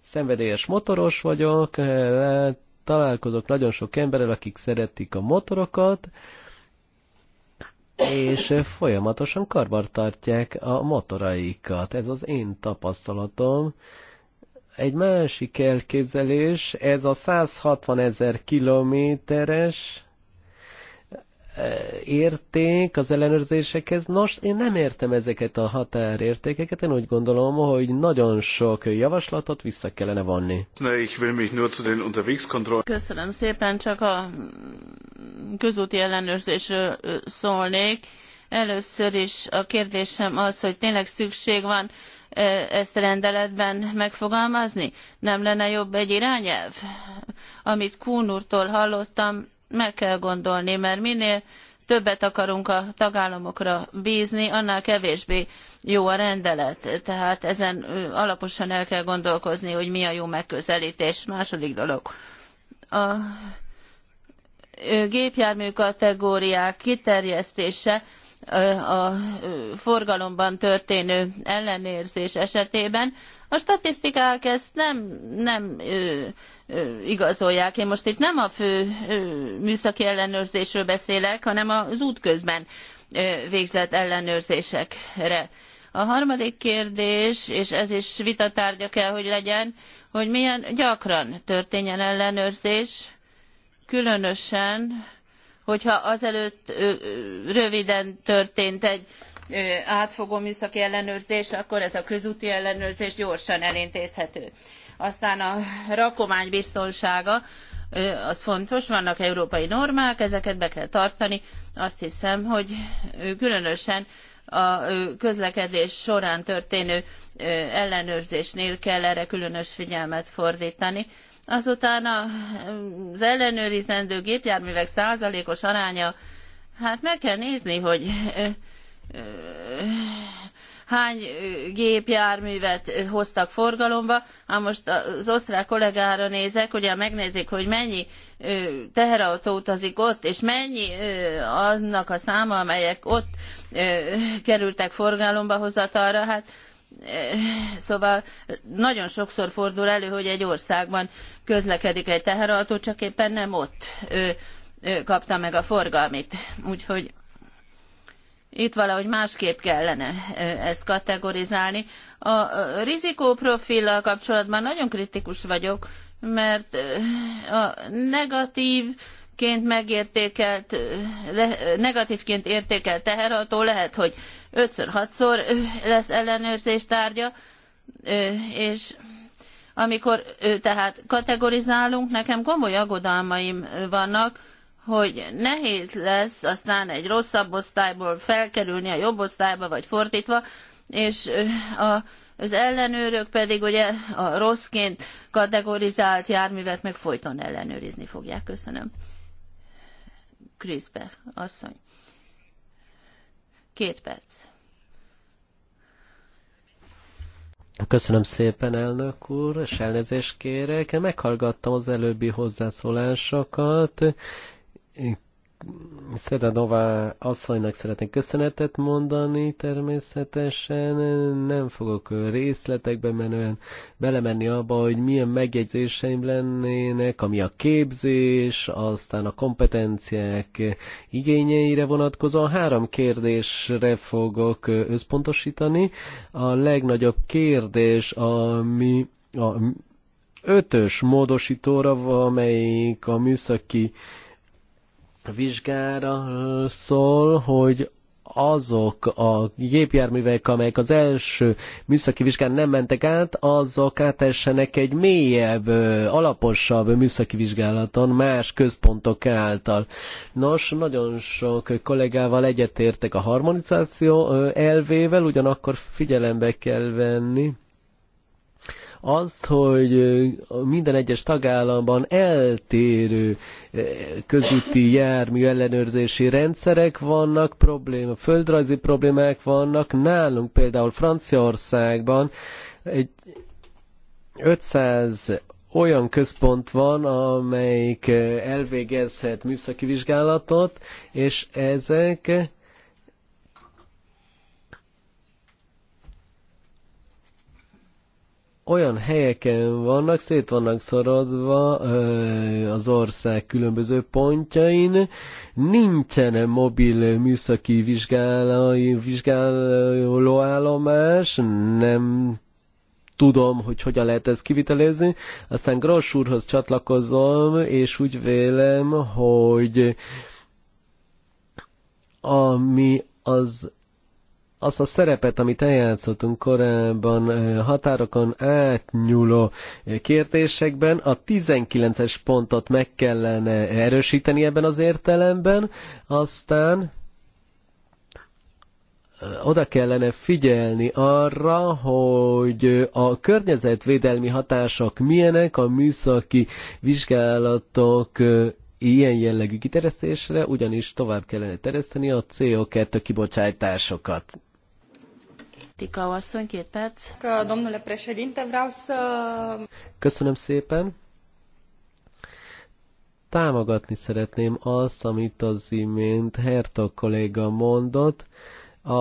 szenvedélyes motoros vagyok, eh, találkozok nagyon sok emberrel, akik szeretik a motorokat, és eh, folyamatosan karbantartják a motoraikat. Ez az én tapasztalatom. Egy másik elképzelés, ez a 160 ezer kilométeres érték az ellenőrzésekhez. Nos, én nem értem ezeket a határértékeket, én úgy gondolom, hogy nagyon sok javaslatot vissza kellene vonni. Köszönöm szépen, csak a közúti ellenőrzésről szólnék. Először is a kérdésem az, hogy tényleg szükség van ezt rendeletben megfogalmazni? Nem lenne jobb egy irányelv? Amit Kún úrtól hallottam, meg kell gondolni, mert minél többet akarunk a tagállamokra bízni, annál kevésbé jó a rendelet. Tehát ezen alaposan el kell gondolkozni, hogy mi a jó megközelítés. Második dolog. A gépjármű kategóriák kiterjesztése a forgalomban történő ellenérzés esetében a statisztikák ezt nem, nem igazolják. Én most itt nem a fő műszaki ellenőrzésről beszélek, hanem az útközben végzett ellenőrzésekre. A harmadik kérdés, és ez is vitatárgya kell, hogy legyen, hogy milyen gyakran történjen ellenőrzés, különösen, hogyha azelőtt röviden történt egy átfogó műszaki ellenőrzés, akkor ez a közúti ellenőrzés gyorsan elintézhető. Aztán a rakomány biztonsága, az fontos, vannak európai normák, ezeket be kell tartani. Azt hiszem, hogy különösen a közlekedés során történő ellenőrzésnél kell erre különös figyelmet fordítani. Azután az ellenőrizendő gépjárművek százalékos aránya, hát meg kell nézni, hogy hány gépjárművet hoztak forgalomba. Ha most az osztrák kollégára nézek, ugye megnézik, hogy mennyi teherautó utazik ott, és mennyi annak a száma, amelyek ott kerültek forgalomba hozatalra, hát Szóval nagyon sokszor fordul elő, hogy egy országban közlekedik egy teherautó, csak éppen nem ott kapta meg a forgalmit. Úgyhogy itt valahogy másképp kellene ezt kategorizálni. A rizikóprofillal kapcsolatban nagyon kritikus vagyok, mert a negatív ként megértékelt, negatívként értékelt teherautó lehet, hogy 5-6-szor lesz ellenőrzés tárgya, és amikor tehát kategorizálunk, nekem komoly aggodalmaim vannak, hogy nehéz lesz aztán egy rosszabb osztályból felkerülni a jobb osztályba, vagy fordítva, és a, az ellenőrök pedig ugye a rosszként kategorizált járművet meg folyton ellenőrizni fogják. Köszönöm. Kriszbe, asszony. Két perc. Köszönöm szépen, elnök úr, és elnézést kérek. Meghallgattam az előbbi hozzászólásokat, Szeradová asszonynak szeretnék köszönetet mondani, természetesen nem fogok részletekbe menően belemenni abba, hogy milyen megjegyzéseim lennének, ami a képzés, aztán a kompetenciák igényeire vonatkozó. Három kérdésre fogok összpontosítani. A legnagyobb kérdés, ami a ötös módosítóra, amelyik a műszaki vizsgára szól, hogy azok a gépjárművek, amelyek az első műszaki vizsgán nem mentek át, azok átessenek egy mélyebb, alaposabb műszaki vizsgálaton más központok által. Nos, nagyon sok kollégával egyetértek a harmonizáció elvével, ugyanakkor figyelembe kell venni azt, hogy minden egyes tagállamban eltérő közúti jármű ellenőrzési rendszerek vannak, probléma, földrajzi problémák vannak. Nálunk például Franciaországban egy 500 olyan központ van, amelyik elvégezhet műszaki vizsgálatot, és ezek olyan helyeken vannak, szét vannak szorodva az ország különböző pontjain, nincsen mobil műszaki vizsgálói, vizsgálóállomás, nem tudom, hogy hogyan lehet ezt kivitelezni. Aztán Gross úrhoz csatlakozom, és úgy vélem, hogy ami az azt a szerepet, amit eljátszottunk korábban határokon átnyúló kérdésekben, a 19-es pontot meg kellene erősíteni ebben az értelemben, aztán oda kellene figyelni arra, hogy a környezetvédelmi hatások milyenek a műszaki vizsgálatok ilyen jellegű kiterjesztésre, ugyanis tovább kellene terjeszteni a CO2 kibocsátásokat. Tika asszony, két perc. Domnule președinte, vreau să... Köszönöm szépen. Támogatni szeretném azt, amit az imént Hertog kolléga mondott, a,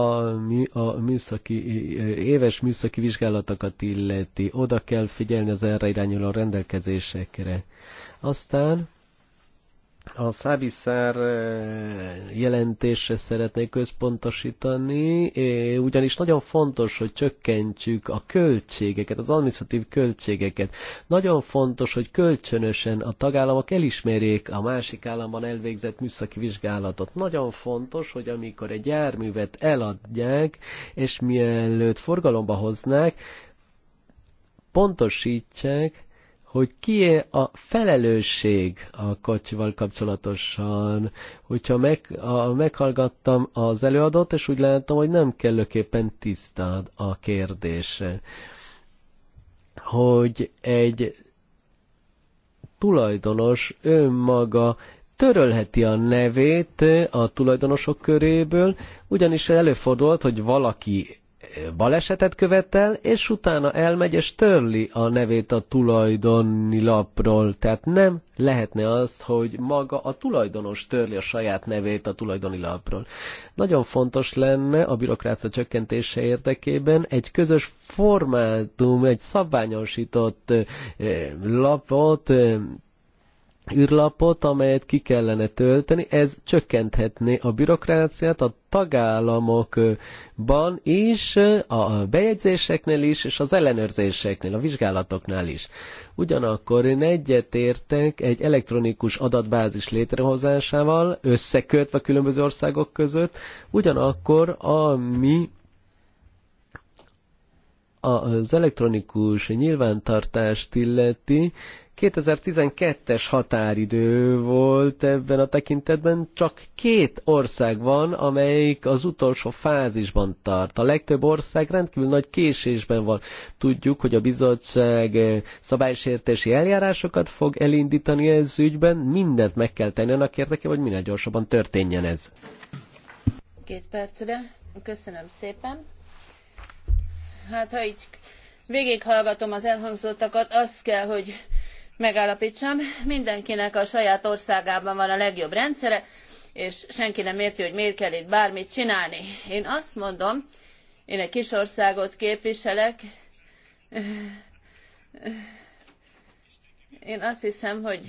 a műszaki, éves műszaki vizsgálatokat illeti. Oda kell figyelni az erre irányuló rendelkezésekre. Aztán a Szábiszár eh, jelentésre szeretnék központosítani, eh, ugyanis nagyon fontos, hogy csökkentsük a költségeket, az administratív költségeket. Nagyon fontos, hogy kölcsönösen a tagállamok elismerjék a másik államban elvégzett műszaki vizsgálatot. Nagyon fontos, hogy amikor egy járművet eladják, és mielőtt forgalomba hoznák, pontosítsák, hogy ki -e a felelősség a kocsival kapcsolatosan. Hogyha meg, a, meghallgattam az előadót, és úgy láttam, hogy nem kellőképpen tiszta a kérdése. Hogy egy tulajdonos önmaga törölheti a nevét a tulajdonosok köréből, ugyanis előfordult, hogy valaki balesetet követel, és utána elmegy és törli a nevét a tulajdoni lapról. Tehát nem lehetne azt, hogy maga a tulajdonos törli a saját nevét a tulajdoni lapról. Nagyon fontos lenne a bürokrácia csökkentése érdekében egy közös formátum, egy szabványosított eh, lapot eh, űrlapot, amelyet ki kellene tölteni, ez csökkenthetné a bürokráciát a tagállamokban is, a bejegyzéseknél is, és az ellenőrzéseknél, a vizsgálatoknál is. Ugyanakkor én egyetértek egy elektronikus adatbázis létrehozásával, összekötve a különböző országok között, ugyanakkor ami az elektronikus nyilvántartást illeti, 2012-es határidő volt ebben a tekintetben, csak két ország van, amelyik az utolsó fázisban tart. A legtöbb ország rendkívül nagy késésben van. Tudjuk, hogy a bizottság eh, szabálysértési eljárásokat fog elindítani ez ügyben, mindent meg kell tenni annak érdekében, hogy minél gyorsabban történjen ez. Két percre. Köszönöm szépen. Hát ha így végighallgatom az elhangzottakat, azt kell, hogy megállaptsam mindenkinek a saját országában van a legjobb rendszere, és senki nem érti, hogy miért kell itt bármit csinálni. Én azt mondom, én egy kis országot képviselek, én azt hiszem, hogy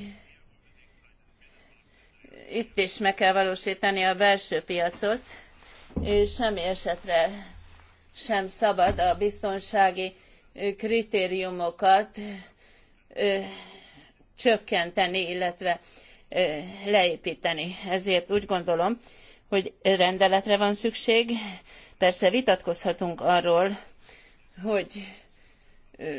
itt is meg kell valósítani a belső piacot, és semmi esetre sem szabad a biztonsági kritériumokat csökkenteni, illetve leépíteni. Ezért úgy gondolom, hogy rendeletre van szükség. Persze vitatkozhatunk arról, hogy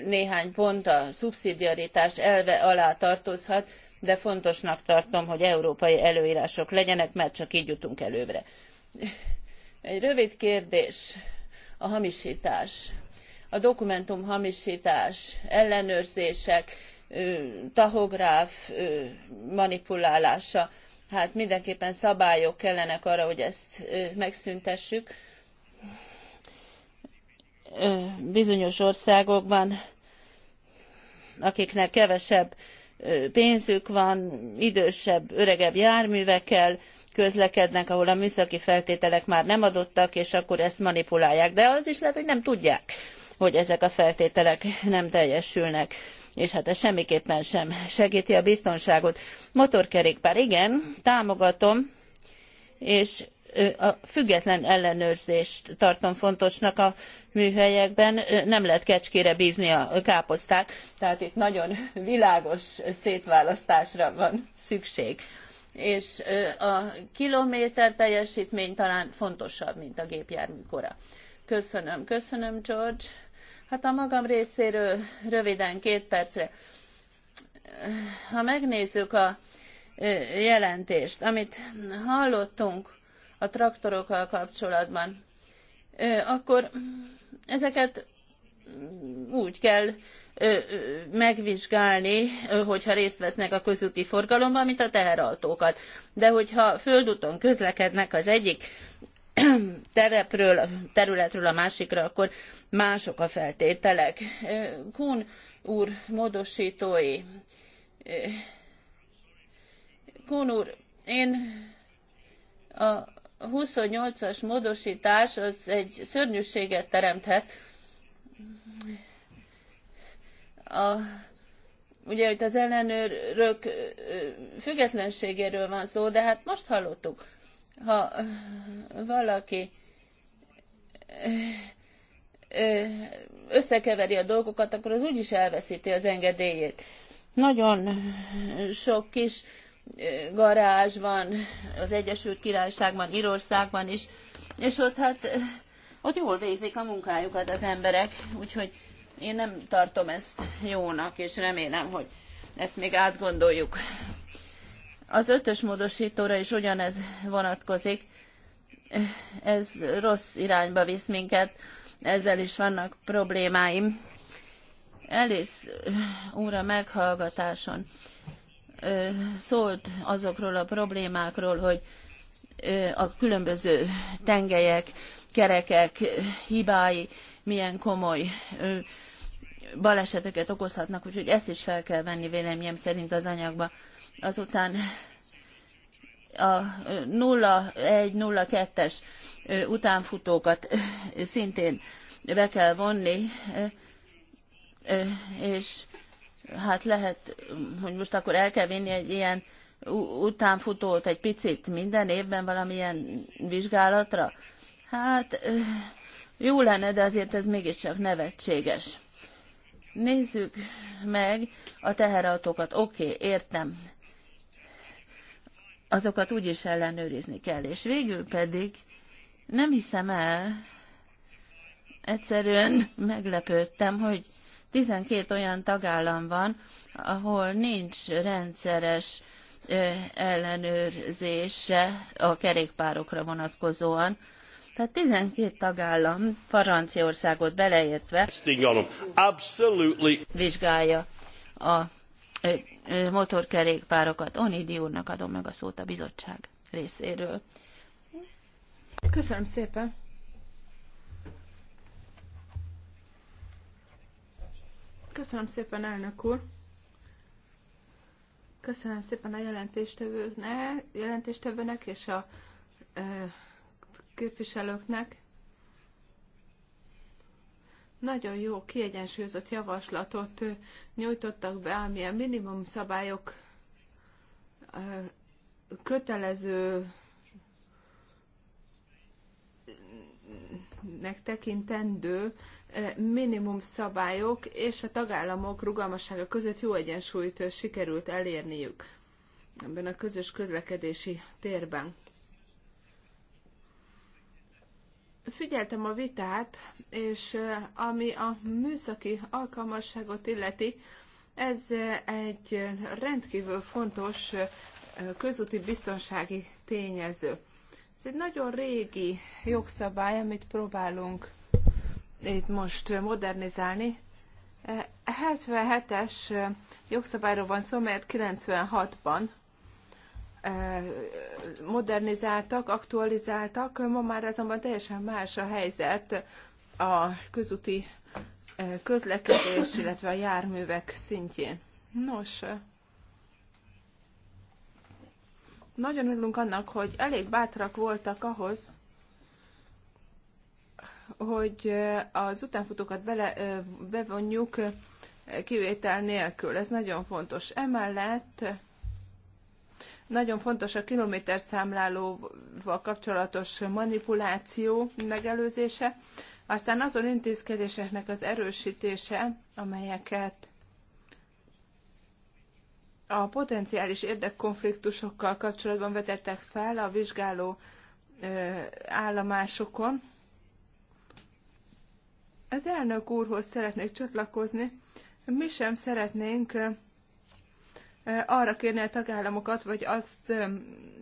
néhány pont a szubszidiaritás elve alá tartozhat, de fontosnak tartom, hogy európai előírások legyenek, mert csak így jutunk előbbre. Egy rövid kérdés. A hamisítás. A dokumentum hamisítás, ellenőrzések, tahográf manipulálása. Hát mindenképpen szabályok kellenek arra, hogy ezt megszüntessük. Bizonyos országokban, akiknek kevesebb pénzük van, idősebb, öregebb járművekkel közlekednek, ahol a műszaki feltételek már nem adottak, és akkor ezt manipulálják. De az is lehet, hogy nem tudják hogy ezek a feltételek nem teljesülnek és hát ez semmiképpen sem segíti a biztonságot. Motorkerékpár, igen, támogatom, és a független ellenőrzést tartom fontosnak a műhelyekben. Nem lehet kecskére bízni a káposztát, tehát itt nagyon világos szétválasztásra van szükség. És a kilométer teljesítmény talán fontosabb, mint a gépjárműkora. Köszönöm, köszönöm, George. Hát a magam részéről röviden, két percre. Ha megnézzük a jelentést, amit hallottunk a traktorokkal kapcsolatban, akkor ezeket úgy kell megvizsgálni, hogyha részt vesznek a közúti forgalomban, mint a teherautókat. De hogyha földúton közlekednek az egyik terepről, területről a másikra, akkor mások a feltételek. kuhn úr módostói kuhn úr, én a 28-as módosítás az egy szörnyűséget teremthet. A, ugye itt az ellenőrök függetlenségéről van szó, de hát most hallottuk ha valaki összekeveri a dolgokat, akkor az úgyis elveszíti az engedélyét. Nagyon sok kis garázs van az Egyesült Királyságban, Írországban is, és ott hát ott jól végzik a munkájukat az emberek, úgyhogy én nem tartom ezt jónak, és remélem, hogy ezt még átgondoljuk. Az ötös módosítóra is ugyanez vonatkozik. Ez rossz irányba visz minket, ezzel is vannak problémáim. Elis eh, úra meghallgatáson eh, szólt azokról a problémákról, hogy eh, a különböző tengelyek, kerekek hibái milyen komoly baleseteket okozhatnak, úgyhogy ezt is fel kell venni véleményem szerint az anyagba azután a 0-1-0-2-es utánfutókat szintén be kell vonni, és hát lehet, hogy most akkor el kell vinni egy ilyen utánfutót egy picit minden évben valamilyen vizsgálatra. Hát jó lenne, de azért ez mégiscsak nevetséges. Nézzük meg a teherautókat. Oké, okay, értem azokat úgy is ellenőrizni kell. És végül pedig nem hiszem el, egyszerűen meglepődtem, hogy 12 olyan tagállam van, ahol nincs rendszeres ellenőrzése a kerékpárokra vonatkozóan. Tehát 12 tagállam, Franciaországot beleértve, vizsgálja a motorkerékpárokat. Onidi úrnak adom meg a szót a bizottság részéről. Köszönöm szépen. Köszönöm szépen, elnök úr. Köszönöm szépen a jelentéstevőnek, jelentéstevőnek és a e, képviselőknek nagyon jó, kiegyensúlyozott javaslatot nyújtottak be, ami a minimum szabályok kötelező nek tekintendő minimum szabályok és a tagállamok rugalmassága között jó egyensúlyt sikerült elérniük ebben a közös közlekedési térben. figyeltem a vitát, és ami a műszaki alkalmasságot illeti, ez egy rendkívül fontos közúti biztonsági tényező. Ez egy nagyon régi jogszabály, amit próbálunk itt most modernizálni. 77-es jogszabályról van szó, mert 96-ban modernizáltak, aktualizáltak, ma már azonban teljesen más a helyzet a közúti e, közlekedés, illetve a járművek szintjén. Nos, e, nagyon örülünk annak, hogy elég bátrak voltak ahhoz, hogy e, az utánfutókat bele, bevonjuk kivétel nélkül. Ez nagyon fontos. Emellett nagyon fontos a kilométerszámlálóval kapcsolatos manipuláció megelőzése, aztán azon intézkedéseknek az erősítése, amelyeket a potenciális érdekkonfliktusokkal kapcsolatban vetettek fel a vizsgáló állomásokon. Az elnök úrhoz szeretnék csatlakozni. Mi sem szeretnénk arra kérni a tagállamokat, vagy azt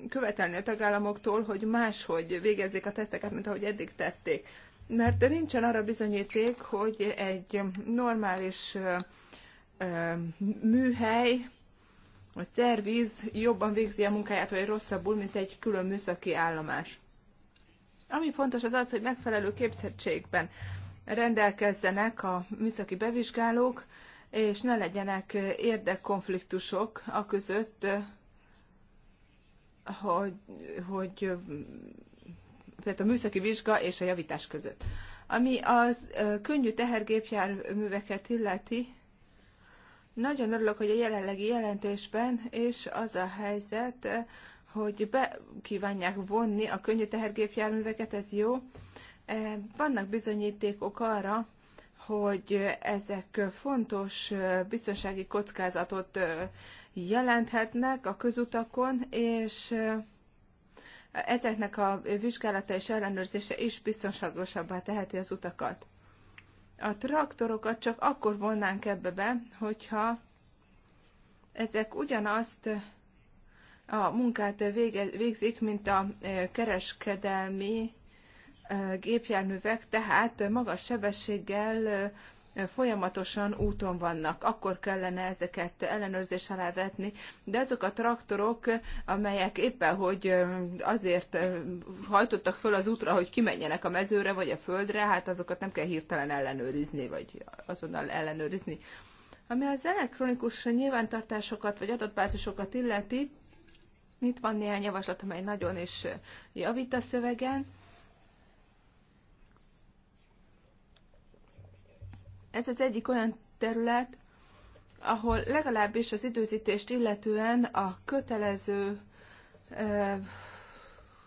követelni a tagállamoktól, hogy máshogy végezzék a teszteket, mint ahogy eddig tették. Mert nincsen arra bizonyíték, hogy egy normális műhely, a szerviz jobban végzi a munkáját, vagy rosszabbul, mint egy külön műszaki állomás. Ami fontos az az, hogy megfelelő képzettségben rendelkezzenek a műszaki bevizsgálók, és ne legyenek érdekkonfliktusok a között, hogy, hogy például a műszaki vizsga és a javítás között. Ami az könnyű tehergépjárműveket illeti, nagyon örülök, hogy a jelenlegi jelentésben és az a helyzet, hogy be kívánják vonni a könnyű tehergépjárműveket, ez jó. Vannak bizonyítékok arra, hogy ezek fontos biztonsági kockázatot jelenthetnek a közutakon, és ezeknek a vizsgálata és ellenőrzése is biztonságosabbá teheti az utakat. A traktorokat csak akkor vonnánk ebbe be, hogyha ezek ugyanazt a munkát végezik, végzik, mint a kereskedelmi gépjárművek tehát magas sebességgel folyamatosan úton vannak. Akkor kellene ezeket ellenőrzés alá vetni, de azok a traktorok, amelyek éppen, hogy azért hajtottak föl az útra, hogy kimenjenek a mezőre vagy a földre, hát azokat nem kell hirtelen ellenőrizni, vagy azonnal ellenőrizni. Ami az elektronikus nyilvántartásokat vagy adatbázisokat illeti, itt van néhány javaslat, amely nagyon is javít a szövegen Ez az egyik olyan terület, ahol legalábbis az időzítést illetően a kötelező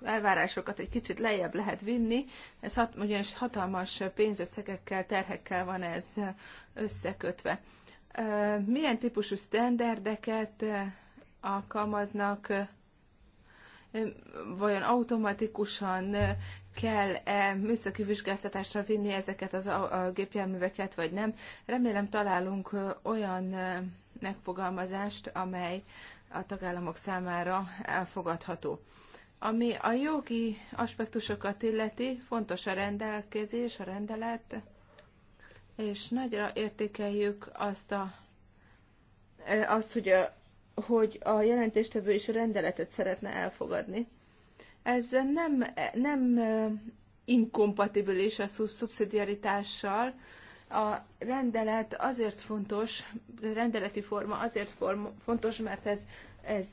elvárásokat egy kicsit lejjebb lehet vinni. Ez hat, ugyanis hatalmas pénzösszegekkel, terhekkel van ez összekötve. Milyen típusú sztenderdeket alkalmaznak, vajon automatikusan kell-e műszaki vizsgáztatásra vinni ezeket az a, a gépjárműveket, vagy nem. Remélem találunk olyan megfogalmazást, amely a tagállamok számára elfogadható. Ami a jogi aspektusokat illeti, fontos a rendelkezés, a rendelet, és nagyra értékeljük azt, a, azt hogy, a, hogy a jelentéstevő is rendeletet szeretne elfogadni. Ez nem, nem inkompatibilis a szubszidiaritással. A rendelet azért fontos, rendeleti forma azért form, fontos, mert ez, ez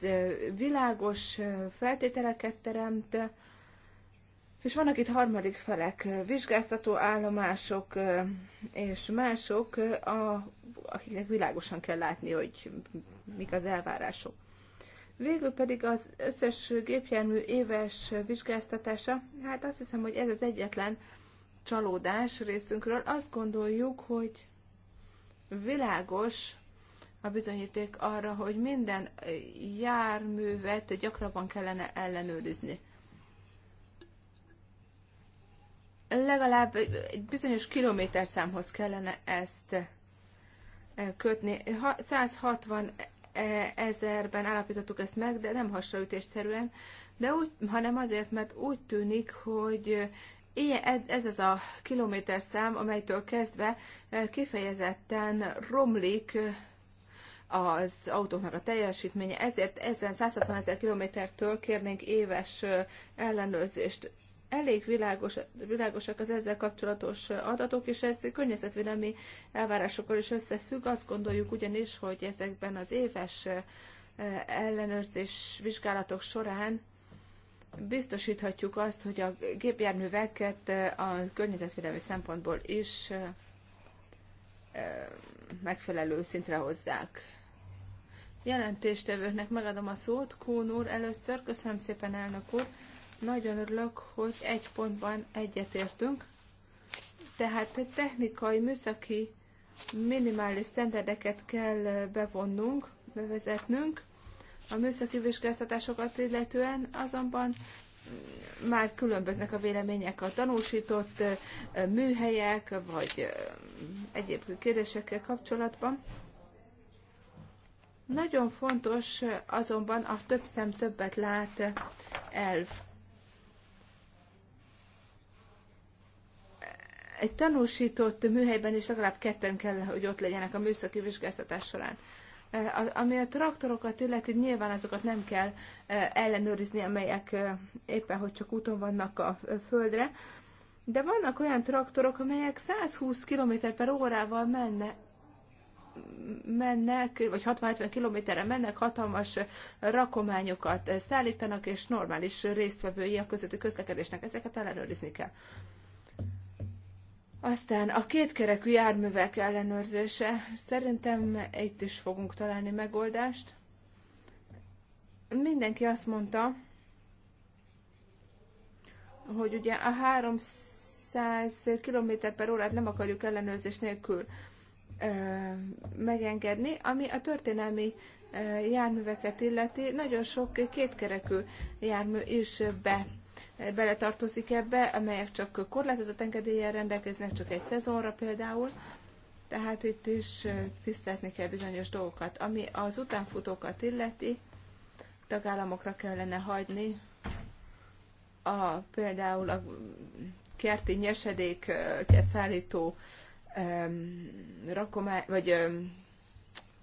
világos feltételeket teremt, és vannak itt harmadik felek, vizsgáztató állomások és mások, akiknek világosan kell látni, hogy mik az elvárások. Végül pedig az összes gépjármű éves vizsgáztatása, hát azt hiszem, hogy ez az egyetlen csalódás részünkről. Azt gondoljuk, hogy világos a bizonyíték arra, hogy minden járművet gyakrabban kellene ellenőrizni. Legalább egy bizonyos kilométerszámhoz kellene ezt eh, kötni. 160 2000-ben állapítottuk ezt meg, de nem hasraütésszerűen, de úgy, hanem azért, mert úgy tűnik, hogy ilyen, ez az a kilométerszám, amelytől kezdve e, kifejezetten romlik e, az autóknak a teljesítménye, ezért ezen 160 ezer kilométertől kérnénk éves e, ellenőrzést elég világos, világosak az ezzel kapcsolatos adatok, és ez környezetvédelmi elvárásokkal is összefügg. Azt gondoljuk ugyanis, hogy ezekben az éves eh, ellenőrzés vizsgálatok során biztosíthatjuk azt, hogy a gépjárműveket eh, a környezetvédelmi szempontból is eh, megfelelő szintre hozzák. Jelentéstevőknek megadom a szót. Kún úr, először köszönöm szépen, elnök úr. Nagyon örülök, hogy egy pontban egyetértünk. Tehát technikai, műszaki minimális standardeket kell bevonnunk, bevezetnünk a műszaki vizsgáztatásokat illetően, azonban már különböznek a vélemények a tanúsított műhelyek, vagy egyéb kérdésekkel kapcsolatban. Nagyon fontos azonban a több szem többet lát elv. egy tanúsított műhelyben is legalább ketten kell, hogy ott legyenek a műszaki vizsgáztatás során. Eh, ami a traktorokat illeti, nyilván azokat nem kell eh, ellenőrizni, amelyek eh, éppen, hogy csak úton vannak a földre, de vannak olyan traktorok, amelyek 120 km per órával menne, mennek, vagy 60-70 kilométerre mennek, hatalmas rakományokat szállítanak, és normális résztvevői a közötti közlekedésnek. Ezeket ellenőrizni kell. Aztán a kétkerekű járművek ellenőrzése. Szerintem itt is fogunk találni megoldást. Mindenki azt mondta, hogy ugye a 300 km per órát nem akarjuk ellenőrzés nélkül ö, megengedni, ami a történelmi ö, járműveket illeti. Nagyon sok kétkerekű jármű is be beletartozik ebbe, amelyek csak korlátozott engedéllyel rendelkeznek, csak egy szezonra például. Tehát itt is tisztázni kell bizonyos dolgokat. Ami az utánfutókat illeti, tagállamokra kellene hagyni a, például a kerti nyesedéket szállító um, rakomány, vagy um,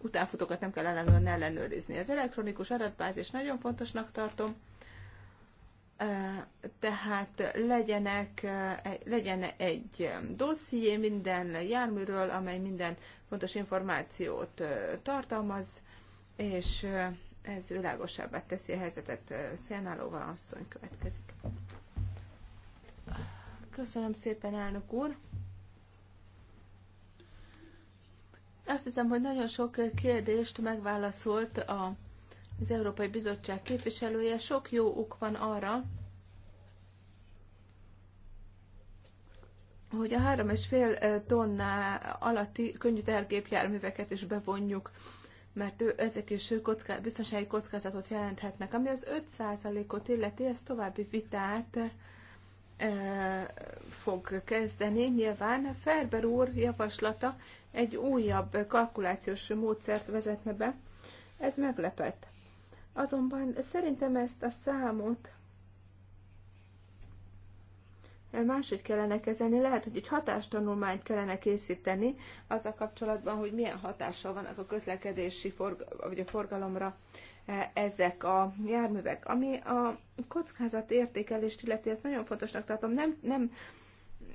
utánfutókat nem kell ellenőrizni. Az elektronikus adatbázis nagyon fontosnak tartom, tehát legyenek, legyen egy dosszié minden járműről, amely minden fontos információt tartalmaz, és ez világosabbá teszi a helyzetet. Szélnálóval asszony következik. Köszönöm szépen, elnök úr! Azt hiszem, hogy nagyon sok kérdést megválaszolt a az Európai Bizottság képviselője, sok jó ok van arra, hogy a 3,5 tonná alatti könnyű tergépjárműveket is bevonjuk, mert ő, ezek is kocká, biztonsági kockázatot jelenthetnek. Ami az 5%-ot illeti, ez további vitát e, fog kezdeni. Nyilván Ferber úr javaslata egy újabb kalkulációs módszert vezetne be. Ez meglepett. Azonban szerintem ezt a számot máshogy kellene kezelni, lehet, hogy egy hatástanulmányt kellene készíteni azzal kapcsolatban, hogy milyen hatással vannak a közlekedési forg- vagy a forgalomra e, ezek a járművek. Ami a kockázat értékelést illeti, ezt nagyon fontosnak tartom. Nem, nem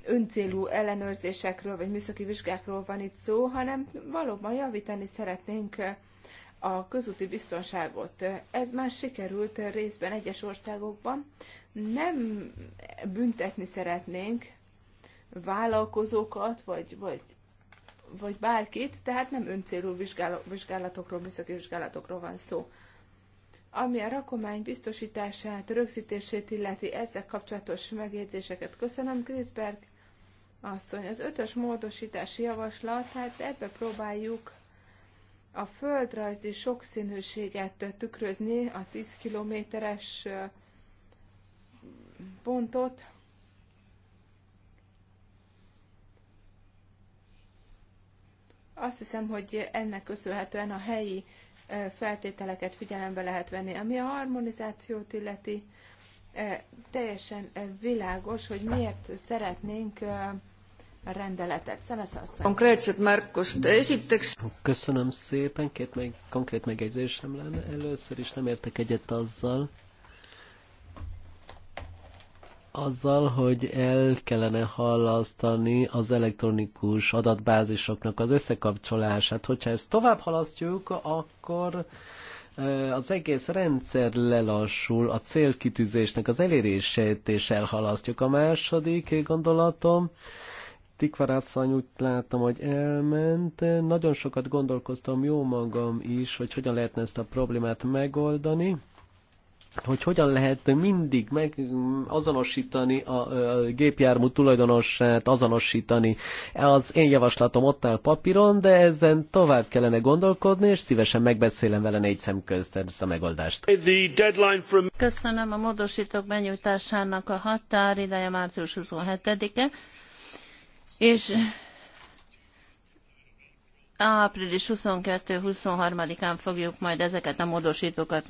öncélú ellenőrzésekről vagy műszaki vizsgákról van itt szó, hanem valóban javítani szeretnénk a közúti biztonságot. Ez már sikerült részben egyes országokban. Nem büntetni szeretnénk vállalkozókat, vagy, vagy, vagy bárkit, tehát nem öncélú vizsgálatokról, műszaki vizsgálatokról van szó. Ami a rakomány biztosítását, rögzítését illeti, ezzel kapcsolatos megjegyzéseket köszönöm, Griszberg. asszony. Az ötös módosítási javaslat, hát ebbe próbáljuk a földrajzi sokszínűséget tükrözni, a 10 kilométeres pontot. Azt hiszem, hogy ennek köszönhetően a helyi feltételeket figyelembe lehet venni. Ami a harmonizációt illeti, teljesen világos, hogy miért szeretnénk rendeletet. Konkrétset márkost esiteks. Köszönöm szépen, két meg, konkrét megjegyzésem lenne. Először is nem értek egyet azzal, azzal, hogy el kellene halasztani az elektronikus adatbázisoknak az összekapcsolását. Hogyha ezt tovább halasztjuk, akkor e, az egész rendszer lelassul, a célkitűzésnek az elérését és elhalasztjuk. A második gondolatom, Tikvarászany úgy láttam, hogy elment. Nagyon sokat gondolkoztam jó magam is, hogy hogyan lehetne ezt a problémát megoldani hogy hogyan lehet mindig meg azonosítani a, a gépjármú tulajdonosát, azonosítani. Az én javaslatom ott áll papíron, de ezen tovább kellene gondolkodni, és szívesen megbeszélem vele négy szem közt ezt a megoldást. Köszönöm a módosítók benyújtásának a határideje március 27-e és április 22-23-án fogjuk majd ezeket a módosítókat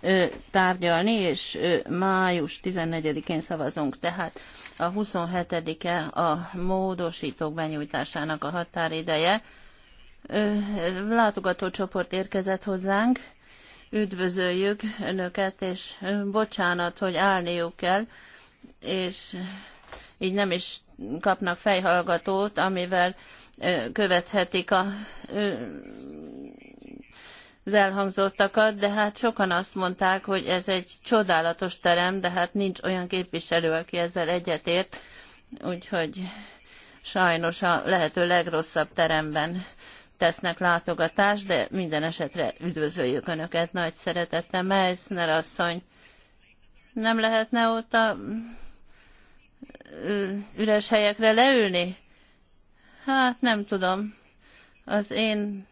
megtárgyalni, és május 14-én szavazunk. Tehát a 27-e a módosítók benyújtásának a határideje. csoport érkezett hozzánk, üdvözöljük Önöket, és bocsánat, hogy állniuk kell, és így nem is kapnak fejhallgatót, amivel követhetik a az elhangzottakat, de hát sokan azt mondták, hogy ez egy csodálatos terem, de hát nincs olyan képviselő, aki ezzel egyetért, úgyhogy sajnos a lehető legrosszabb teremben tesznek látogatást, de minden esetre üdvözöljük Önöket nagy szeretettel. Meissner asszony, nem lehetne ott a üres helyekre leülni? Hát nem tudom. Az én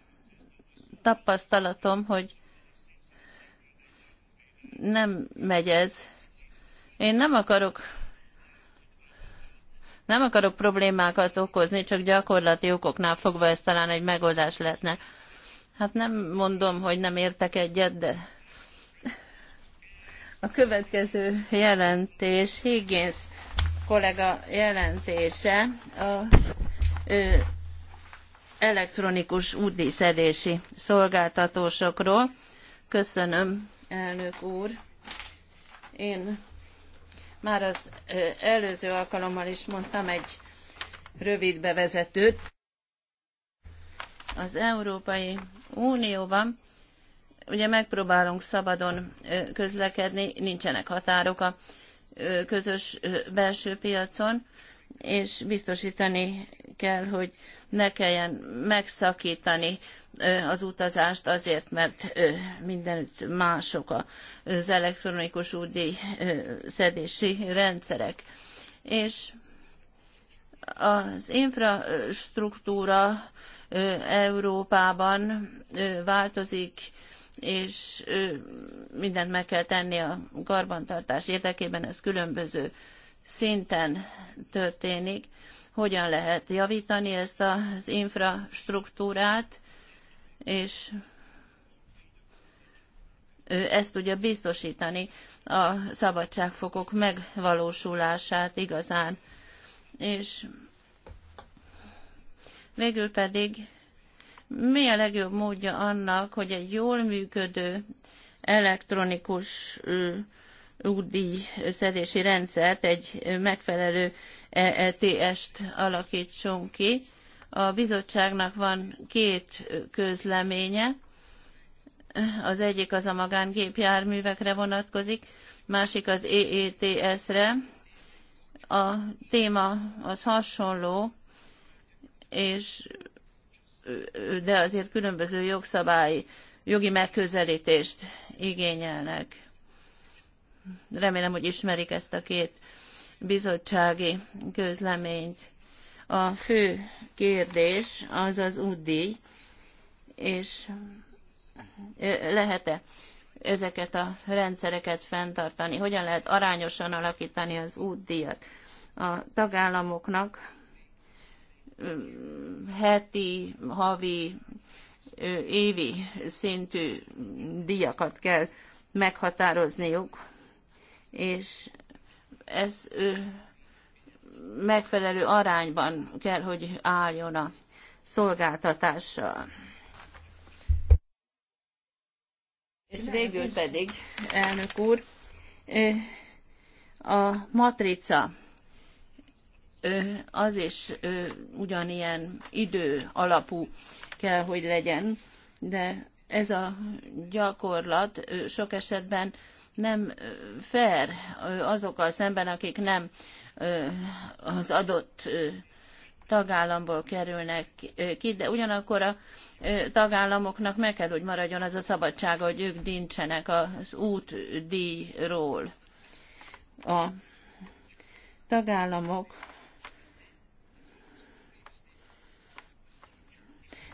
tapasztalatom, hogy nem megy ez. Én nem akarok nem akarok problémákat okozni, csak gyakorlati okoknál fogva ez talán egy megoldás lehetne. Hát nem mondom, hogy nem értek egyet, de a következő jelentés Higgins kollega jelentése a ö, elektronikus útdíszedési szolgáltatósokról. Köszönöm, elnök úr. Én már az előző alkalommal is mondtam egy rövid bevezetőt. Az Európai Unióban ugye megpróbálunk szabadon közlekedni, nincsenek határok a közös belső piacon, és biztosítani kell, hogy ne kelljen megszakítani az utazást azért, mert mindenütt mások az elektronikus útdíj szedési rendszerek. És az infrastruktúra Európában változik, és mindent meg kell tenni a garbantartás érdekében, ez különböző szinten történik. Hogyan lehet javítani ezt az infrastruktúrát, és ezt tudja biztosítani a szabadságfokok megvalósulását igazán. És végül pedig mi a legjobb módja annak, hogy egy jól működő elektronikus údi szedési rendszert, egy megfelelő ets e, t alakítsunk ki. A bizottságnak van két közleménye, az egyik az a magángépjárművekre vonatkozik, másik az EETS-re. A téma az hasonló, és de azért különböző jogszabályi, jogi megközelítést igényelnek. Remélem, hogy ismerik ezt a két bizottsági közleményt. A fő kérdés az az útdíj, és lehet-e ezeket a rendszereket fenntartani? Hogyan lehet arányosan alakítani az útdíjat a tagállamoknak? heti, havi, évi szintű díjakat kell meghatározniuk, és ez megfelelő arányban kell, hogy álljon a szolgáltatással. És végül pedig, elnök úr, a matrica az is ugyanilyen idő alapú kell, hogy legyen, de ez a gyakorlat sok esetben nem fair azokkal szemben, akik nem az adott tagállamból kerülnek ki, de ugyanakkor a tagállamoknak meg kell, hogy maradjon az a szabadsága, hogy ők dincsenek az útdíjról. A tagállamok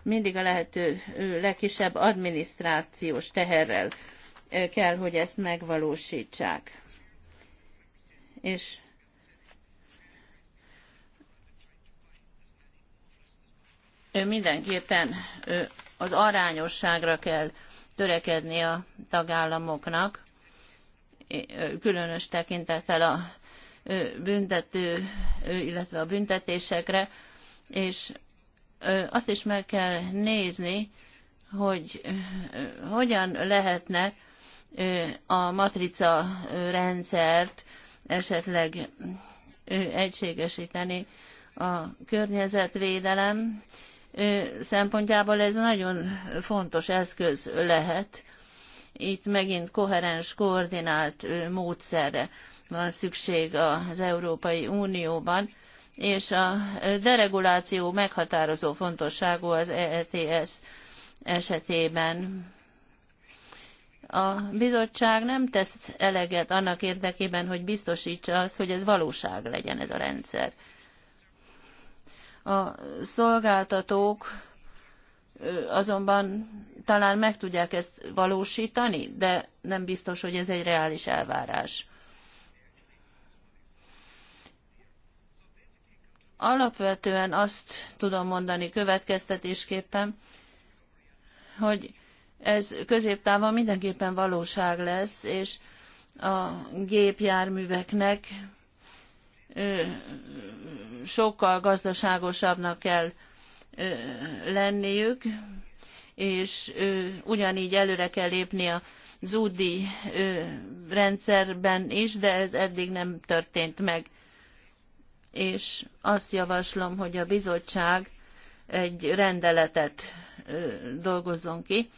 mindig a lehető legkisebb adminisztrációs teherrel kell, hogy ezt megvalósítsák. És mindenképpen az arányosságra kell törekedni a tagállamoknak, különös tekintettel a büntető, illetve a büntetésekre, és azt is meg kell nézni, hogy hogyan lehetne a matrica rendszert esetleg egységesíteni a környezetvédelem szempontjából ez nagyon fontos eszköz lehet. Itt megint koherens, koordinált módszerre van szükség az Európai Unióban, és a dereguláció meghatározó fontosságú az EETS esetében. A bizottság nem tesz eleget annak érdekében, hogy biztosítsa azt, hogy ez valóság legyen ez a rendszer. A szolgáltatók azonban talán meg tudják ezt valósítani, de nem biztos, hogy ez egy reális elvárás. Alapvetően azt tudom mondani következtetésképpen, hogy ez középtávon mindenképpen valóság lesz, és a gépjárműveknek sokkal gazdaságosabbnak kell lenniük, és ugyanígy előre kell lépni az údi rendszerben is, de ez eddig nem történt meg és azt javaslom, hogy a bizottság egy rendeletet dolgozzon ki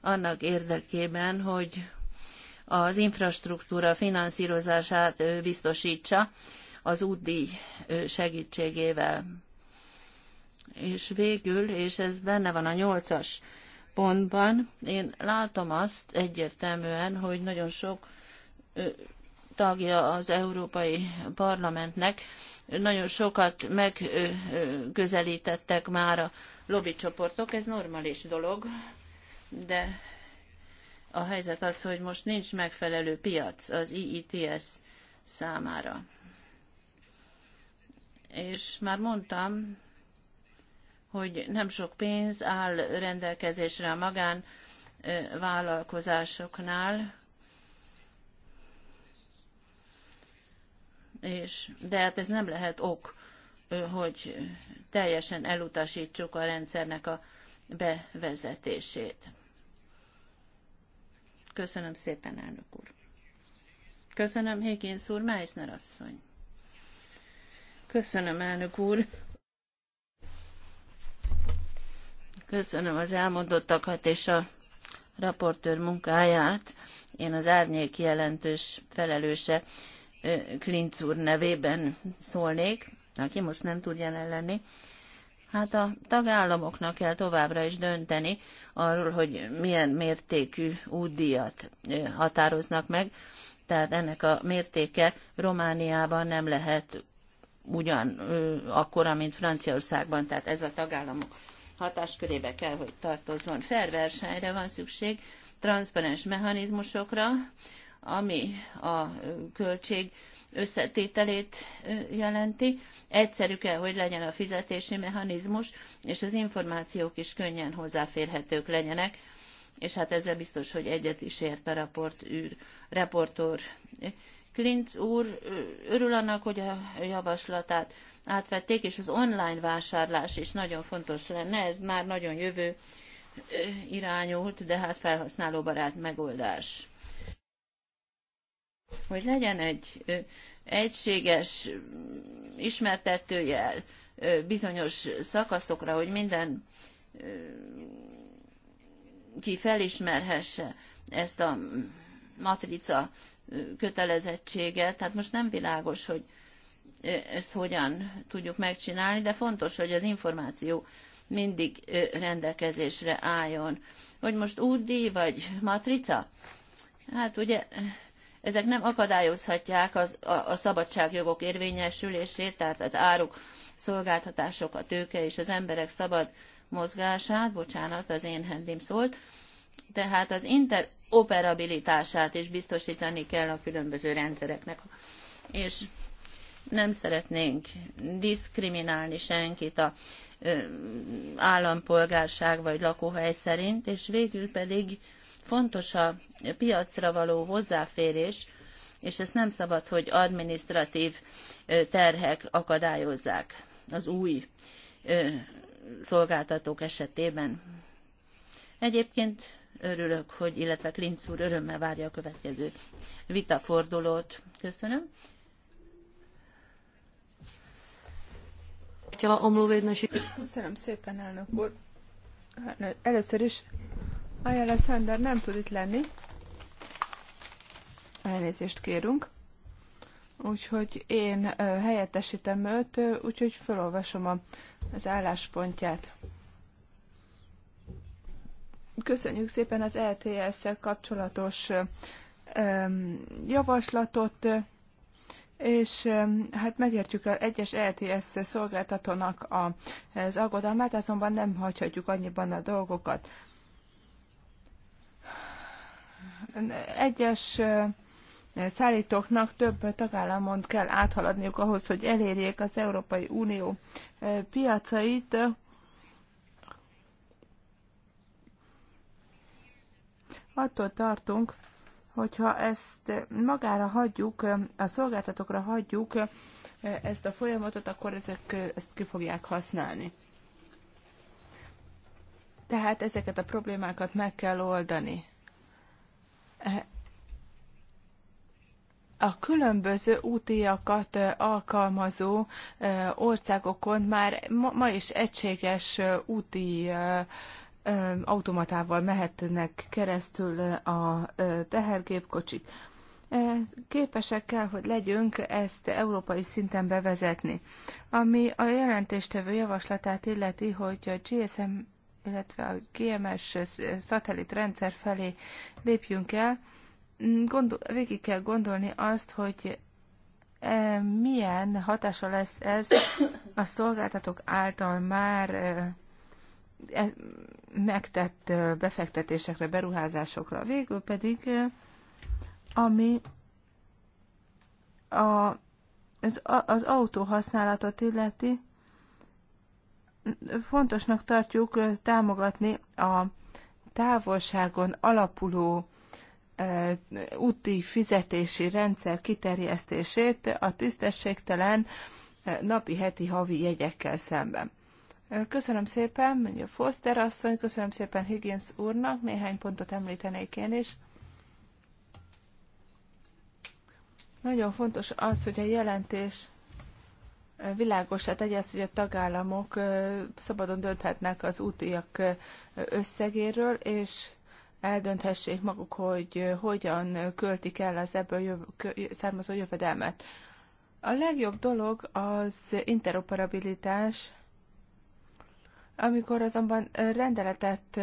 annak érdekében, hogy az infrastruktúra finanszírozását biztosítsa az útdíj segítségével. És végül, és ez benne van a nyolcas pontban, én látom azt egyértelműen, hogy nagyon sok tagja az Európai Parlamentnek nagyon sokat megközelítettek már a lobbycsoportok, ez normális dolog, de a helyzet az, hogy most nincs megfelelő piac az IITS e számára. És már mondtam, hogy nem sok pénz áll rendelkezésre a magán vállalkozásoknál, és, de hát ez nem lehet ok, hogy teljesen elutasítsuk a rendszernek a bevezetését. Köszönöm szépen, elnök úr. Köszönöm, Higgins úr, Meissner asszony. Köszönöm, elnök úr. Köszönöm az elmondottakat és a raportőr munkáját. Én az árnyék jelentős felelőse Klinc úr nevében szólnék, aki most nem tud jelen lenni. Hát a tagállamoknak kell továbbra is dönteni arról, hogy milyen mértékű útdíjat határoznak meg, tehát ennek a mértéke Romániában nem lehet ugyan akkora, mint Franciaországban, tehát ez a tagállamok hatáskörébe kell, hogy tartozzon. Fair versenyre van szükség, transzparens mechanizmusokra, ami a költség összetételét jelenti. Egyszerű kell, hogy legyen a fizetési mechanizmus, és az információk is könnyen hozzáférhetők legyenek, és hát ezzel biztos, hogy egyet is ért a raport űr, reportor. Klinc úr örül annak, hogy a javaslatát átvették, és az online vásárlás is nagyon fontos lenne, ez már nagyon jövő irányult, de hát felhasználóbarát megoldás hogy legyen egy egységes ismertetőjel bizonyos szakaszokra, hogy minden ki felismerhesse ezt a matrica kötelezettséget. Tehát most nem világos, hogy ezt hogyan tudjuk megcsinálni, de fontos, hogy az információ mindig rendelkezésre álljon. Hogy most UDI vagy matrica? Hát ugye ezek nem akadályozhatják az, a, a szabadságjogok érvényesülését, tehát az áruk, szolgáltatások, a tőke és az emberek szabad mozgását, bocsánat, az én hendim szólt, tehát az interoperabilitását is biztosítani kell a különböző rendszereknek. És nem szeretnénk diszkriminálni senkit a állampolgárság vagy lakóhely szerint, és végül pedig Fontos a piacra való hozzáférés, és ezt nem szabad, hogy administratív terhek akadályozzák az új szolgáltatók esetében. Egyébként örülök, hogy, illetve Klinc úr örömmel várja a következő vitafordulót. Köszönöm. Köszönöm szépen, elnök úr. Először is Ajala Sander nem tud itt lenni. Elnézést kérünk. Úgyhogy én helyettesítem őt, úgyhogy felolvasom az álláspontját. Köszönjük szépen az LTS-szel e kapcsolatos javaslatot, és hát megértjük az egyes LTS e szolgáltatónak az aggodalmát, azonban nem hagyhatjuk annyiban a dolgokat egyes szállítóknak több tagállamon kell áthaladniuk ahhoz, hogy elérjék az Európai Unió piacait. Attól tartunk, hogyha ezt magára hagyjuk, a szolgáltatókra hagyjuk ezt a folyamatot, akkor ezek ezt ki fogják használni. Tehát ezeket a problémákat meg kell oldani a különböző útiakat alkalmazó országokon már ma is egységes úti automatával mehetnek keresztül a tehergépkocsik. Képesek kell, hogy legyünk ezt európai szinten bevezetni. Ami a jelentéstevő javaslatát illeti, hogy a GSM illetve a GMS szatellitrendszer felé lépjünk el, gondol, végig kell gondolni azt, hogy e, milyen hatása lesz ez a szolgáltatók által már e, e, megtett befektetésekre, beruházásokra. Végül pedig, ami a, az, az autó használatot illeti, fontosnak tartjuk támogatni a távolságon alapuló úti fizetési rendszer kiterjesztését a tisztességtelen napi, heti, havi jegyekkel szemben. Köszönöm szépen, mondja Foster asszony, köszönöm szépen Higgins úrnak, néhány pontot említenék én is. Nagyon fontos az, hogy a jelentés világosá tegye azt, hogy a tagállamok szabadon dönthetnek az útiak összegéről, és eldönthessék maguk, hogy hogyan költik el az ebből jöv származó jövedelmet. A legjobb dolog az interoperabilitás, amikor azonban rendeletet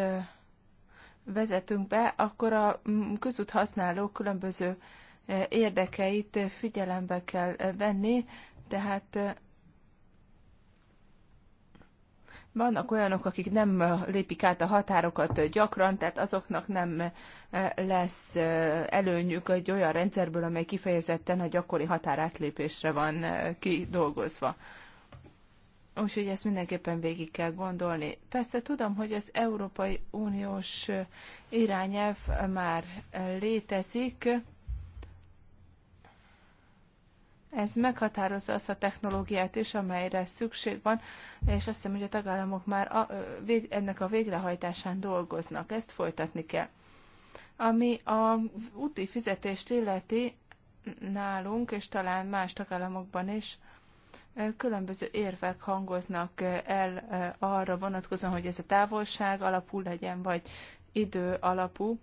vezetünk be, akkor a közút használók különböző érdekeit figyelembe kell venni, tehát vannak olyanok, akik nem lépik át a határokat gyakran, tehát azoknak nem lesz előnyük egy olyan rendszerből, amely kifejezetten a gyakori határátlépésre van kidolgozva. Úgyhogy ezt mindenképpen végig kell gondolni. Persze tudom, hogy az Európai Uniós irányelv már létezik, ez meghatározza azt a technológiát is, amelyre szükség van, és azt hiszem, hogy a tagállamok már a, ennek a végrehajtásán dolgoznak. Ezt folytatni kell. Ami a úti fizetést illeti nálunk, és talán más tagállamokban is, különböző érvek hangoznak el arra vonatkozóan, hogy ez a távolság alapú legyen, vagy idő alapú.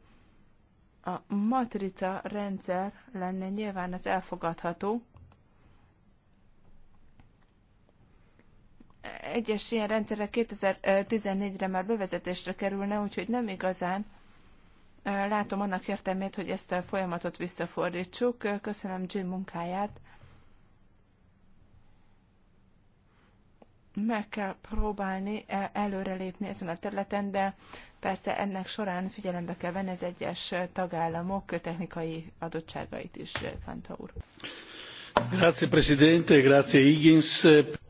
A matrica rendszer lenne nyilván az elfogadható, egyes ilyen rendszerek 2014-re már bevezetésre kerülne, úgyhogy nem igazán látom annak értelmét, hogy ezt a folyamatot visszafordítsuk. Köszönöm Jim munkáját. Meg kell próbálni előrelépni ezen a területen, de persze ennek során figyelembe kell venni az egyes tagállamok technikai adottságait is, Fanta úr.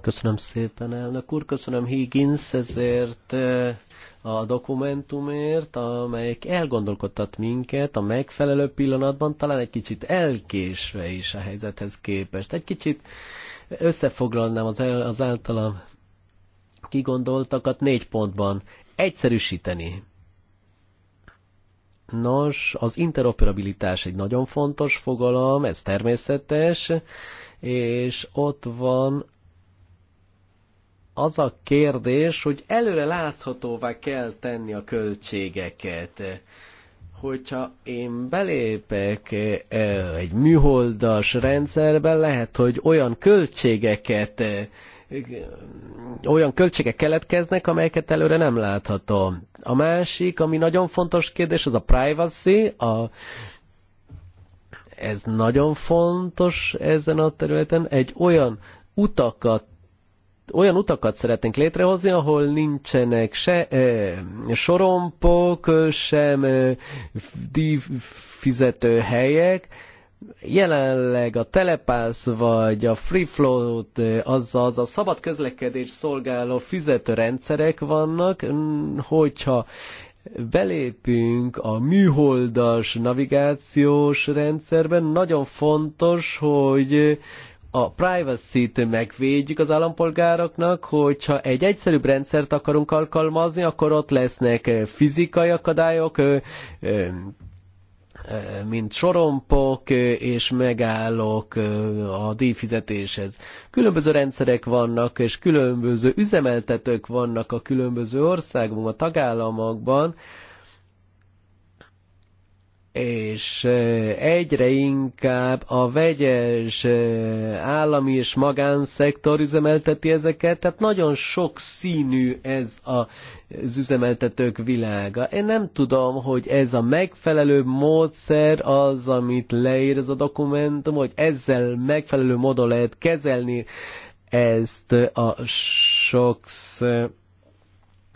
Köszönöm szépen, elnök úr, köszönöm Higgins ezért eh, a dokumentumért, amelyik elgondolkodtat minket a megfelelő pillanatban, talán egy kicsit elkésve is a helyzethez képest. Egy kicsit összefoglalnám az, el, az általam kigondoltakat négy pontban. Egyszerűsíteni. Nos, az interoperabilitás egy nagyon fontos fogalom, ez természetes, és ott van az a kérdés, hogy előre láthatóvá kell tenni a költségeket. Hogyha én belépek eh, egy műholdas rendszerbe, lehet, hogy olyan költségeket eh, olyan költségek keletkeznek, amelyeket előre nem látható. A másik, ami nagyon fontos kérdés, az a privacy, a ez nagyon fontos ezen a területen. Egy olyan utakat olyan utakat szeretnénk létrehozni, ahol nincsenek se e, sorompok, sem eh, fizetőhelyek, jelenleg a Telepass vagy a Free Float, azaz a szabad közlekedés szolgáló fizetőrendszerek vannak, hogyha belépünk a műholdas navigációs rendszerben, nagyon fontos, hogy a privacy-t megvédjük az állampolgároknak, hogyha egy egyszerűbb rendszert akarunk alkalmazni, akkor ott lesznek fizikai akadályok, mint sorompok, és megállok a díjfizetéshez. Különböző rendszerek vannak, és különböző üzemeltetők vannak a különböző országban, a tagállamokban, és egyre inkább a vegyes állami és magánszektor üzemelteti ezeket, tehát nagyon sok színű ez a, az üzemeltetők világa. Én nem tudom, hogy ez a megfelelő módszer az, amit leír ez a dokumentum, hogy ezzel megfelelő módon lehet kezelni ezt a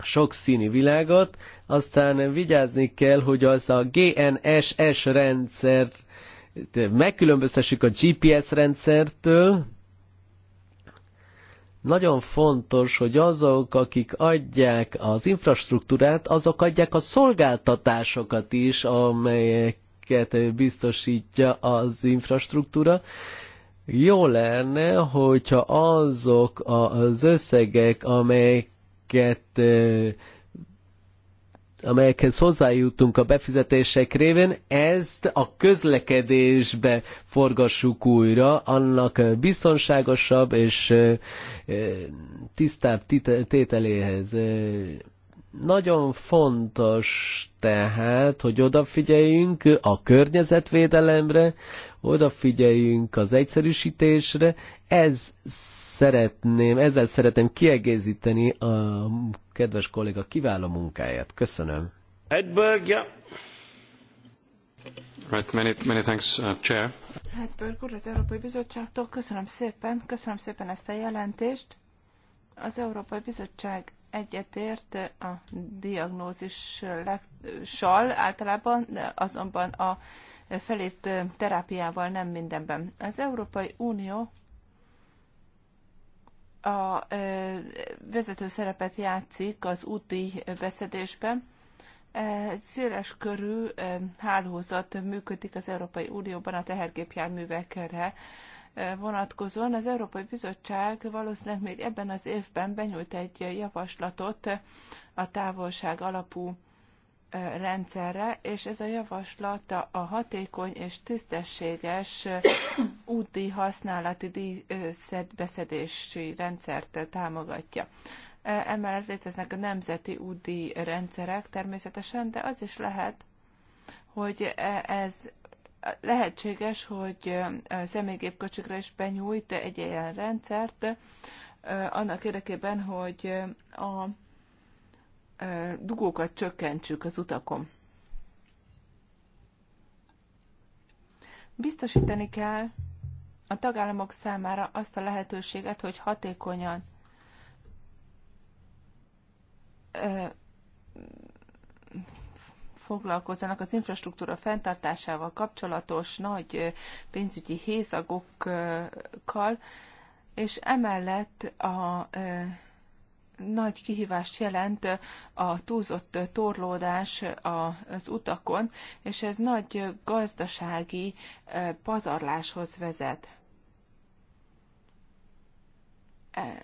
sok színű világot, aztán vigyázni kell, hogy az a GNSS rendszer megkülönböztessük a GPS rendszertől. Nagyon fontos, hogy azok, akik adják az infrastruktúrát, azok adják a szolgáltatásokat is, amelyeket biztosítja az infrastruktúra jó lenne, hogyha azok az összegek, amelyeket amelyekhez hozzájutunk a befizetések révén, ezt a közlekedésbe forgassuk újra, annak biztonságosabb és tisztább tételéhez. Nagyon fontos tehát, hogy odafigyeljünk a környezetvédelemre, odafigyeljünk az egyszerűsítésre, ez szeretném, ezzel szeretném kiegészíteni a kedves kolléga kiváló munkáját. Köszönöm. Hedberg, ja. Right, many, many thanks, uh, Chair. Hedberg úr, az Európai Bizottságtól köszönöm szépen, köszönöm szépen ezt a jelentést. Az Európai Bizottság egyetért a diagnózissal általában, azonban a felét terápiával nem mindenben. Az Európai Unió a vezető szerepet játszik az úti beszedésben. Széles körű hálózat működik az Európai Unióban a tehergépjárművekre vonatkozóan. Az Európai Bizottság valószínűleg még ebben az évben benyújt egy javaslatot a távolság alapú rendszerre, és ez a javaslat a hatékony és tisztességes úti használati díjbeszedési rendszert támogatja. Emellett léteznek a nemzeti úti rendszerek természetesen, de az is lehet, hogy e, ez lehetséges, hogy személygépkocsikra is benyújt egy ilyen rendszert, annak érdekében, hogy a dugókat csökkentsük az utakon. Biztosítani kell a tagállamok számára azt a lehetőséget, hogy hatékonyan foglalkozzanak az infrastruktúra fenntartásával kapcsolatos nagy pénzügyi hézagokkal, és emellett a nagy kihívást jelent a túlzott torlódás az utakon, és ez nagy gazdasági pazarláshoz vezet. E,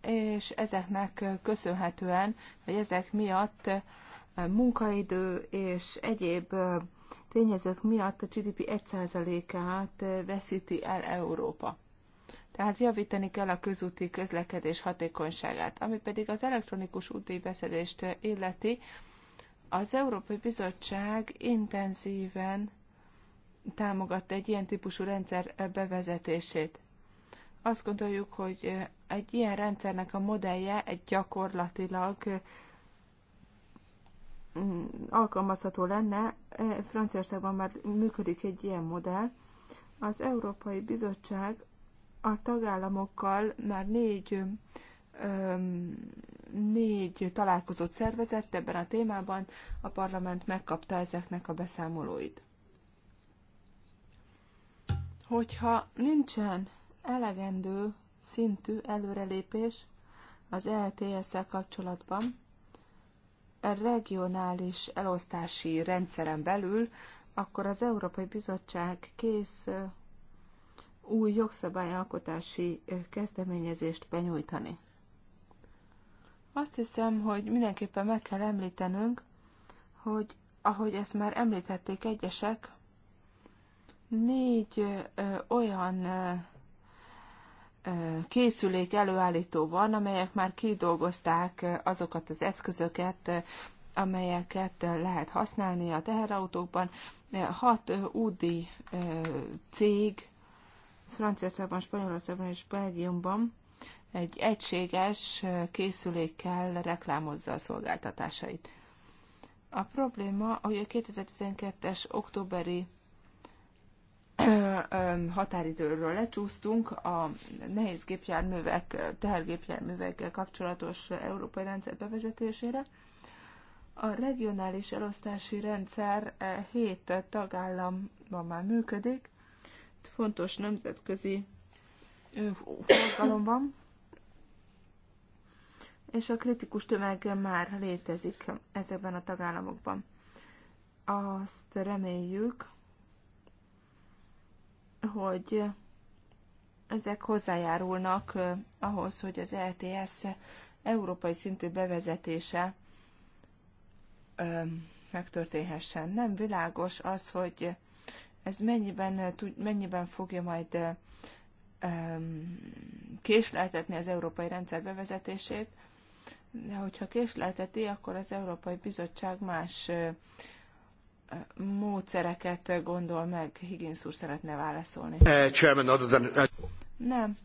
és ezeknek köszönhetően, vagy ezek miatt munkaidő és egyéb tényezők miatt a GDP 1%-át veszíti el Európa. Tehát javítani kell a közúti közlekedés hatékonyságát, ami pedig az elektronikus úti beszedést illeti. Az Európai Bizottság intenzíven támogatta egy ilyen típusú rendszer bevezetését. Azt gondoljuk, hogy egy ilyen rendszernek a modellje egy gyakorlatilag mm, alkalmazható lenne. Franciaországban már működik egy ilyen modell. Az Európai Bizottság a tagállamokkal már négy, négy találkozót szervezett ebben a témában, a parlament megkapta ezeknek a beszámolóit. Hogyha nincsen elegendő szintű előrelépés az ETS-szel kapcsolatban, a regionális elosztási rendszeren belül, akkor az Európai Bizottság kész új jogszabályalkotási kezdeményezést benyújtani. Azt hiszem, hogy mindenképpen meg kell említenünk, hogy ahogy ezt már említették egyesek, négy ö, olyan ö, készülék előállító van, amelyek már kidolgozták azokat az eszközöket, amelyeket lehet használni a teherautókban. Hat údi cég Franciaországban, Spanyolországban és Belgiumban egy egységes készülékkel reklámozza a szolgáltatásait. A probléma, hogy a 2012-es októberi határidőről lecsúsztunk, a nehéz gépjárművek, tehergépjárművekkel kapcsolatos európai rendszer bevezetésére. A regionális elosztási rendszer e, hét tagállamban már működik, fontos nemzetközi forgalom van, és a kritikus tömeg már létezik ezekben a tagállamokban. Azt reméljük, hogy ezek hozzájárulnak ahhoz, hogy az LTS e európai szintű bevezetése megtörténhessen. Nem világos az, hogy ez mennyiben, eh, mennyiben fogja majd eh, késleltetni az európai rendszer bevezetését, de hogyha késlelteti, akkor az Európai Bizottság más eh, módszereket gondol meg. Higgins úr szeretne válaszolni. Nem,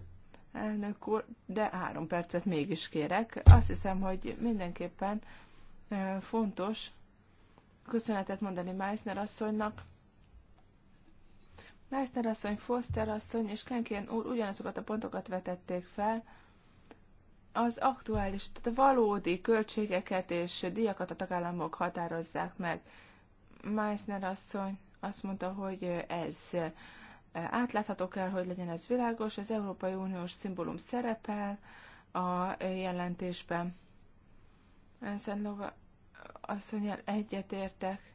elnök úr, de három percet mégis kérek. Azt hiszem, hogy mindenképpen fontos köszönetet mondani Meissner asszonynak, Meissner asszony, Foster asszony és Kenkén úr ugyanazokat a pontokat vetették fel, az aktuális, tehát a valódi költségeket és díjakat a tagállamok határozzák meg. Meissner asszony azt mondta, hogy ez átlátható kell, hogy legyen ez világos, az Európai Uniós szimbólum szerepel a jelentésben. Szentloga asszonyjal egyetértek,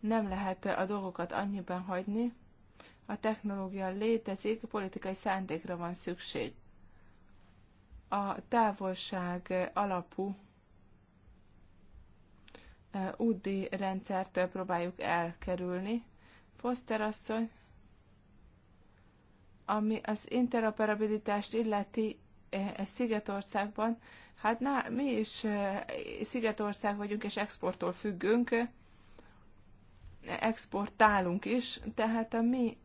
nem lehet a dolgokat annyiban hagyni, a technológia létezik, politikai szándékra van szükség. A távolság alapú e, úti rendszert próbáljuk elkerülni. Foster asszony, ami az interoperabilitást illeti e, Szigetországban, hát na, mi is e, Szigetország vagyunk, és exporttól függünk, exportálunk is, tehát a mi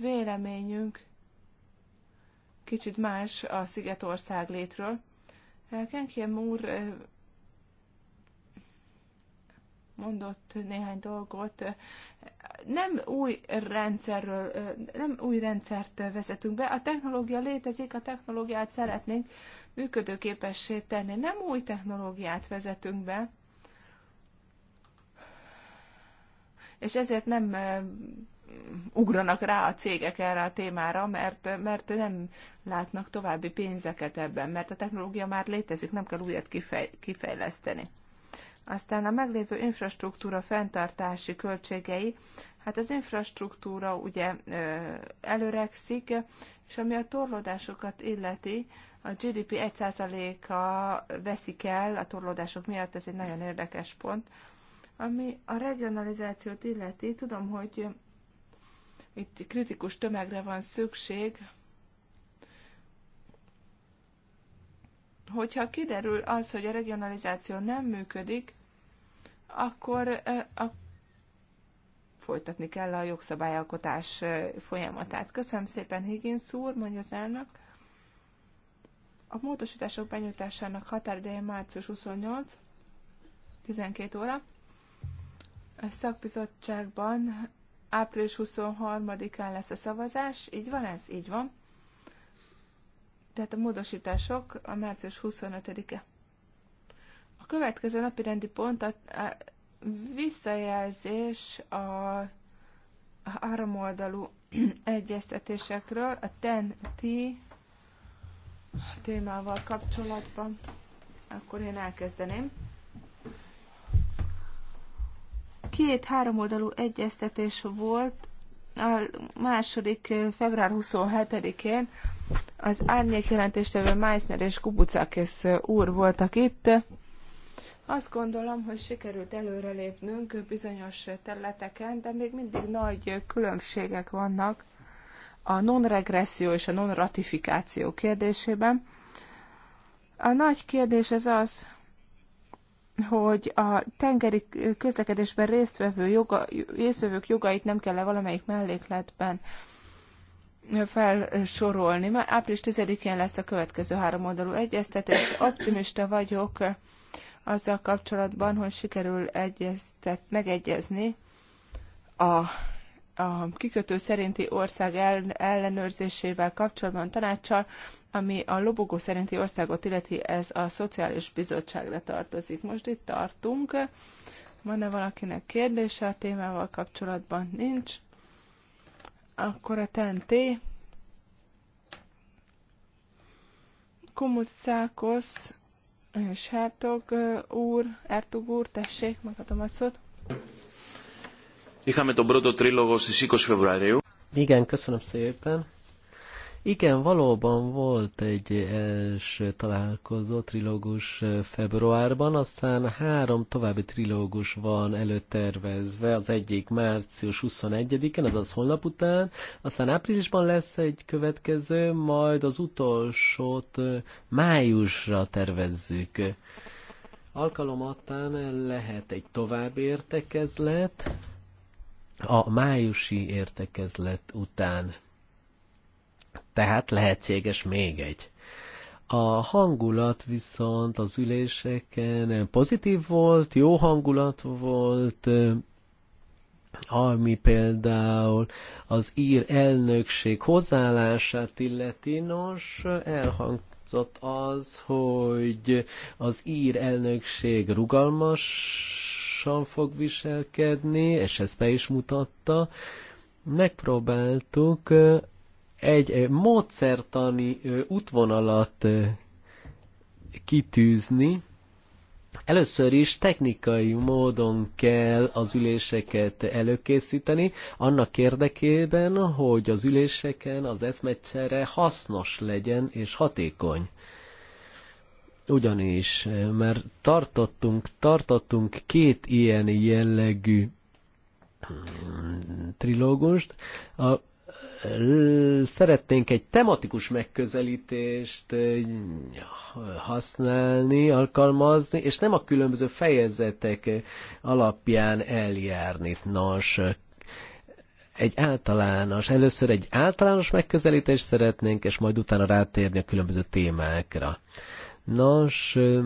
véleményünk kicsit más a Szigetország létről. Eh, Kenkiem úr eh, mondott néhány dolgot. Eh, nem új rendszerről, nem új rendszert vezetünk be. A technológia létezik, a technológiát szeretnénk működőképessé tenni. Nem új technológiát vezetünk be, és ezért nem ugranak rá a cégek erre a témára, mert, mert nem látnak további pénzeket ebben, mert a technológia már létezik, nem kell újat kifej, kifejleszteni. Aztán a meglévő infrastruktúra fenntartási költségei, hát az infrastruktúra ugye előregszik, és ami a torlódásokat illeti, a GDP 1%-a veszik el a torlódások miatt, ez egy nagyon érdekes pont. Ami a regionalizációt illeti, tudom, hogy itt kritikus tömegre van szükség, hogyha kiderül az, hogy a regionalizáció nem működik, akkor a folytatni kell a jogszabályalkotás folyamatát. Köszönöm szépen, Higgins úr, mondja az elnök. A módosítások benyújtásának határideje március 28, 12 óra. A szakbizottságban április 23-án lesz a szavazás, így van ez? Így van. Tehát a módosítások a március 25-e. A következő napi rendi pont a, a visszajelzés a áramoldalú egyeztetésekről a TEN-T témával kapcsolatban. Akkor én elkezdeném két háromoldalú egyeztetés volt a második február 27-én az árnyék jelentéstevő Meissner és Kubucakis úr voltak itt. Azt gondolom, hogy sikerült előrelépnünk bizonyos területeken, de még mindig nagy különbségek vannak a non-regresszió és a non-ratifikáció kérdésében. A nagy kérdés az az, hogy a tengeri közlekedésben résztvevő joga, résztvevők jogait nem kell -e valamelyik mellékletben felsorolni. Már április 10-én lesz a következő három oldalú egyeztetés. Optimista vagyok azzal kapcsolatban, hogy sikerül egyeztet, megegyezni a a kikötő szerinti ország ellenőrzésével kapcsolatban tanácssal, ami a lobogó szerinti országot illeti, ez a Szociális Bizottságra tartozik. Most itt tartunk. Van-e valakinek kérdése a témával kapcsolatban? Nincs. Akkor a TNT. Kumusszákosz és Hertog úr, Ertug úr, tessék, megadom a szót. Igen, köszönöm szépen. Igen, valóban volt egy első találkozó trilógus februárban, aztán három további trilógus van előtervezve, az egyik március 21-en, azaz holnap után, aztán áprilisban lesz egy következő, majd az utolsót májusra tervezzük. Alkalomattán lehet egy további értekezlet, a májusi értekezlet után tehát lehetséges még egy. A hangulat viszont az üléseken pozitív volt, jó hangulat volt, ami például az ír elnökség hozzáállását illeti, nos, elhangzott az, hogy az ír elnökség rugalmasan fog viselkedni, és ezt be is mutatta. Megpróbáltuk egy módszertani útvonalat kitűzni, Először is technikai módon kell az üléseket előkészíteni, annak érdekében, hogy az üléseken az eszmecsere hasznos legyen és hatékony. Ugyanis, mert tartottunk, tartottunk két ilyen jellegű mm, trilógust, a szeretnénk egy tematikus megközelítést eh, használni, alkalmazni, és nem a különböző fejezetek alapján eljárni. Nos, egy általános, először egy általános megközelítést szeretnénk, és majd utána rátérni a különböző témákra. Nos, eh,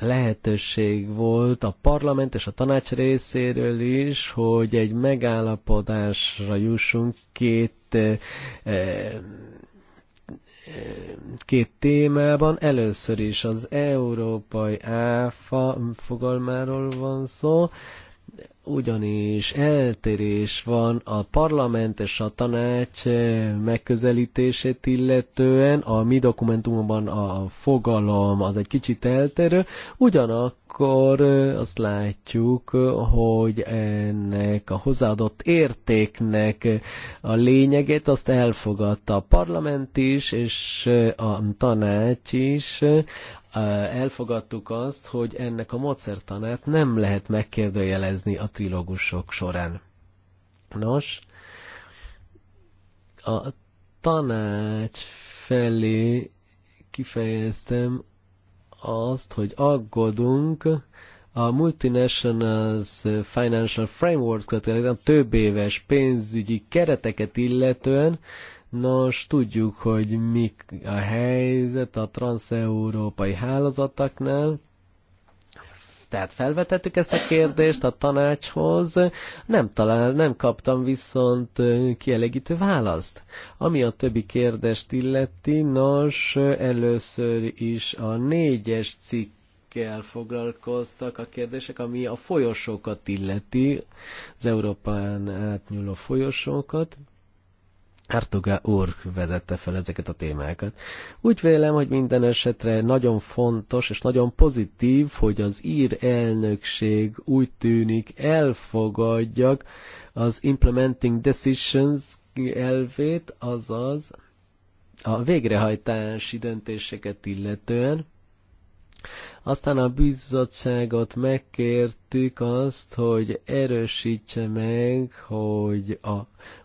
lehetőség volt a parlament és a tanács részéről is, hogy egy megállapodásra jussunk két eh, eh, két témában. Először is az európai áfa fogalmáról van szó, ugyanis eltérés van a parlament és a tanács eh, megközelítését illetően, a mi dokumentumban a fogalom az egy kicsit eltérő, ugyanakkor eh, azt látjuk, hogy ennek a hozzáadott értéknek eh, a lényegét azt elfogadta a parlament is, és a tanács is, elfogadtuk azt, hogy ennek a mozertanát nem lehet megkérdőjelezni a trilógusok során. Nos, a tanács felé kifejeztem azt, hogy aggódunk a Multinationals Financial framework tehát a több éves pénzügyi kereteket illetően, Nos, tudjuk, hogy mi a helyzet a transeurópai hálózataknál. tehát felvetettük ezt a kérdést a tanácshoz, nem talál, nem kaptam viszont kielégítő választ. Ami a többi kérdést illeti, nos, először is a négyes cikk foglalkoztak a kérdések, ami a folyosókat illeti, az Európán átnyúló folyosókat. Ertuga úr vezette fel ezeket a témákat. Úgy vélem, hogy minden esetre nagyon fontos és nagyon pozitív, hogy az ír elnökség úgy tűnik elfogadjak az Implementing Decisions elvét, azaz a végrehajtási döntéseket illetően. Aztán a bizottságot megkértük azt, hogy erősítse meg, hogy a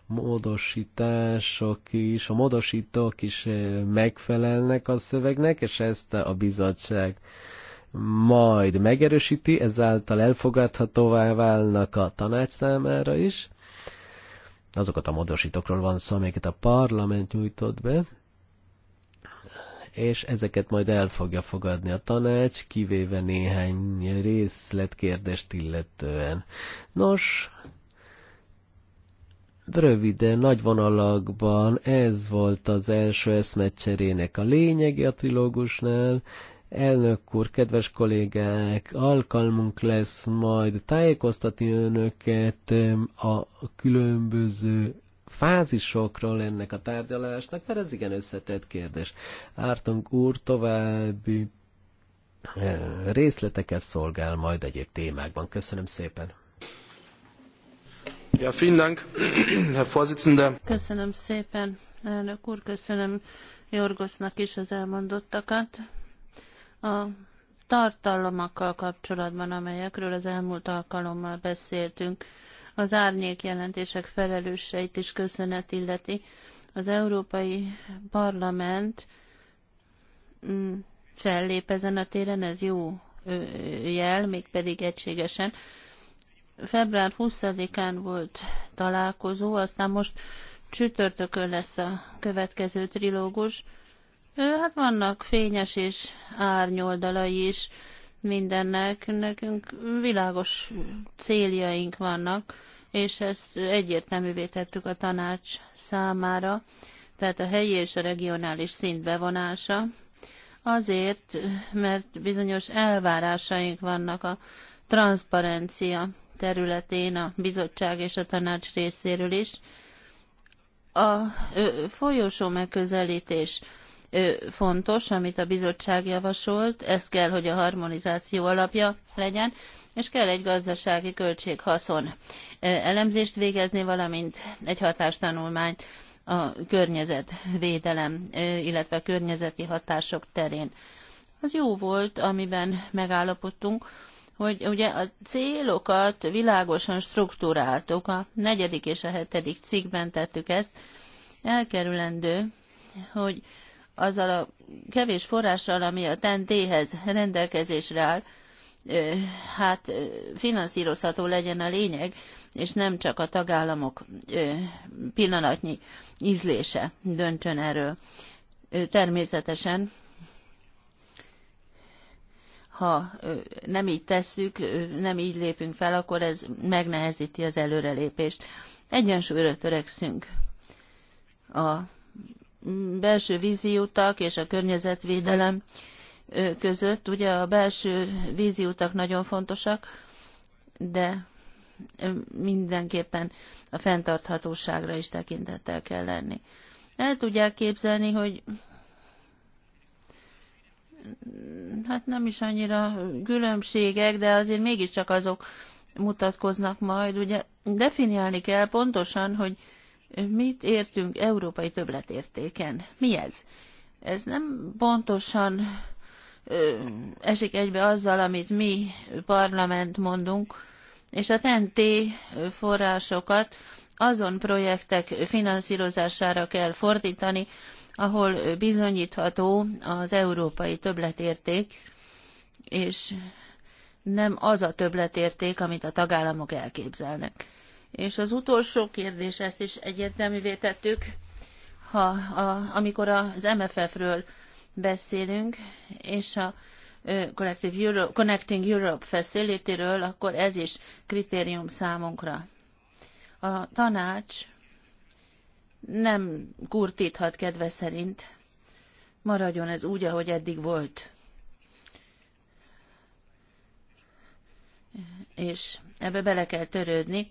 módosítások is, a módosítók is eh, megfelelnek a szövegnek, és ezt a bizottság majd megerősíti, ezáltal elfogadhatóvá válnak a tanács számára is. Azokat a módosítókról van szó, amelyeket a parlament nyújtott be, és ezeket majd el fogja fogadni a tanács, kivéve néhány részletkérdést illetően. Nos, Röviden, nagy vonalakban ez volt az első eszmecserének a lényege a trilógusnál. Elnök úr, kedves kollégák, alkalmunk lesz majd tájékoztatni önöket a különböző fázisokról ennek a tárgyalásnak, mert ez igen összetett kérdés. Ártunk úr további eh, részleteket szolgál majd egyéb témákban. Köszönöm szépen! Köszönöm szépen, elnök úr, köszönöm Jorgosznak is az elmondottakat. A tartalmakkal kapcsolatban, amelyekről az elmúlt alkalommal beszéltünk, az árnyék jelentések felelőseit is köszönet illeti. Az Európai Parlament mm, fellép ezen a téren, ez jó jel, mégpedig egységesen február 20-án volt találkozó, aztán most csütörtökön lesz a következő trilógus. Hát vannak fényes és árnyoldalai is mindennek. Nekünk világos céljaink vannak, és ezt egyértelművé tettük a tanács számára, tehát a helyi és a regionális szint bevonása. Azért, mert bizonyos elvárásaink vannak a transzparencia területén a bizottság és a tanács részéről is. A folyosó megközelítés fontos, amit a bizottság javasolt, ez kell, hogy a harmonizáció alapja legyen, és kell egy gazdasági költséghaszon elemzést végezni, valamint egy hatástanulmányt a környezetvédelem, illetve a környezeti hatások terén. Az jó volt, amiben megállapodtunk, hogy ugye a célokat világosan struktúráltuk, a negyedik és a hetedik cikkben tettük ezt, elkerülendő, hogy azzal a kevés forrással, ami a TEN-T-hez rendelkezésre áll, hát finanszírozható legyen a lényeg, és nem csak a tagállamok pillanatnyi ízlése döntsön erről. Természetesen ha nem így tesszük, nem így lépünk fel, akkor ez megnehezíti az előrelépést. Egyensúlyra törekszünk. A belső víziutak és a környezetvédelem között, ugye a belső víziutak nagyon fontosak, de mindenképpen a fenntarthatóságra is tekintettel kell lenni. El tudják képzelni, hogy hát nem is annyira különbségek, de azért mégiscsak azok mutatkoznak majd. Ugye definiálni kell pontosan, hogy mit értünk európai többletértéken. Mi ez? Ez nem pontosan ö, esik egybe azzal, amit mi parlament mondunk, és a TNT forrásokat azon projektek finanszírozására kell fordítani, ahol bizonyítható az európai többletérték, és nem az a többletérték, amit a tagállamok elképzelnek. És az utolsó kérdés, ezt is egyértelművé tettük, ha, a, amikor az MFF-ről beszélünk, és a Collective Europe, Connecting Europe Facility-ről, akkor ez is kritérium számunkra. A tanács nem kurtíthat kedve szerint. Maradjon ez úgy, ahogy eddig volt. És ebbe bele kell törődni.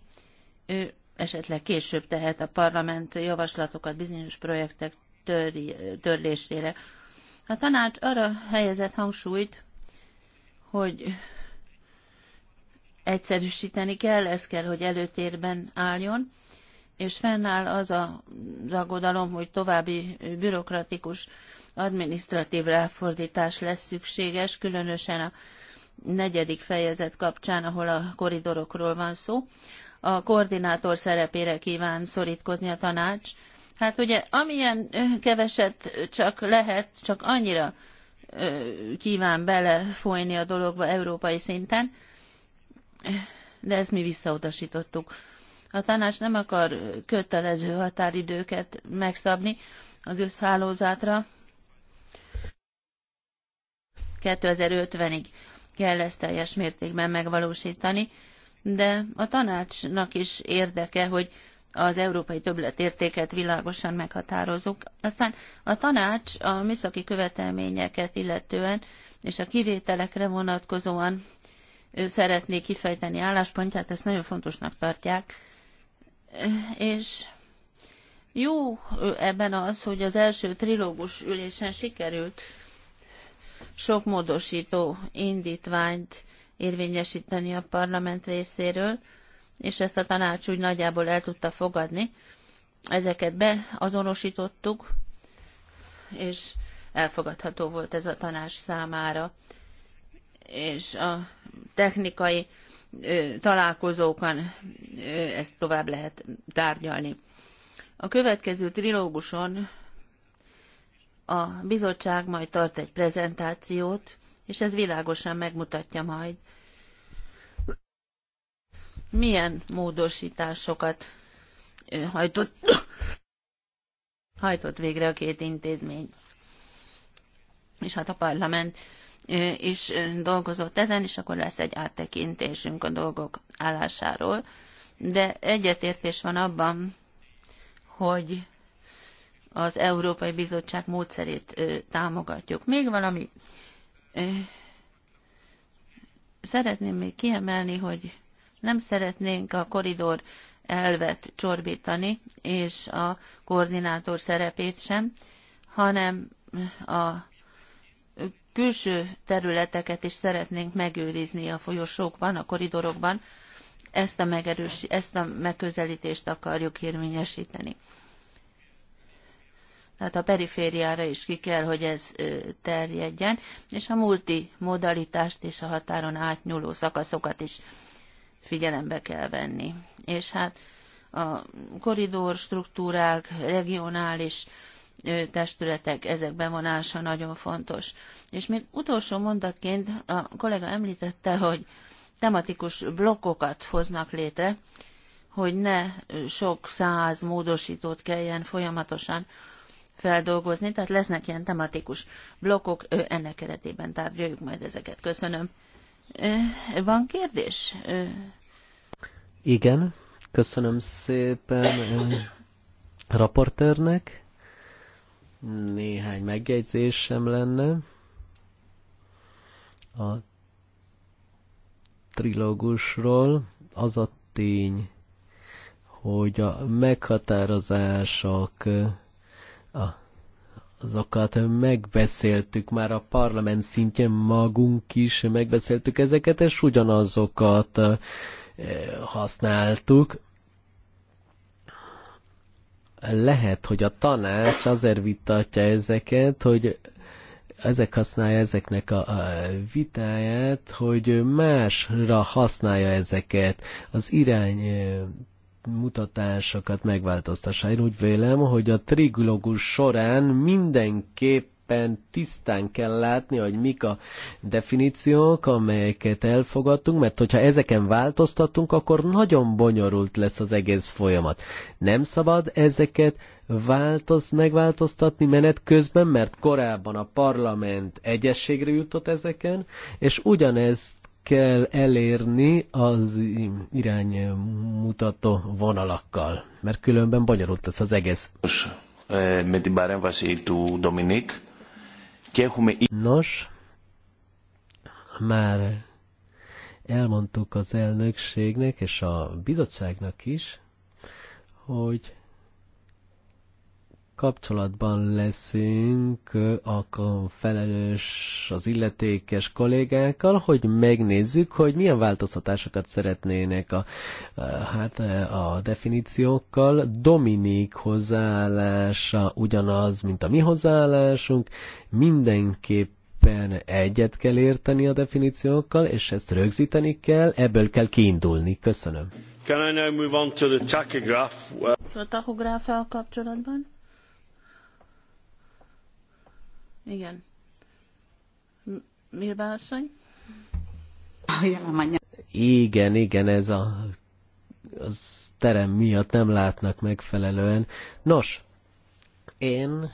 Ő esetleg később tehet a parlament javaslatokat bizonyos projektek törj, törlésére. A tanács arra helyezett hangsúlyt, hogy egyszerűsíteni kell, ez kell, hogy előtérben álljon, és fennáll az a az hogy további bürokratikus adminisztratív ráfordítás lesz szükséges, különösen a negyedik fejezet kapcsán, ahol a koridorokról van szó. A koordinátor szerepére kíván szorítkozni a tanács. Hát ugye, amilyen keveset csak lehet, csak annyira kíván belefolyni a dologba európai szinten, de ezt mi visszautasítottuk a tanács nem akar kötelező határidőket megszabni az összhálózatra. 2050-ig kell ezt teljes mértékben megvalósítani, de a tanácsnak is érdeke, hogy az európai többletértéket világosan meghatározunk. Aztán a tanács a műszaki követelményeket illetően és a kivételekre vonatkozóan szeretné kifejteni álláspontját, ezt nagyon fontosnak tartják és jó ebben az, hogy az első trilógus ülésen sikerült sok módosító indítványt érvényesíteni a parlament részéről, és ezt a tanács úgy nagyjából el tudta fogadni. Ezeket beazonosítottuk, és elfogadható volt ez a tanács számára. És a technikai találkozókon ezt tovább lehet tárgyalni. A következő trilóguson a bizottság majd tart egy prezentációt, és ez világosan megmutatja majd, milyen módosításokat hajtott, hajtott végre a két intézmény. És hát a parlament is dolgozott ezen, és akkor lesz egy áttekintésünk a dolgok állásáról. De egyetértés van abban, hogy az Európai Bizottság módszerét támogatjuk. Még valami szeretném még kiemelni, hogy nem szeretnénk a koridor elvet csorbítani, és a koordinátor szerepét sem, hanem a külső területeket is szeretnénk megőrizni a folyosókban, a koridorokban, ezt a, megerős, ezt a megközelítést akarjuk érvényesíteni. Tehát a perifériára is ki kell, hogy ez terjedjen, és a multimodalitást és a határon átnyúló szakaszokat is figyelembe kell venni. És hát a koridor struktúrák, regionális testületek, ezek bevonása nagyon fontos. És még utolsó mondatként a kollega említette, hogy tematikus blokkokat hoznak létre, hogy ne sok száz módosítót kelljen folyamatosan feldolgozni, tehát lesznek ilyen tematikus blokkok, ennek keretében tárgyaljuk majd ezeket. Köszönöm. Van kérdés? Igen, köszönöm szépen raportőrnek. Néhány megjegyzésem lenne. A trilógusról az a tény, hogy a meghatározások a azokat megbeszéltük már a parlament szintjén magunk is, megbeszéltük ezeket, és ugyanazokat eh, használtuk lehet, hogy a tanács azért vitatja ezeket, hogy ezek használja ezeknek a, a vitáját, hogy másra használja ezeket az irány mutatásokat megváltoztassa. Én úgy vélem, hogy a trigológus során mindenképp mindenképpen tisztán kell látni, hogy mik a definíciók, amelyeket elfogadtunk, mert hogyha ezeken változtatunk, akkor nagyon bonyolult lesz az egész folyamat. Nem szabad ezeket változ, megváltoztatni menet közben, mert korábban a parlament egyességre jutott ezeken, és ugyanezt kell elérni az iránymutató vonalakkal, mert különben bonyolult lesz az egész. Most, eh, με την παρέμβαση και έχουμε... Nos, már elmondtuk az elnökségnek és a bizottságnak is, hogy kapcsolatban leszünk a felelős, az illetékes kollégákkal, hogy megnézzük, hogy milyen változtatásokat szeretnének a, a hát a definíciókkal. Dominik hozzáállása ugyanaz, mint a mi hozzáállásunk, mindenképp egyet kell érteni a definíciókkal, és ezt rögzíteni kell, ebből kell kiindulni. Köszönöm. Can I now move on to the tachograph? A tachográfa kapcsolatban? Igen. Milba asszony? Igen, igen, ez a az terem miatt nem látnak megfelelően. Nos, én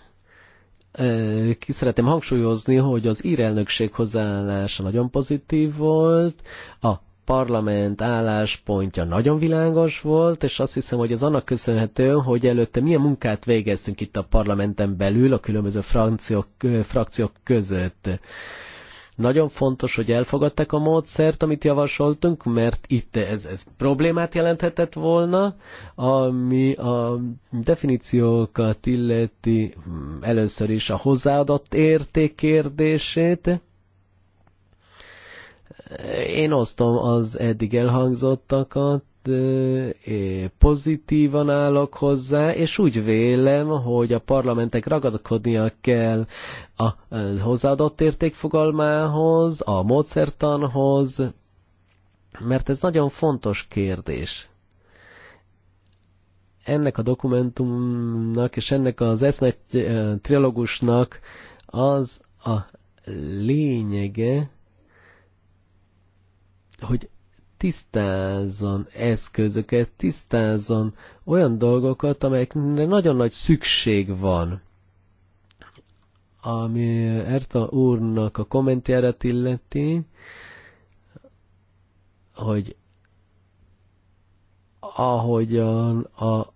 ki szeretném hangsúlyozni, hogy az írelnökség hozzáállása nagyon pozitív volt, a parlament álláspontja nagyon világos volt, és azt hiszem, hogy az annak köszönhető, hogy előtte milyen munkát végeztünk itt a parlamenten belül, a különböző frakciók, frakciók között. Nagyon fontos, hogy elfogadták a módszert, amit javasoltunk, mert itt ez, ez problémát jelenthetett volna, ami a definíciókat illeti mm, először is a hozzáadott érték kérdését, én osztom az eddig elhangzottakat, pozitívan állok hozzá, és úgy vélem, hogy a parlamentek ragadkodnia kell a hozzáadott érték fogalmához, a módszertanhoz, mert ez nagyon fontos kérdés ennek a dokumentumnak és ennek az eszmet trilógusnak az a lényege, hogy tisztázzon eszközöket, tisztázzon olyan dolgokat, amelyekre nagyon nagy szükség van. Ami Erta úrnak a kommentjárát illeti, hogy ahogyan a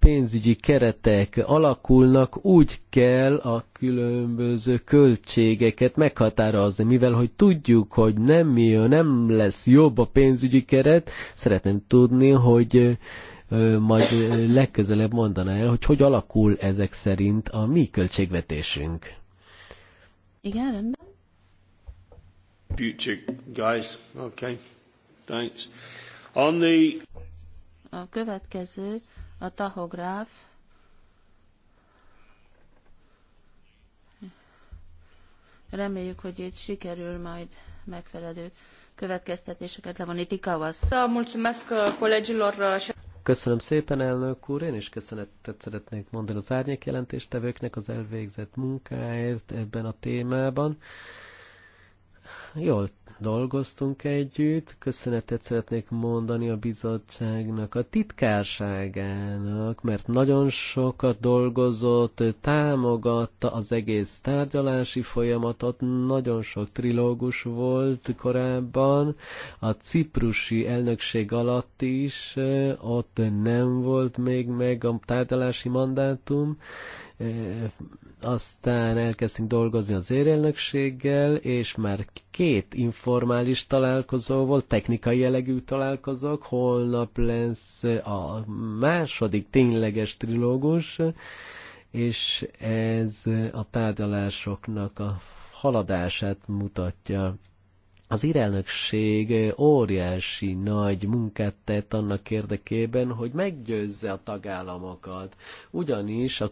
pénzügyi keretek alakulnak, úgy kell a különböző költségeket meghatározni, mivel hogy tudjuk, hogy nem jön, nem lesz jobb a pénzügyi keret, szeretném tudni, hogy majd legközelebb mondaná el, hogy hogy alakul ezek szerint a mi költségvetésünk. Igen, rendben. Future guys, okay, thanks. On the... A következő a tahográf Reméljük, hogy itt sikerül majd megfelelő következtetéseket levonni. Tikavasz. Uh, uh, Köszönöm szépen, elnök úr. Én is köszönetet szeretnék mondani az árnyék jelentéstevőknek az elvégzett munkáért ebben a témában. Jól dolgoztunk együtt. Köszönetet szeretnék mondani a bizottságnak, a titkárságának, mert nagyon sokat dolgozott, támogatta az egész tárgyalási folyamatot, nagyon sok trilógus volt korábban, a ciprusi elnökség alatt is, ott nem volt még meg a tárgyalási mandátum, aztán elkezdtünk dolgozni az érelnökséggel, és már két informális találkozó volt, technikai jellegű találkozók, holnap lesz a második tényleges trilógus, és ez a tárgyalásoknak a haladását mutatja. Az irelnökség óriási nagy munkát tett annak érdekében, hogy meggyőzze a tagállamokat, ugyanis a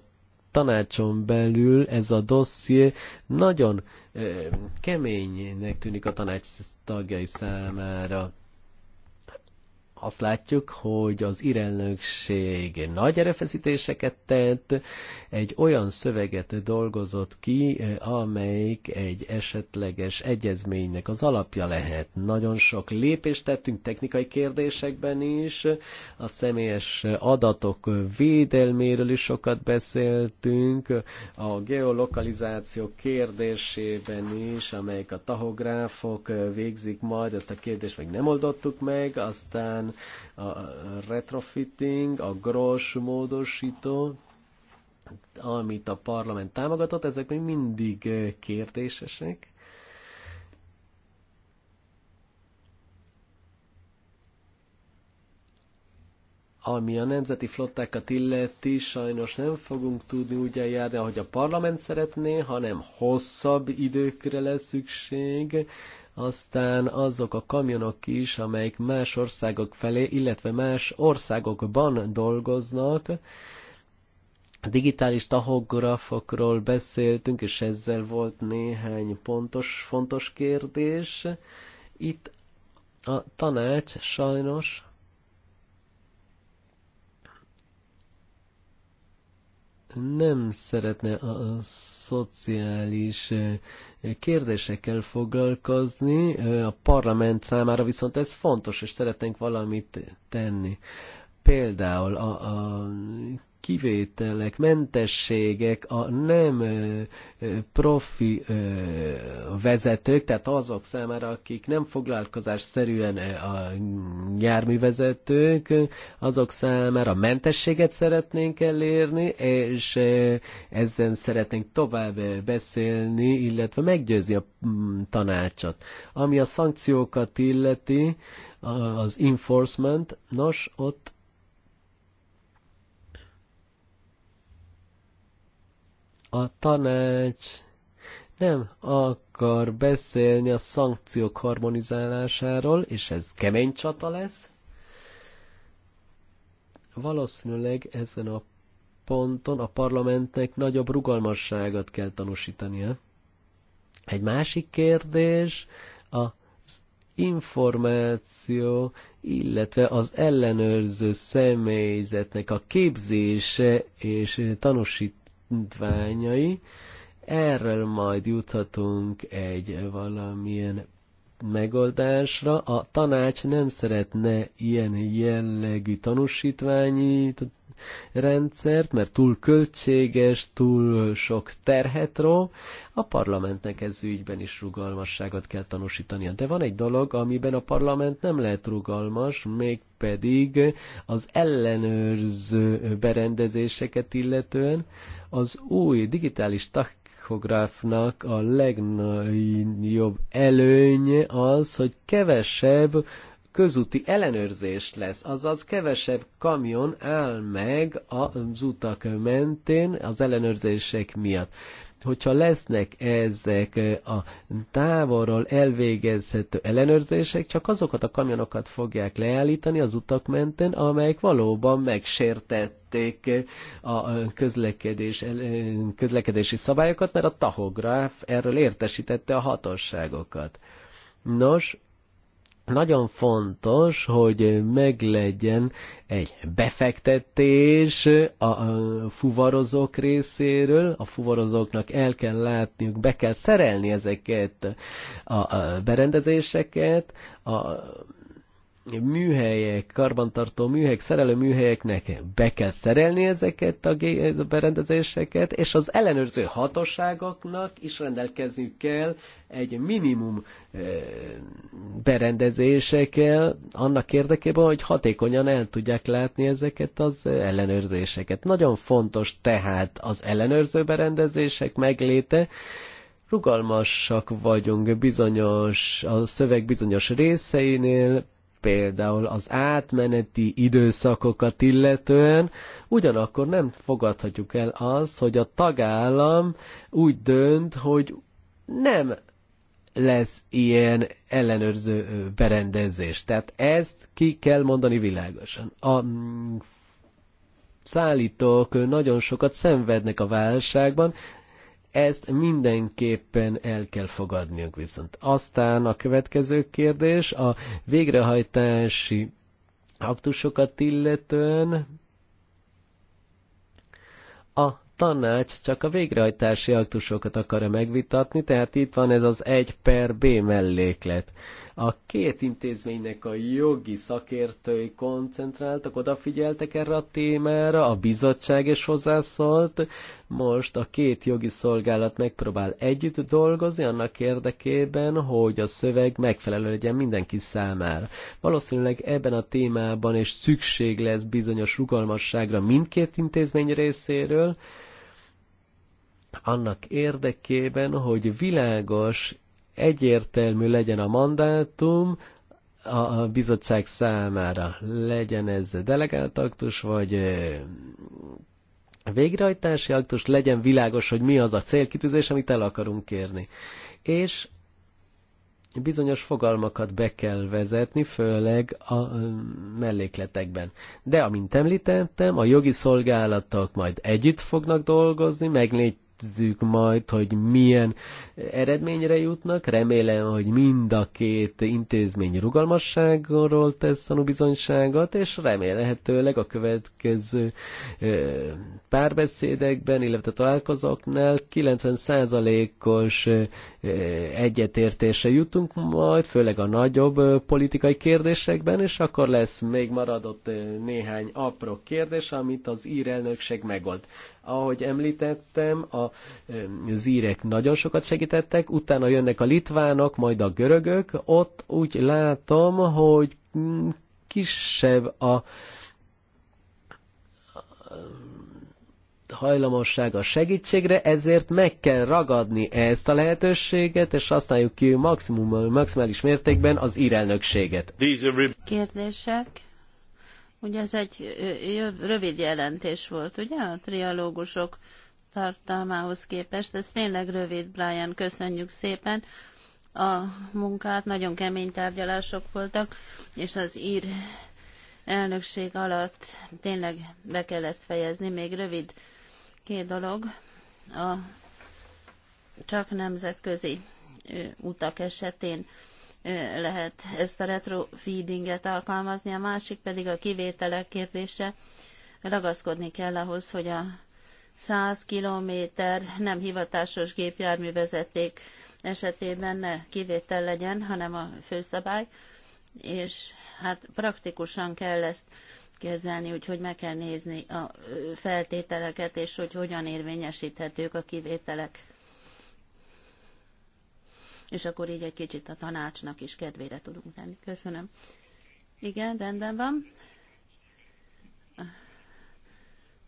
tanácson belül ez a dosszié nagyon ö, keménynek tűnik a tanács tagjai számára azt látjuk, hogy az irelnökség nagy erefeszítéseket tett, egy olyan szöveget dolgozott ki, amelyik egy esetleges egyezménynek az alapja lehet. Nagyon sok lépést tettünk technikai kérdésekben is, a személyes adatok védelméről is sokat beszéltünk, a geolokalizáció kérdésében is, amelyik a tahográfok végzik majd, ezt a kérdést még nem oldottuk meg, aztán a retrofitting, a gross módosító, amit a parlament támogatott, ezek még mindig eh, kérdésesek. Ami a nemzeti flottákat illeti, sajnos nem fogunk tudni úgy eljárni, ahogy a parlament szeretné, hanem hosszabb időkre lesz szükség aztán azok a kamionok is, amelyek más országok felé, illetve más országokban dolgoznak, digitális tahografokról beszéltünk, és ezzel volt néhány pontos, fontos kérdés. Itt a tanács sajnos nem szeretne a, a szociális kérdésekkel foglalkozni, a parlament számára viszont ez fontos, és szeretnénk valamit tenni. Például a, a kivételek, mentességek a nem profi vezetők, tehát azok számára, akik nem foglalkozás szerűen a járművezetők, azok számára mentességet szeretnénk elérni, és ezen szeretnénk tovább beszélni, illetve meggyőzni a mm, tanácsot. Ami a szankciókat illeti, az enforcement, nos, ott a tanács nem akar beszélni a szankciók harmonizálásáról, és ez kemény csata lesz. Valószínűleg ezen a ponton a parlamentnek nagyobb rugalmasságot kell tanúsítania. Egy másik kérdés a információ, illetve az ellenőrző személyzetnek a képzése és tanúsítása tanítványai. Erről majd juthatunk egy valamilyen megoldásra. A tanács nem szeretne ilyen jellegű tanúsítványi rendszert, mert túl költséges, túl sok terhet ró. A parlamentnek ez ügyben is rugalmasságot kell tanúsítania. De van egy dolog, amiben a parlament nem lehet rugalmas, mégpedig az ellenőrző berendezéseket illetően, az új digitális tachográfnak a legnagyobb előnye az, hogy kevesebb közúti ellenőrzés lesz, azaz kevesebb kamion áll meg az utak mentén az ellenőrzések miatt hogyha lesznek ezek a távolról elvégezhető ellenőrzések, csak azokat a kamionokat fogják leállítani az utak menten, amelyek valóban megsértették a közlekedés, közlekedési szabályokat, mert a tahográf erről értesítette a hatóságokat. Nos, nagyon fontos, hogy meglegyen egy befektetés a fuvarozók részéről, a fuvarozóknak el kell látniuk, be kell szerelni ezeket a berendezéseket, a műhelyek, karbantartó műhelyek, szerelő műhelyeknek be kell szerelni ezeket a berendezéseket, és az ellenőrző hatóságoknak is rendelkezniük kell egy minimum eh, berendezésekkel annak érdekében, hogy hatékonyan el tudják látni ezeket az ellenőrzéseket. Nagyon fontos tehát az ellenőrző berendezések megléte, rugalmasak vagyunk bizonyos, a szöveg bizonyos részeinél, például az átmeneti időszakokat illetően, ugyanakkor nem fogadhatjuk el azt, hogy a tagállam úgy dönt, hogy nem lesz ilyen ellenőrző berendezés. Tehát ezt ki kell mondani világosan. A mm, szállítók nagyon sokat szenvednek a válságban, ezt mindenképpen el kell fogadniuk viszont. Aztán a következő kérdés a végrehajtási aktusokat illetően a tanács csak a végrehajtási aktusokat akarja megvitatni, tehát itt van ez az 1 per B melléklet. A két intézménynek a jogi szakértői koncentráltak, odafigyeltek erre a témára, a bizottság is hozzászólt. Most a két jogi szolgálat megpróbál együtt dolgozni annak érdekében, hogy a szöveg megfelelő legyen mindenki számára. Valószínűleg ebben a témában is szükség lesz bizonyos rugalmasságra mindkét intézmény részéről, annak érdekében, hogy világos egyértelmű legyen a mandátum, a bizottság számára legyen ez delegált aktus, vagy végrehajtási aktus, legyen világos, hogy mi az a célkitűzés, amit el akarunk kérni. És bizonyos fogalmakat be kell vezetni, főleg a mellékletekben. De, amint említettem, a jogi szolgálatok majd együtt fognak dolgozni, megnégy, nézzük majd, hogy milyen eredményre jutnak. Remélem, hogy mind a két intézmény rugalmasságról tesz tanúbizonyságot, és remélhetőleg a következő párbeszédekben, illetve találkozóknál 90%-os egyetértésre jutunk majd, főleg a nagyobb politikai kérdésekben, és akkor lesz még maradott néhány apró kérdés, amit az ír elnökség megold ahogy említettem, a eh, zírek nagyon sokat segítettek, utána jönnek a litvánok, majd a görögök, ott úgy látom, hogy mm, kisebb a hajlamosság a segítségre, ezért meg kell ragadni ezt a lehetőséget, és használjuk ki maximum, maximális mértékben az írelnökséget. Kérdések? Ugye ez egy rövid jelentés volt, ugye, a trialógusok tartalmához képest. Ez tényleg rövid, Brian, köszönjük szépen a munkát, nagyon kemény tárgyalások voltak, és az ír elnökség alatt tényleg be kell ezt fejezni. Még rövid két dolog, a csak nemzetközi utak esetén lehet ezt a retrofeedinget alkalmazni, a másik pedig a kivételek kérdése. Ragaszkodni kell ahhoz, hogy a 100 km nem hivatásos gépjármű vezeték esetében ne kivétel legyen, hanem a főszabály, és hát praktikusan kell ezt kezelni, úgyhogy meg kell nézni a feltételeket, és hogy hogyan érvényesíthetők a kivételek és akkor így egy kicsit a tanácsnak is kedvére tudunk tenni Köszönöm. Igen, rendben van.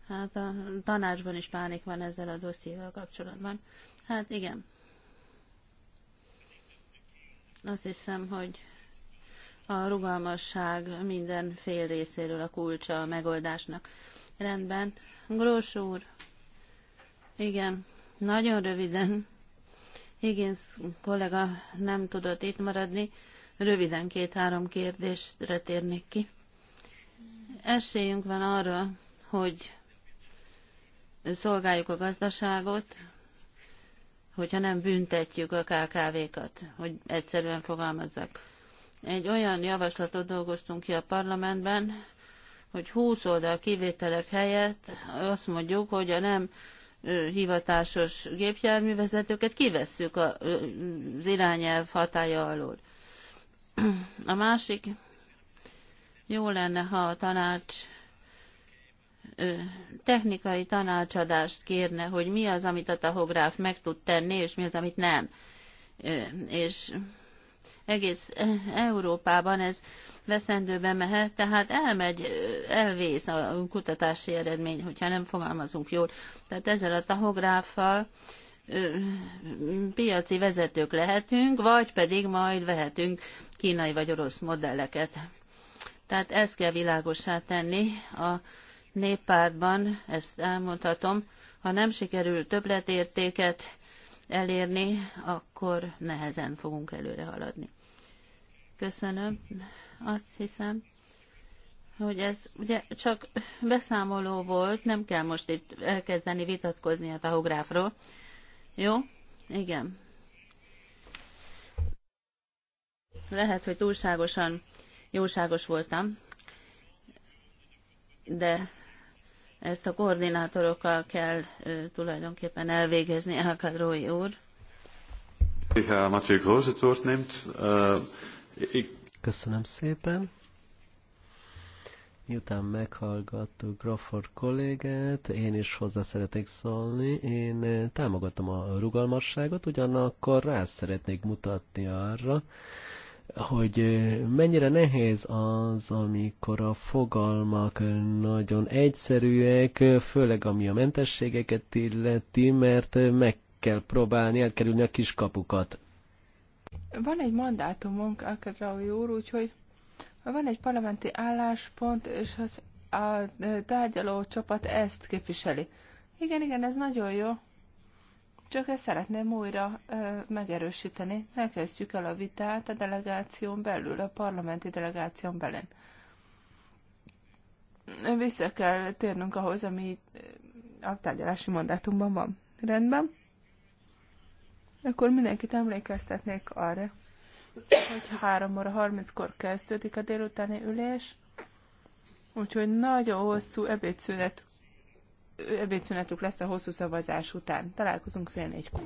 Hát a tanácsban is pánik van ezzel a dossziéval kapcsolatban. Hát igen. Azt hiszem, hogy a rugalmasság minden fél részéről a kulcsa a megoldásnak. Rendben. Grós úr. Igen. Nagyon röviden. Higgins kollega nem tudott itt maradni. Röviden két-három kérdésre térnék ki. Esélyünk van arra, hogy szolgáljuk a gazdaságot, hogyha nem büntetjük a KKV-kat, hogy egyszerűen fogalmazzak. Egy olyan javaslatot dolgoztunk ki a parlamentben, hogy 20 oldal kivételek helyett azt mondjuk, hogy a nem hivatásos gépjárművezetőket kivesszük az irányelv hatája alól. A másik, jó lenne, ha a tanács technikai tanácsadást kérne, hogy mi az, amit a tahográf meg tud tenni, és mi az, amit nem. És egész eh, Európában ez veszendőbe mehet, tehát elmegy, eh, elvész a kutatási eredmény, hogyha nem fogalmazunk jól. Tehát ezzel a tahográffal eh, piaci vezetők lehetünk, vagy pedig majd vehetünk kínai vagy orosz modelleket. Tehát ezt kell világosá tenni a néppártban, ezt elmondhatom, ha nem sikerül többletértéket elérni, akkor nehezen fogunk előre haladni. Köszönöm. Azt hiszem, hogy ez ugye csak beszámoló volt, nem kell most itt elkezdeni vitatkozni a tahográfról. Jó? Igen. Lehet, hogy túlságosan jóságos voltam, de ezt a koordinátorokkal kell ö, tulajdonképpen elvégezni, Elkadrói úr. Ha Matthieu Groze het woord Köszönöm szépen. Miután meghallgattuk Grafford kollégát, én is hozzá szeretek szólni. Én támogatom a rugalmasságot, ugyanakkor rá szeretnék mutatni arra, hogy mennyire nehéz az, amikor a fogalmak nagyon egyszerűek, főleg ami a mentességeket illeti, mert meg kell próbálni elkerülni a kiskapukat. Van egy mandátumunk, Alkadraui úr, úgyhogy van egy parlamenti álláspont, és az a tárgyaló csapat ezt képviseli. Igen, igen, ez nagyon jó. Csak ezt szeretném újra ö, megerősíteni. Ne kezdjük el a vitát a delegáción belül, a parlamenti delegáción belén. Vissza kell térnünk ahhoz, ami a tárgyalási mandátumban van. Rendben. Akkor mindenkit emlékeztetnék arra, hogy 3 óra 30-kor kezdődik a délutáni ülés, úgyhogy nagyon hosszú ebédszünet, ebédszünetük lesz a hosszú szavazás után. Találkozunk fél négykor.